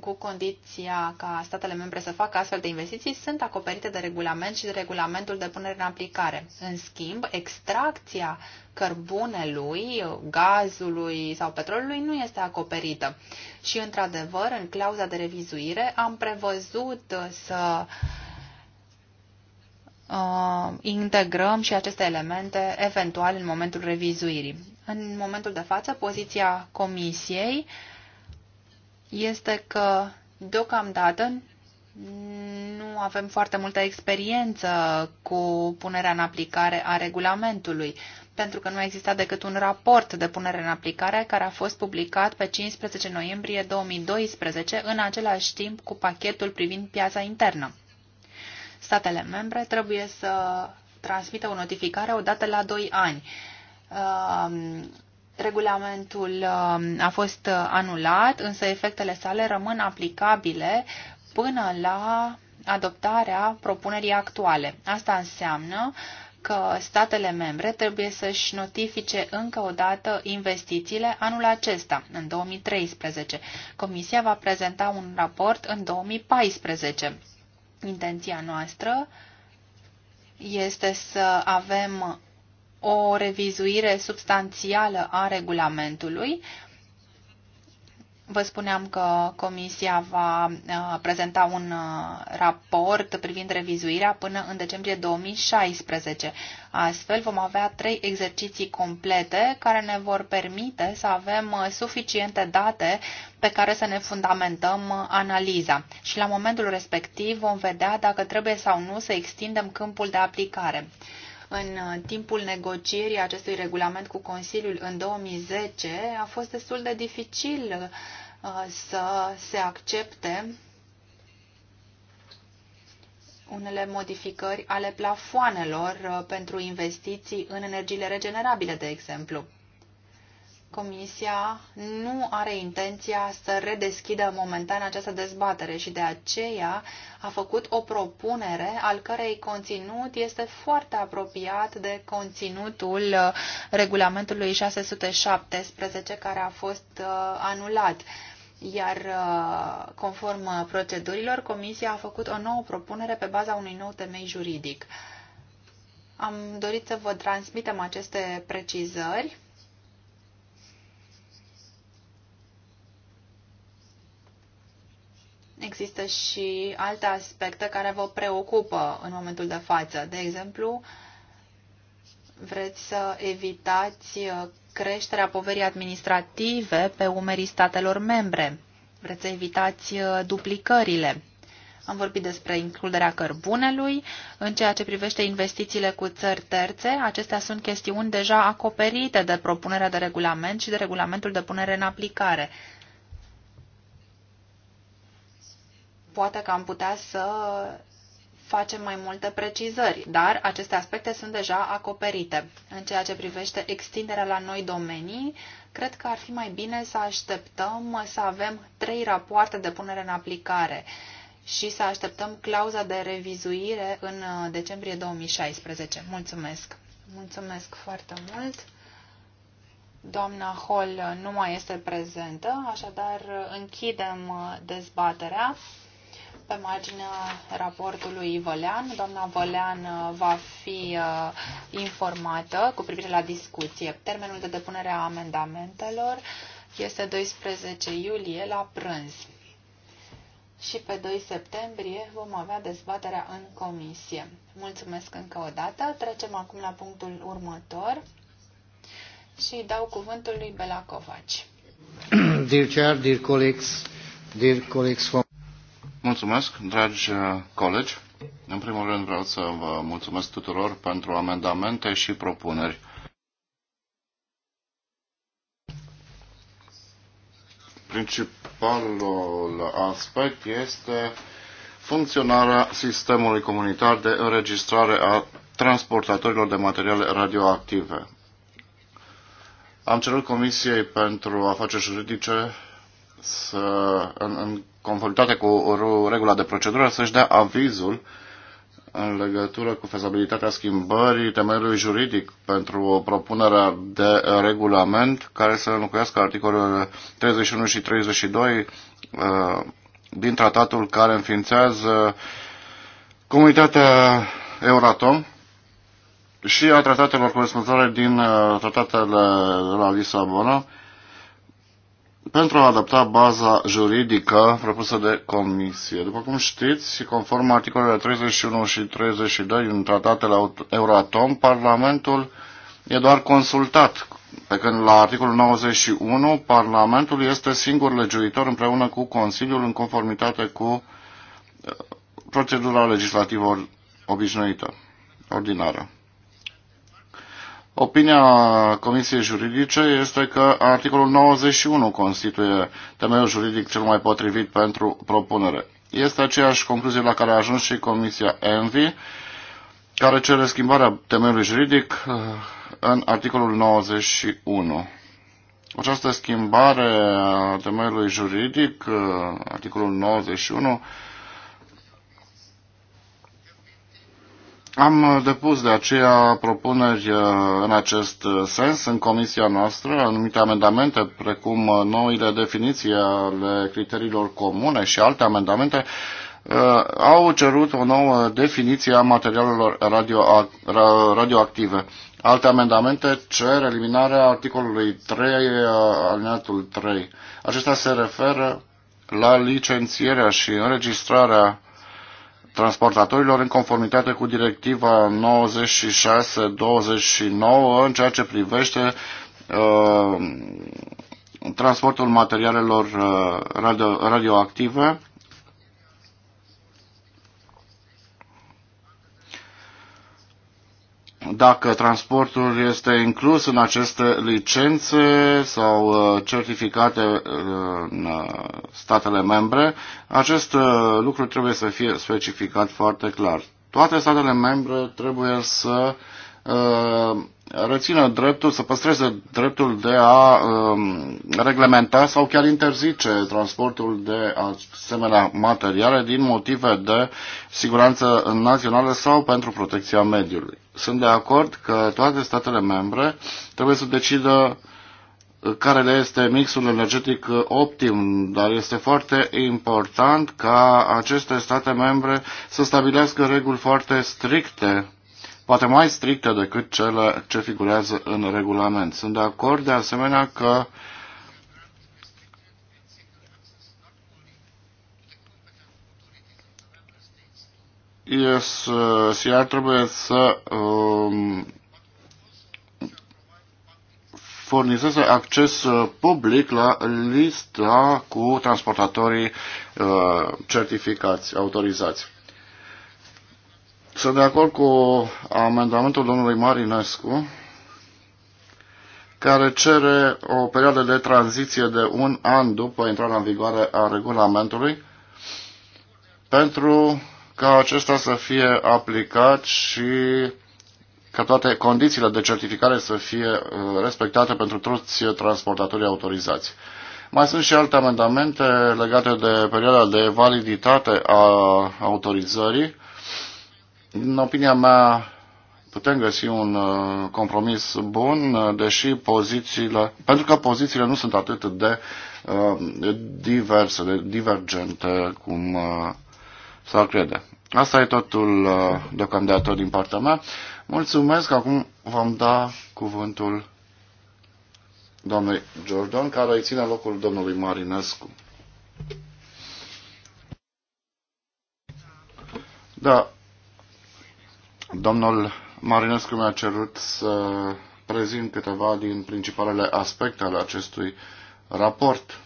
cu condiția ca statele membre să facă astfel de investiții sunt acoperite de regulament și de regulamentul de punere în aplicare. În schimb, extracția cărbunelui, gazului sau petrolului nu este acoperită. Și, într-adevăr, în clauza de revizuire am prevăzut să uh, uh, integrăm și aceste elemente eventual în momentul revizuirii. În momentul de față, poziția comisiei este că deocamdată nu avem foarte multă experiență cu punerea în aplicare a regulamentului, pentru că nu a existat decât un raport de punere în aplicare care a fost publicat pe 15 noiembrie 2012, în același timp cu pachetul privind piața internă statele membre trebuie să transmită o notificare odată la 2 ani. Um, regulamentul um, a fost anulat, însă efectele sale rămân aplicabile până la adoptarea propunerii actuale. Asta înseamnă că statele membre trebuie să-și notifice încă o dată investițiile anul acesta, în 2013. Comisia va prezenta un raport în 2014. Intenția noastră este să avem o revizuire substanțială a regulamentului, Vă spuneam că Comisia va uh, prezenta un uh, raport privind revizuirea până în decembrie 2016. Astfel vom avea trei exerciții complete care ne vor permite să avem uh, suficiente date pe care să ne fundamentăm analiza și la momentul respectiv vom vedea dacă trebuie sau nu să extindem câmpul de aplicare în uh, timpul negocierii acestui regulament cu Consiliul în 2010 a fost destul de dificil uh, să se accepte unele modificări ale plafoanelor uh, pentru investiții în energiile regenerabile, de exemplu. Comisia nu are intenția să redeschidă momentan această dezbatere și de aceea a făcut o propunere al cărei conținut este foarte apropiat de conținutul uh, regulamentului 617 care a fost uh, anulat. Iar uh, conform procedurilor, Comisia a făcut o nouă propunere pe baza unui nou temei juridic. Am dorit să vă transmitem aceste precizări există și alte aspecte care vă preocupă în momentul de față. De exemplu, vreți să evitați uh, creșterea poverii administrative pe umerii statelor membre. Vreți să evitați uh, duplicările. Am vorbit despre includerea cărbunelui. În ceea ce privește investițiile cu țări terțe, acestea sunt chestiuni deja acoperite de propunerea de regulament și de regulamentul de punere în aplicare. poate că am putea să facem mai multe precizări, dar aceste aspecte sunt deja acoperite. În ceea ce privește extinderea la noi domenii, cred că ar fi mai bine să așteptăm să avem trei rapoarte de punere în aplicare și să așteptăm clauza de revizuire în uh, decembrie 2016. Mulțumesc! Mulțumesc foarte mult! Doamna Hall nu mai este prezentă, așadar închidem uh, dezbaterea pe marginea raportului Vălean. Doamna Vălean uh, va fi uh, informată cu privire la discuție. Termenul de depunere a amendamentelor este 12 iulie la prânz. Și pe 2 septembrie vom avea dezbaterea în comisie. Mulțumesc încă o dată. Trecem acum la punctul următor și dau cuvântul lui Bela Covaci. Dear Chair, dear colleagues, dear colleagues from Mulțumesc, dragi uh, colegi. În primul rând vreau să vă mulțumesc tuturor pentru amendamente și propuneri. Principalul aspect este funcționarea sistemului comunitar de înregistrare a transportatorilor de materiale radioactive. Am cerut Comisiei pentru Afaceri Juridice să, în, în conformitate cu regula de procedură, să-și dea avizul în legătură cu fezabilitatea schimbării temeiului juridic pentru o propunere de regulament care să înlocuiască articolele 31 și 32 uh, din tratatul care înființează comunitatea Euratom și a tratatelor corespunzătoare din uh, tratatele de la Lisabona, pentru a adapta baza juridică propusă de Comisie. După cum știți, conform articolele 31 și 32 din tratatele Euratom, Parlamentul e doar consultat, pe când la articolul 91 Parlamentul este singur legiuitor împreună cu Consiliul în conformitate cu uh, procedura legislativă obișnuită, ordinară. Opinia Comisiei Juridice este că articolul 91 constituie temeiul juridic cel mai potrivit pentru propunere. Este aceeași concluzie la care a ajuns și Comisia ENVI, care cere schimbarea temeiului juridic uh, în articolul 91. Această schimbare a temeiului juridic, uh, articolul 91, Am uh, depus de aceea propuneri uh, în acest uh, sens în comisia noastră, anumite amendamente precum noile definiții ale criteriilor comune și alte amendamente au cerut o nouă definiție a materialelor radio, radioactive. Alte amendamente cer eliminarea articolului 3, alineatul 3. Acesta se referă la licențierea și înregistrarea transportatorilor în conformitate cu directiva 96-29 în ceea ce privește uh, transportul materialelor uh, radio radioactive dacă transportul este inclus în aceste licențe sau uh, certificate uh, în uh, statele membre, acest lucru trebuie să fie specificat foarte clar. Toate statele membre trebuie să rețină dreptul, să păstreze dreptul de a um, reglementa sau chiar interzice transportul de asemenea materiale din motive de siguranță națională sau pentru protecția mediului sunt de acord că toate statele membre trebuie să decidă uh, care le este mixul energetic uh, optim, dar este foarte important ca aceste state membre să stabilească reguli foarte stricte, poate mai stricte decât cele ce figurează în regulament. Sunt de acord de asemenea că uh, este, uh, și ar trebui să um, furnizeze acces uh, public la lista cu transportatorii uh, certificați, autorizați. Sunt de acord cu amendamentul domnului Marinescu care cere o perioadă de tranziție de un an după intrarea în vigoare a regulamentului pentru ca acesta să fie aplicat și ca toate condițiile de certificare să fie uh, respectate pentru toți transportatorii autorizați. Mai sunt și alte amendamente legate de perioada de validitate a autorizării. În opinia mea, putem găsi un uh, compromis bun, uh, deși pozițiile, pentru că pozițiile nu sunt atât de diverse, de divergente cum să crede. Asta e totul uh, deocamdată din partea mea. Mulțumesc, acum vom da cuvântul doamnei Jordan, care îi ține locul domnului Marinescu. Da, domnul Marinescu mi-a cerut să prezint câteva din principalele aspecte ale acestui raport.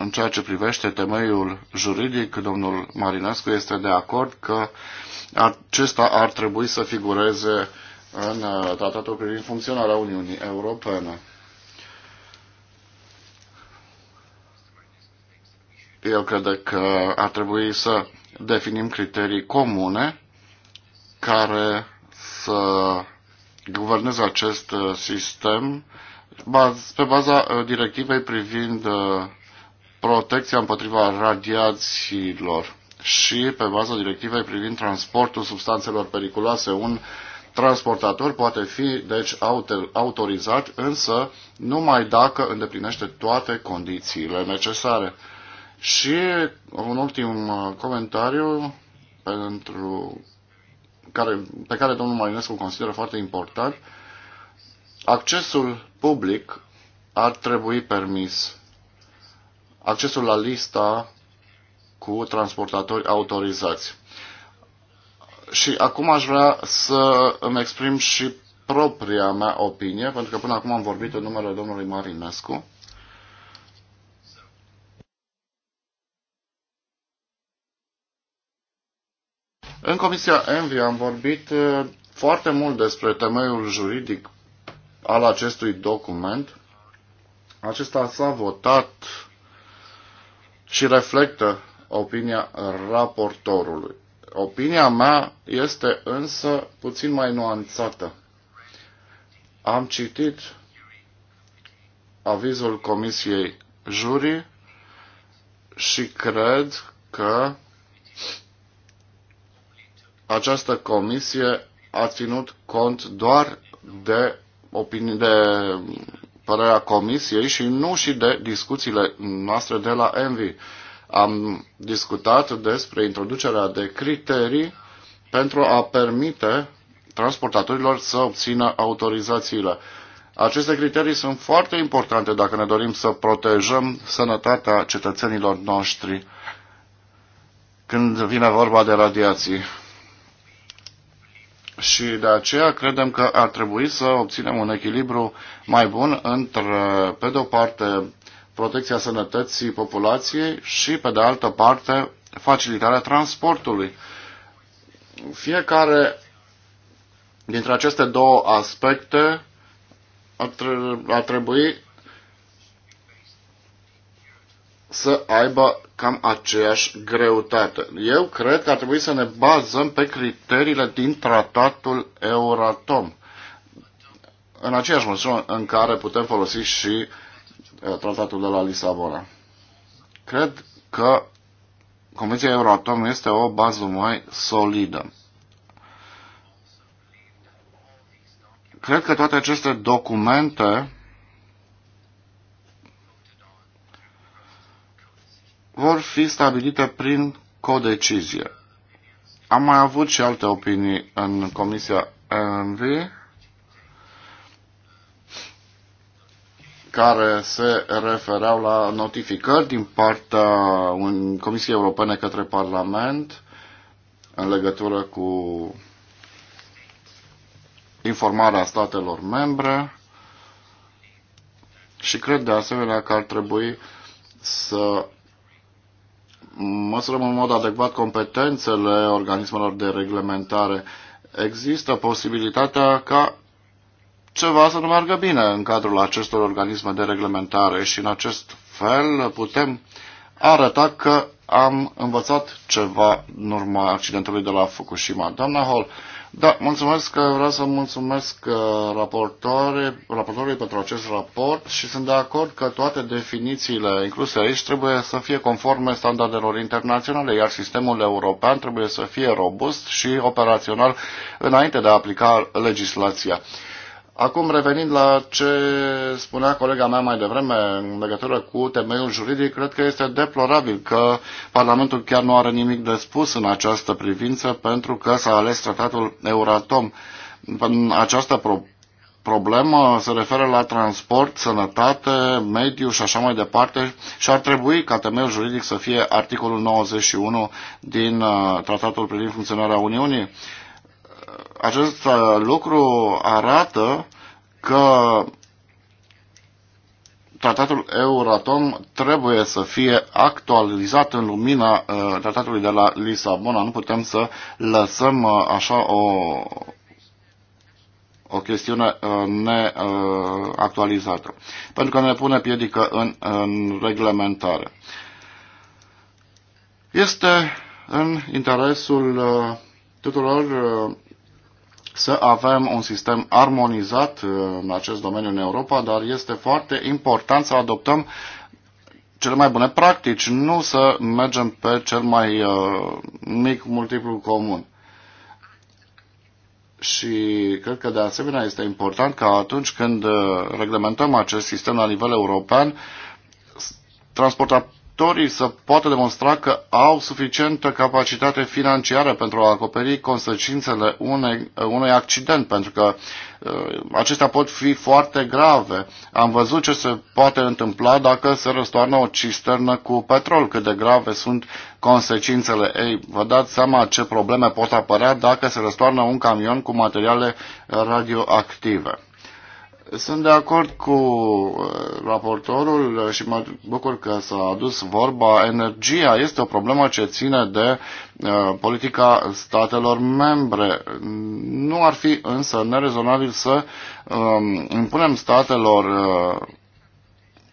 În ceea ce privește temeiul juridic, domnul Marinescu este de acord că acesta ar trebui să figureze în uh, tratatul privind funcționarea Uniunii Europene. Eu cred că ar trebui să definim criterii comune care să guverneze acest uh, sistem pe baza uh, directivei privind protecția împotriva radiațiilor și pe baza directivei privind transportul substanțelor periculoase. Un transportator poate fi, deci, autorizat, însă numai dacă îndeplinește toate condițiile necesare. Și un ultim uh, comentariu pentru care, pe care domnul Marinescu consideră foarte important. Accesul public ar trebui permis accesul la lista cu transportatori autorizați. Și acum aș vrea să îmi exprim și propria mea opinie, pentru că până acum am vorbit în numele domnului Marinescu. În Comisia Envi am vorbit foarte mult despre temeiul juridic al acestui document. Acesta s-a votat și reflectă opinia raportorului. Opinia mea este însă puțin mai nuanțată. Am citit avizul Comisiei Juri și cred că această comisie a ținut cont doar de opinii, de părerea Comisiei și nu și de discuțiile noastre de la Envi. Am discutat despre introducerea de criterii pentru a permite transportatorilor să obțină autorizațiile. Aceste criterii sunt foarte importante dacă ne dorim să protejăm sănătatea cetățenilor noștri când vine vorba de radiații și de aceea credem că ar trebui să obținem un echilibru mai bun între, pe de o parte, protecția sănătății populației și, pe de altă parte, facilitarea transportului. Fiecare dintre aceste două aspecte ar, trebui să aibă cam aceeași greutate. Eu cred că ar trebui să ne bazăm pe criteriile din tratatul Euratom, în aceeași măsură în care putem folosi și uh, tratatul de la Lisabona. Cred că Convenția Euratom este o bază mai solidă. Cred că toate aceste documente vor fi stabilite prin codecizie. Am mai avut și alte opinii în Comisia ENVI care se refereau la notificări din partea Comisiei Europene către Parlament în legătură cu informarea statelor membre și cred de asemenea că ar trebui să măsurăm în mod adecvat competențele organismelor de reglementare. Există posibilitatea ca ceva să nu meargă bine în cadrul acestor organisme de reglementare și în acest fel putem arăta că am învățat ceva în urma accidentului de la Fukushima. Doamna Hall, da, mulțumesc că vreau să mulțumesc uh, raportorului pentru acest raport și sunt de acord că toate definițiile incluse aici trebuie să fie conforme standardelor internaționale, iar sistemul european trebuie să fie robust și operațional înainte de a aplica legislația. Acum, revenind la ce spunea colega mea mai devreme în legătură cu temeiul juridic, cred că este deplorabil că Parlamentul chiar nu are nimic de spus în această privință pentru că s-a ales tratatul Euratom. Această pro- problemă se referă la transport, sănătate, mediu și așa mai departe și ar trebui ca temeiul juridic să fie articolul 91 din uh, tratatul privind funcționarea Uniunii acest uh, lucru arată că tratatul Euratom trebuie să fie actualizat în lumina uh, tratatului de la Lisabona. Nu putem să lăsăm uh, așa o, o chestiune neactualizată, pentru că ne pune piedică în, în reglementare. Este în interesul tuturor să avem un sistem armonizat uh, în acest domeniu în Europa, dar este foarte important să adoptăm cele mai bune practici, nu să mergem pe cel mai uh, mic multiplu comun. Și cred că de asemenea este important ca atunci când uh, reglementăm acest sistem la nivel european, transporta, producătorii să poată demonstra că au suficientă capacitate financiară pentru a acoperi consecințele unei, unui accident, pentru că uh, acestea pot fi foarte grave. Am văzut ce se poate întâmpla dacă se răstoarnă o cisternă cu petrol, cât de grave sunt consecințele. Ei, vă dați seama ce probleme pot apărea dacă se răstoarnă un camion cu materiale radioactive. Sunt de acord cu uh, raportorul și mă bucur că s-a adus vorba. Energia este o problemă ce ține de uh, politica statelor membre. Nu ar fi însă nerezonabil să um, impunem statelor uh,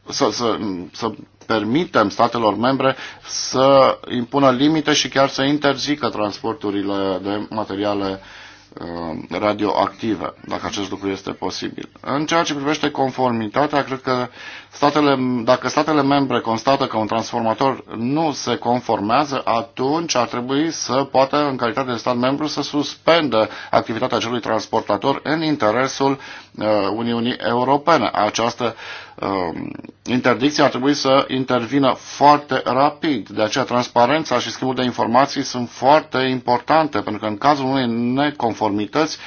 să, să, să permitem statelor membre să impună limite și chiar să interzică transporturile de materiale uh, Uh, radioactivă, dacă acest lucru este posibil. În ceea ce privește conformitatea, cred că Statele, dacă statele membre constată că un transformator nu se conformează, atunci ar trebui să poată, în calitate de stat membru, să suspende activitatea acelui transportator în interesul uh, Uniunii Europene. Această uh, interdicție ar trebui să intervină foarte rapid. De aceea, transparența și schimbul de informații sunt foarte importante, pentru că în cazul unei neconformități,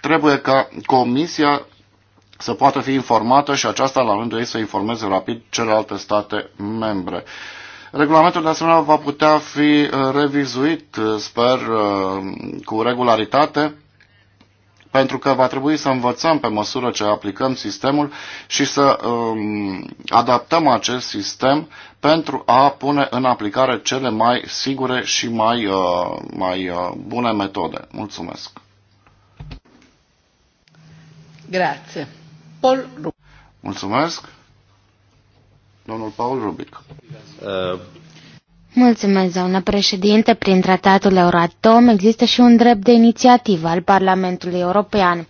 trebuie ca Comisia să poată fi informată și aceasta la rândul ei să informeze rapid celelalte state membre. Regulamentul de asemenea va putea fi uh, revizuit, uh, sper, uh, cu regularitate, pentru că va trebui să învățăm pe măsură ce aplicăm sistemul și să um, adaptăm acest sistem pentru a pune în aplicare cele mai sigure și mai, uh, mai uh, bune metode. Mulțumesc! Grazie. Paul Rubic. Mulțumesc. Domnul Paul Rubic. Uh. Mulțumesc, doamnă președinte. Prin tratatul Euratom există și un drept de inițiativă al Parlamentului European.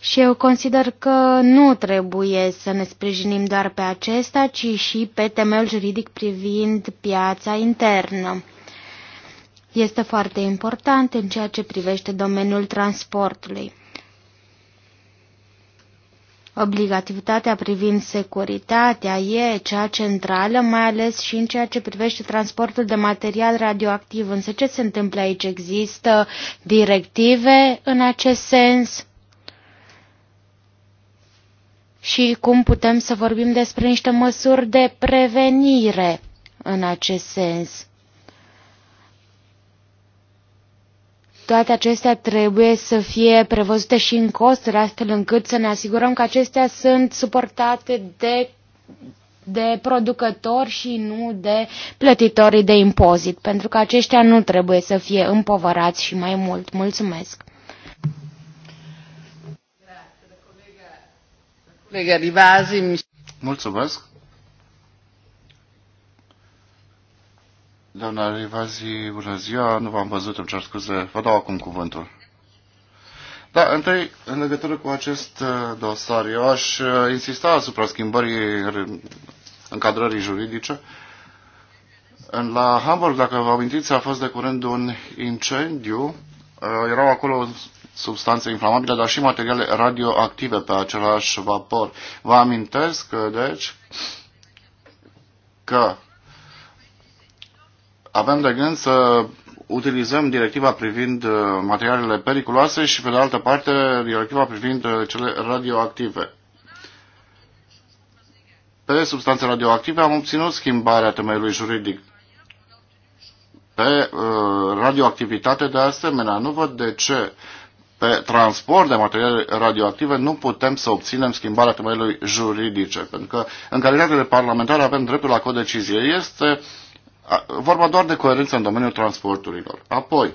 Și eu consider că nu trebuie să ne sprijinim doar pe acesta, ci și pe temeiul juridic privind piața internă. Este foarte important în ceea ce privește domeniul transportului. Obligativitatea privind securitatea e cea centrală, mai ales și în ceea ce privește transportul de material radioactiv. Însă ce se întâmplă aici? Există directive în acest sens? Și cum putem să vorbim despre niște măsuri de prevenire în acest sens? toate acestea trebuie să fie prevăzute și în costuri, astfel încât să ne asigurăm că acestea sunt suportate de de producători și nu de plătitorii de impozit, pentru că aceștia nu trebuie să fie împovărați și mai mult. Mulțumesc! Mulțumesc! Doamna Rivazi, bună ziua, nu v-am văzut, îmi cer scuze, vă dau acum cuvântul. Da, întâi, în legătură cu acest uh, dosar, eu aș uh, insista asupra schimbării încadrării juridice. La Hamburg, dacă vă amintiți, a fost de curând un incendiu. Uh, erau acolo substanțe inflamabile, dar și materiale radioactive pe același vapor. Vă amintesc, deci, că avem de gând să utilizăm directiva privind uh, materialele periculoase și, pe de altă parte, directiva privind uh, cele radioactive. Pe substanțe radioactive am obținut schimbarea temeiului juridic. Pe uh, radioactivitate, de asemenea, nu văd de ce pe transport de materiale radioactive nu putem să obținem schimbarea temeiului juridice, pentru că în calitate de parlamentar avem dreptul la codecizie. Este uh, vorba doar de coerență în domeniul transporturilor. Apoi,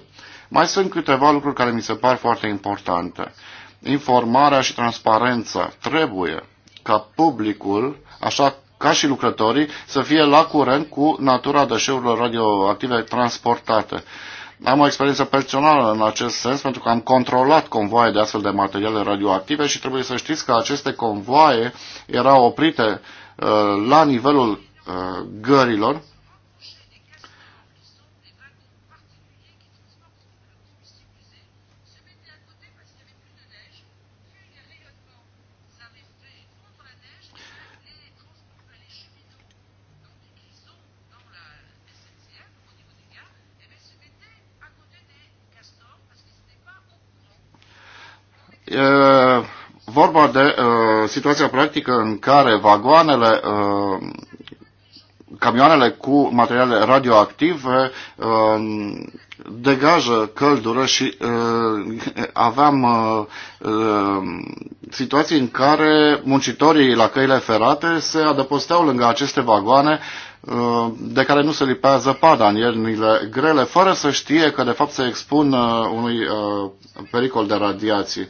mai sunt câteva lucruri care mi se par foarte importante. Informarea și transparența. Trebuie ca publicul, așa ca și lucrătorii, să fie la curent cu natura deșeurilor radioactive transportate. Am o experiență personală în acest sens pentru că am controlat convoaie de astfel de materiale radioactive și trebuie să știți că aceste convoaie erau oprite uh, la nivelul uh, gărilor E vorba de uh, situația practică în care vagoanele, uh, camioanele cu materiale radioactive uh, degajă căldură și uh, aveam uh, uh, situații în care muncitorii la căile ferate se adăposteau lângă aceste vagoane de care nu se lipea zăpada în iernile grele, fără să știe că de fapt se expun unui pericol de radiații.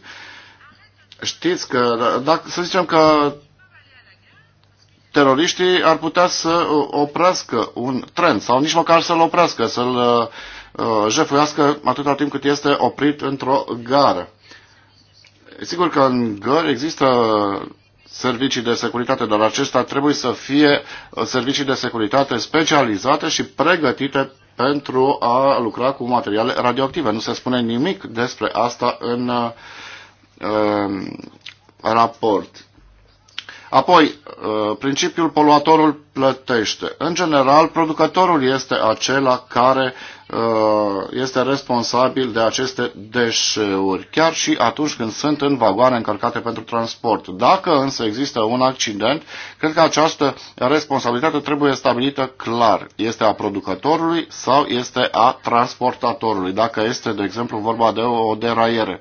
Știți că, da, dacă, să zicem că teroriștii ar putea să uh, oprească un tren sau nici măcar să-l oprească, să-l uh, uh, jefuiască atâta timp cât este oprit într-o gară. Sigur că în gări există servicii de securitate, dar acestea trebuie să fie uh, servicii de securitate specializate și pregătite pentru a lucra cu materiale radioactive. Nu se spune nimic despre asta în Um, raport. Apoi, uh, principiul poluatorul plătește. În general, producătorul este acela care uh, este responsabil de aceste deșeuri, chiar și atunci când sunt în vagoane încărcate pentru transport. Dacă însă există un accident, cred că această responsabilitate trebuie stabilită clar. Este a producătorului sau este a transportatorului, dacă este, de exemplu, vorba de o deraiere.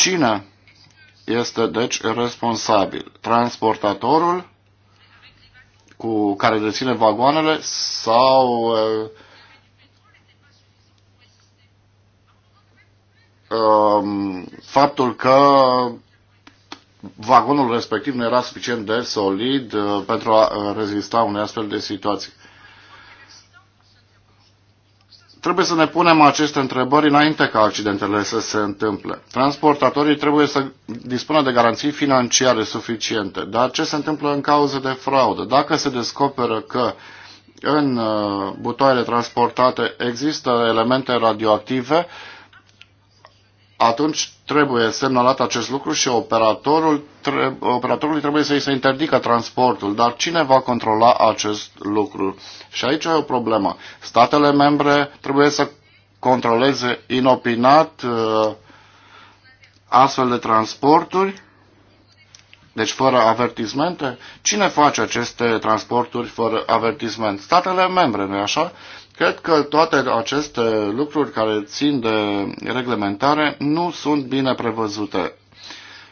Cine este deci responsabil? Transportatorul cu care deține vagoanele sau uh, um, faptul că vagonul respectiv nu era suficient de solid uh, pentru a rezista unei astfel de situații. Trebuie să ne punem aceste întrebări înainte ca accidentele să se întâmple. Transportatorii trebuie să dispună de garanții financiare suficiente. Dar ce se întâmplă în cauză de fraudă? Dacă se descoperă că în uh, butoaiele transportate există elemente radioactive, atunci trebuie semnalat acest lucru și operatorul trebuie, operatorului trebuie să-i se interdică transportul. Dar cine va controla acest lucru? Și aici e o problemă. Statele membre trebuie să controleze inopinat uh, astfel de transporturi, deci fără avertismente. Cine face aceste transporturi fără avertisment? Statele membre, nu-i așa? Cred că toate aceste lucruri care țin de reglementare nu sunt bine prevăzute.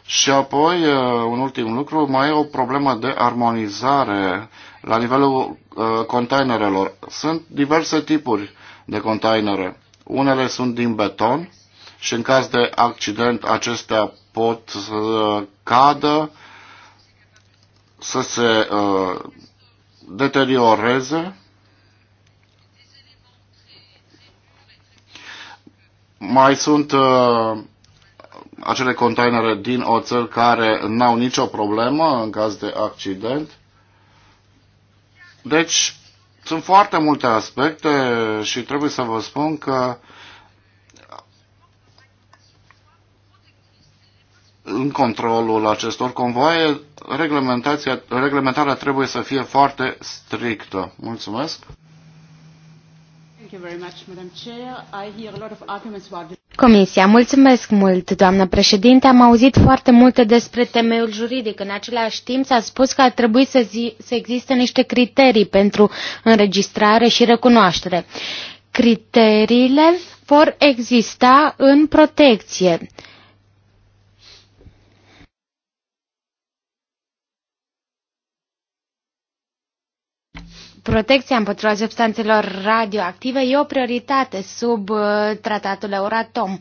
Și apoi, uh, un ultim lucru, mai e o problemă de armonizare la nivelul uh, containerelor. Sunt diverse tipuri de containere. Unele sunt din beton și în caz de accident acestea pot să cadă, să se uh, deterioreze Mai sunt uh, acele containere din oțel care n-au nicio problemă în caz de accident. Deci, sunt foarte multe aspecte și trebuie să vă spun că în controlul acestor convoaie, reglementarea trebuie să fie foarte strictă. Mulțumesc! Comisia, mulțumesc mult, doamnă președinte. Am auzit foarte multe despre temeiul juridic. În același timp s-a spus că ar trebui să, zi, să existe niște criterii pentru înregistrare și recunoaștere. Criteriile vor exista în protecție. Protecția împotriva substanțelor radioactive e o prioritate sub uh, tratatul Euratom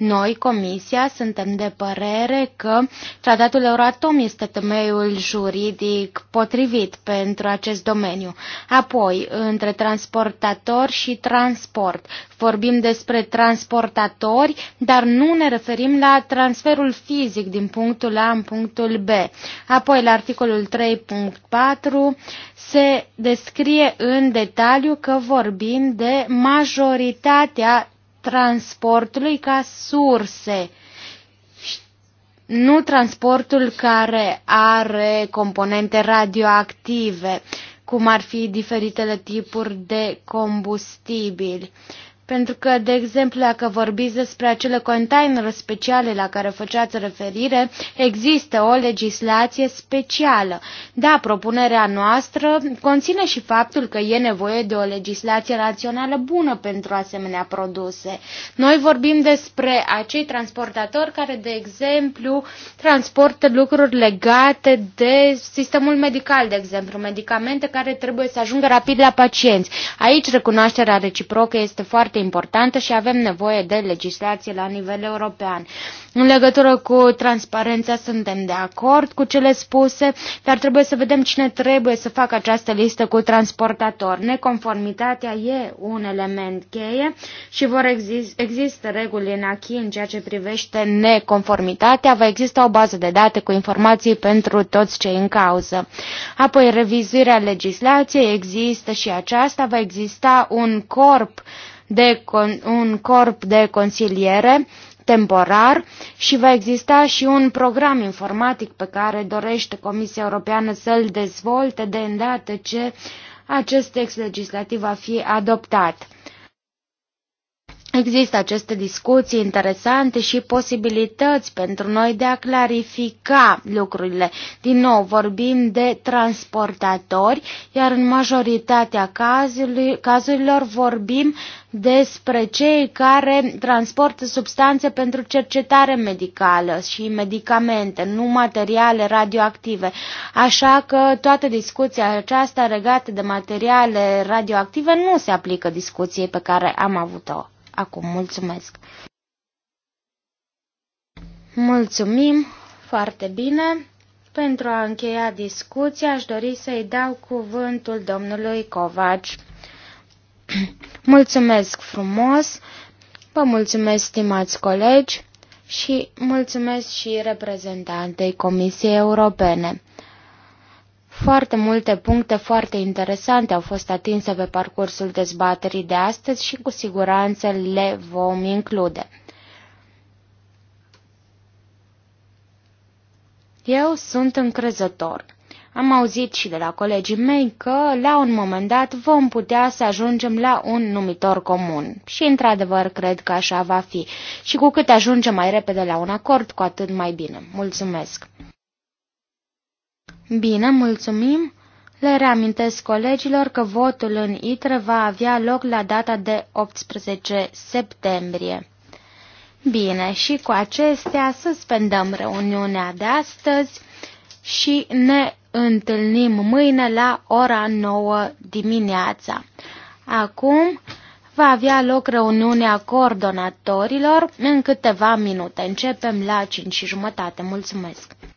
noi, Comisia, suntem de părere că tratatul Euratom este temeiul juridic potrivit pentru acest domeniu. Apoi, între transportator și transport. Vorbim despre transportatori, dar nu ne referim la transferul fizic din punctul A în punctul B. Apoi, la articolul 3.4 se descrie în detaliu că vorbim de majoritatea transportului ca surse nu transportul care are componente radioactive, cum ar fi diferitele tipuri de combustibili. Pentru că, de exemplu, dacă vorbiți despre acele container speciale la care făceați referire, există o legislație specială. Da, propunerea noastră conține și faptul că e nevoie de o legislație națională bună pentru asemenea produse. Noi vorbim despre acei transportatori care, de exemplu, transportă lucruri legate de sistemul medical, de exemplu, medicamente care trebuie să ajungă rapid la pacienți. Aici recunoașterea reciprocă este foarte importantă și avem nevoie de legislație la nivel european. În legătură cu transparența suntem de acord cu cele spuse, dar trebuie să vedem cine trebuie să facă această listă cu transportator. Neconformitatea e un element cheie și vor exist, există reguli în achi în ceea ce privește neconformitatea. Va exista o bază de date cu informații pentru toți cei în cauză. Apoi, revizuirea legislației există și aceasta. Va exista un corp uh, de con, un corp de consiliere temporar și va exista și un program informatic pe care dorește Comisia Europeană să-l dezvolte de îndată ce acest text legislativ va fi adoptat. Există aceste discuții interesante și posibilități pentru noi de a clarifica lucrurile. Din nou, vorbim de transportatori, iar în majoritatea cazului, cazurilor vorbim despre cei care transportă substanțe pentru cercetare medicală și medicamente, nu materiale radioactive. Așa că toată discuția aceasta legată de materiale radioactive nu se aplică discuției pe care am avut-o acum. Mulțumesc! Mulțumim foarte bine! Pentru a încheia discuția, aș dori să-i dau cuvântul domnului Covaci. Mulțumesc frumos, vă mulțumesc, stimați colegi, și mulțumesc și reprezentantei Comisiei Europene. Foarte multe puncte foarte interesante au fost atinse pe parcursul dezbaterii de astăzi și cu siguranță le vom include. Eu sunt încrezător. Am auzit și de la colegii mei că, la un moment dat, vom putea să ajungem la un numitor comun. Și, într-adevăr, cred că așa va fi. Și cu cât ajungem mai repede la un acord, cu atât mai bine. Mulțumesc! Bine, mulțumim. Le reamintesc colegilor că votul în ITRE va avea loc la data de 18 septembrie. Bine, și cu acestea suspendăm reuniunea de astăzi și ne întâlnim mâine la ora 9 dimineața. Acum va avea loc reuniunea coordonatorilor în câteva minute. Începem la 5 și jumătate. Mulțumesc!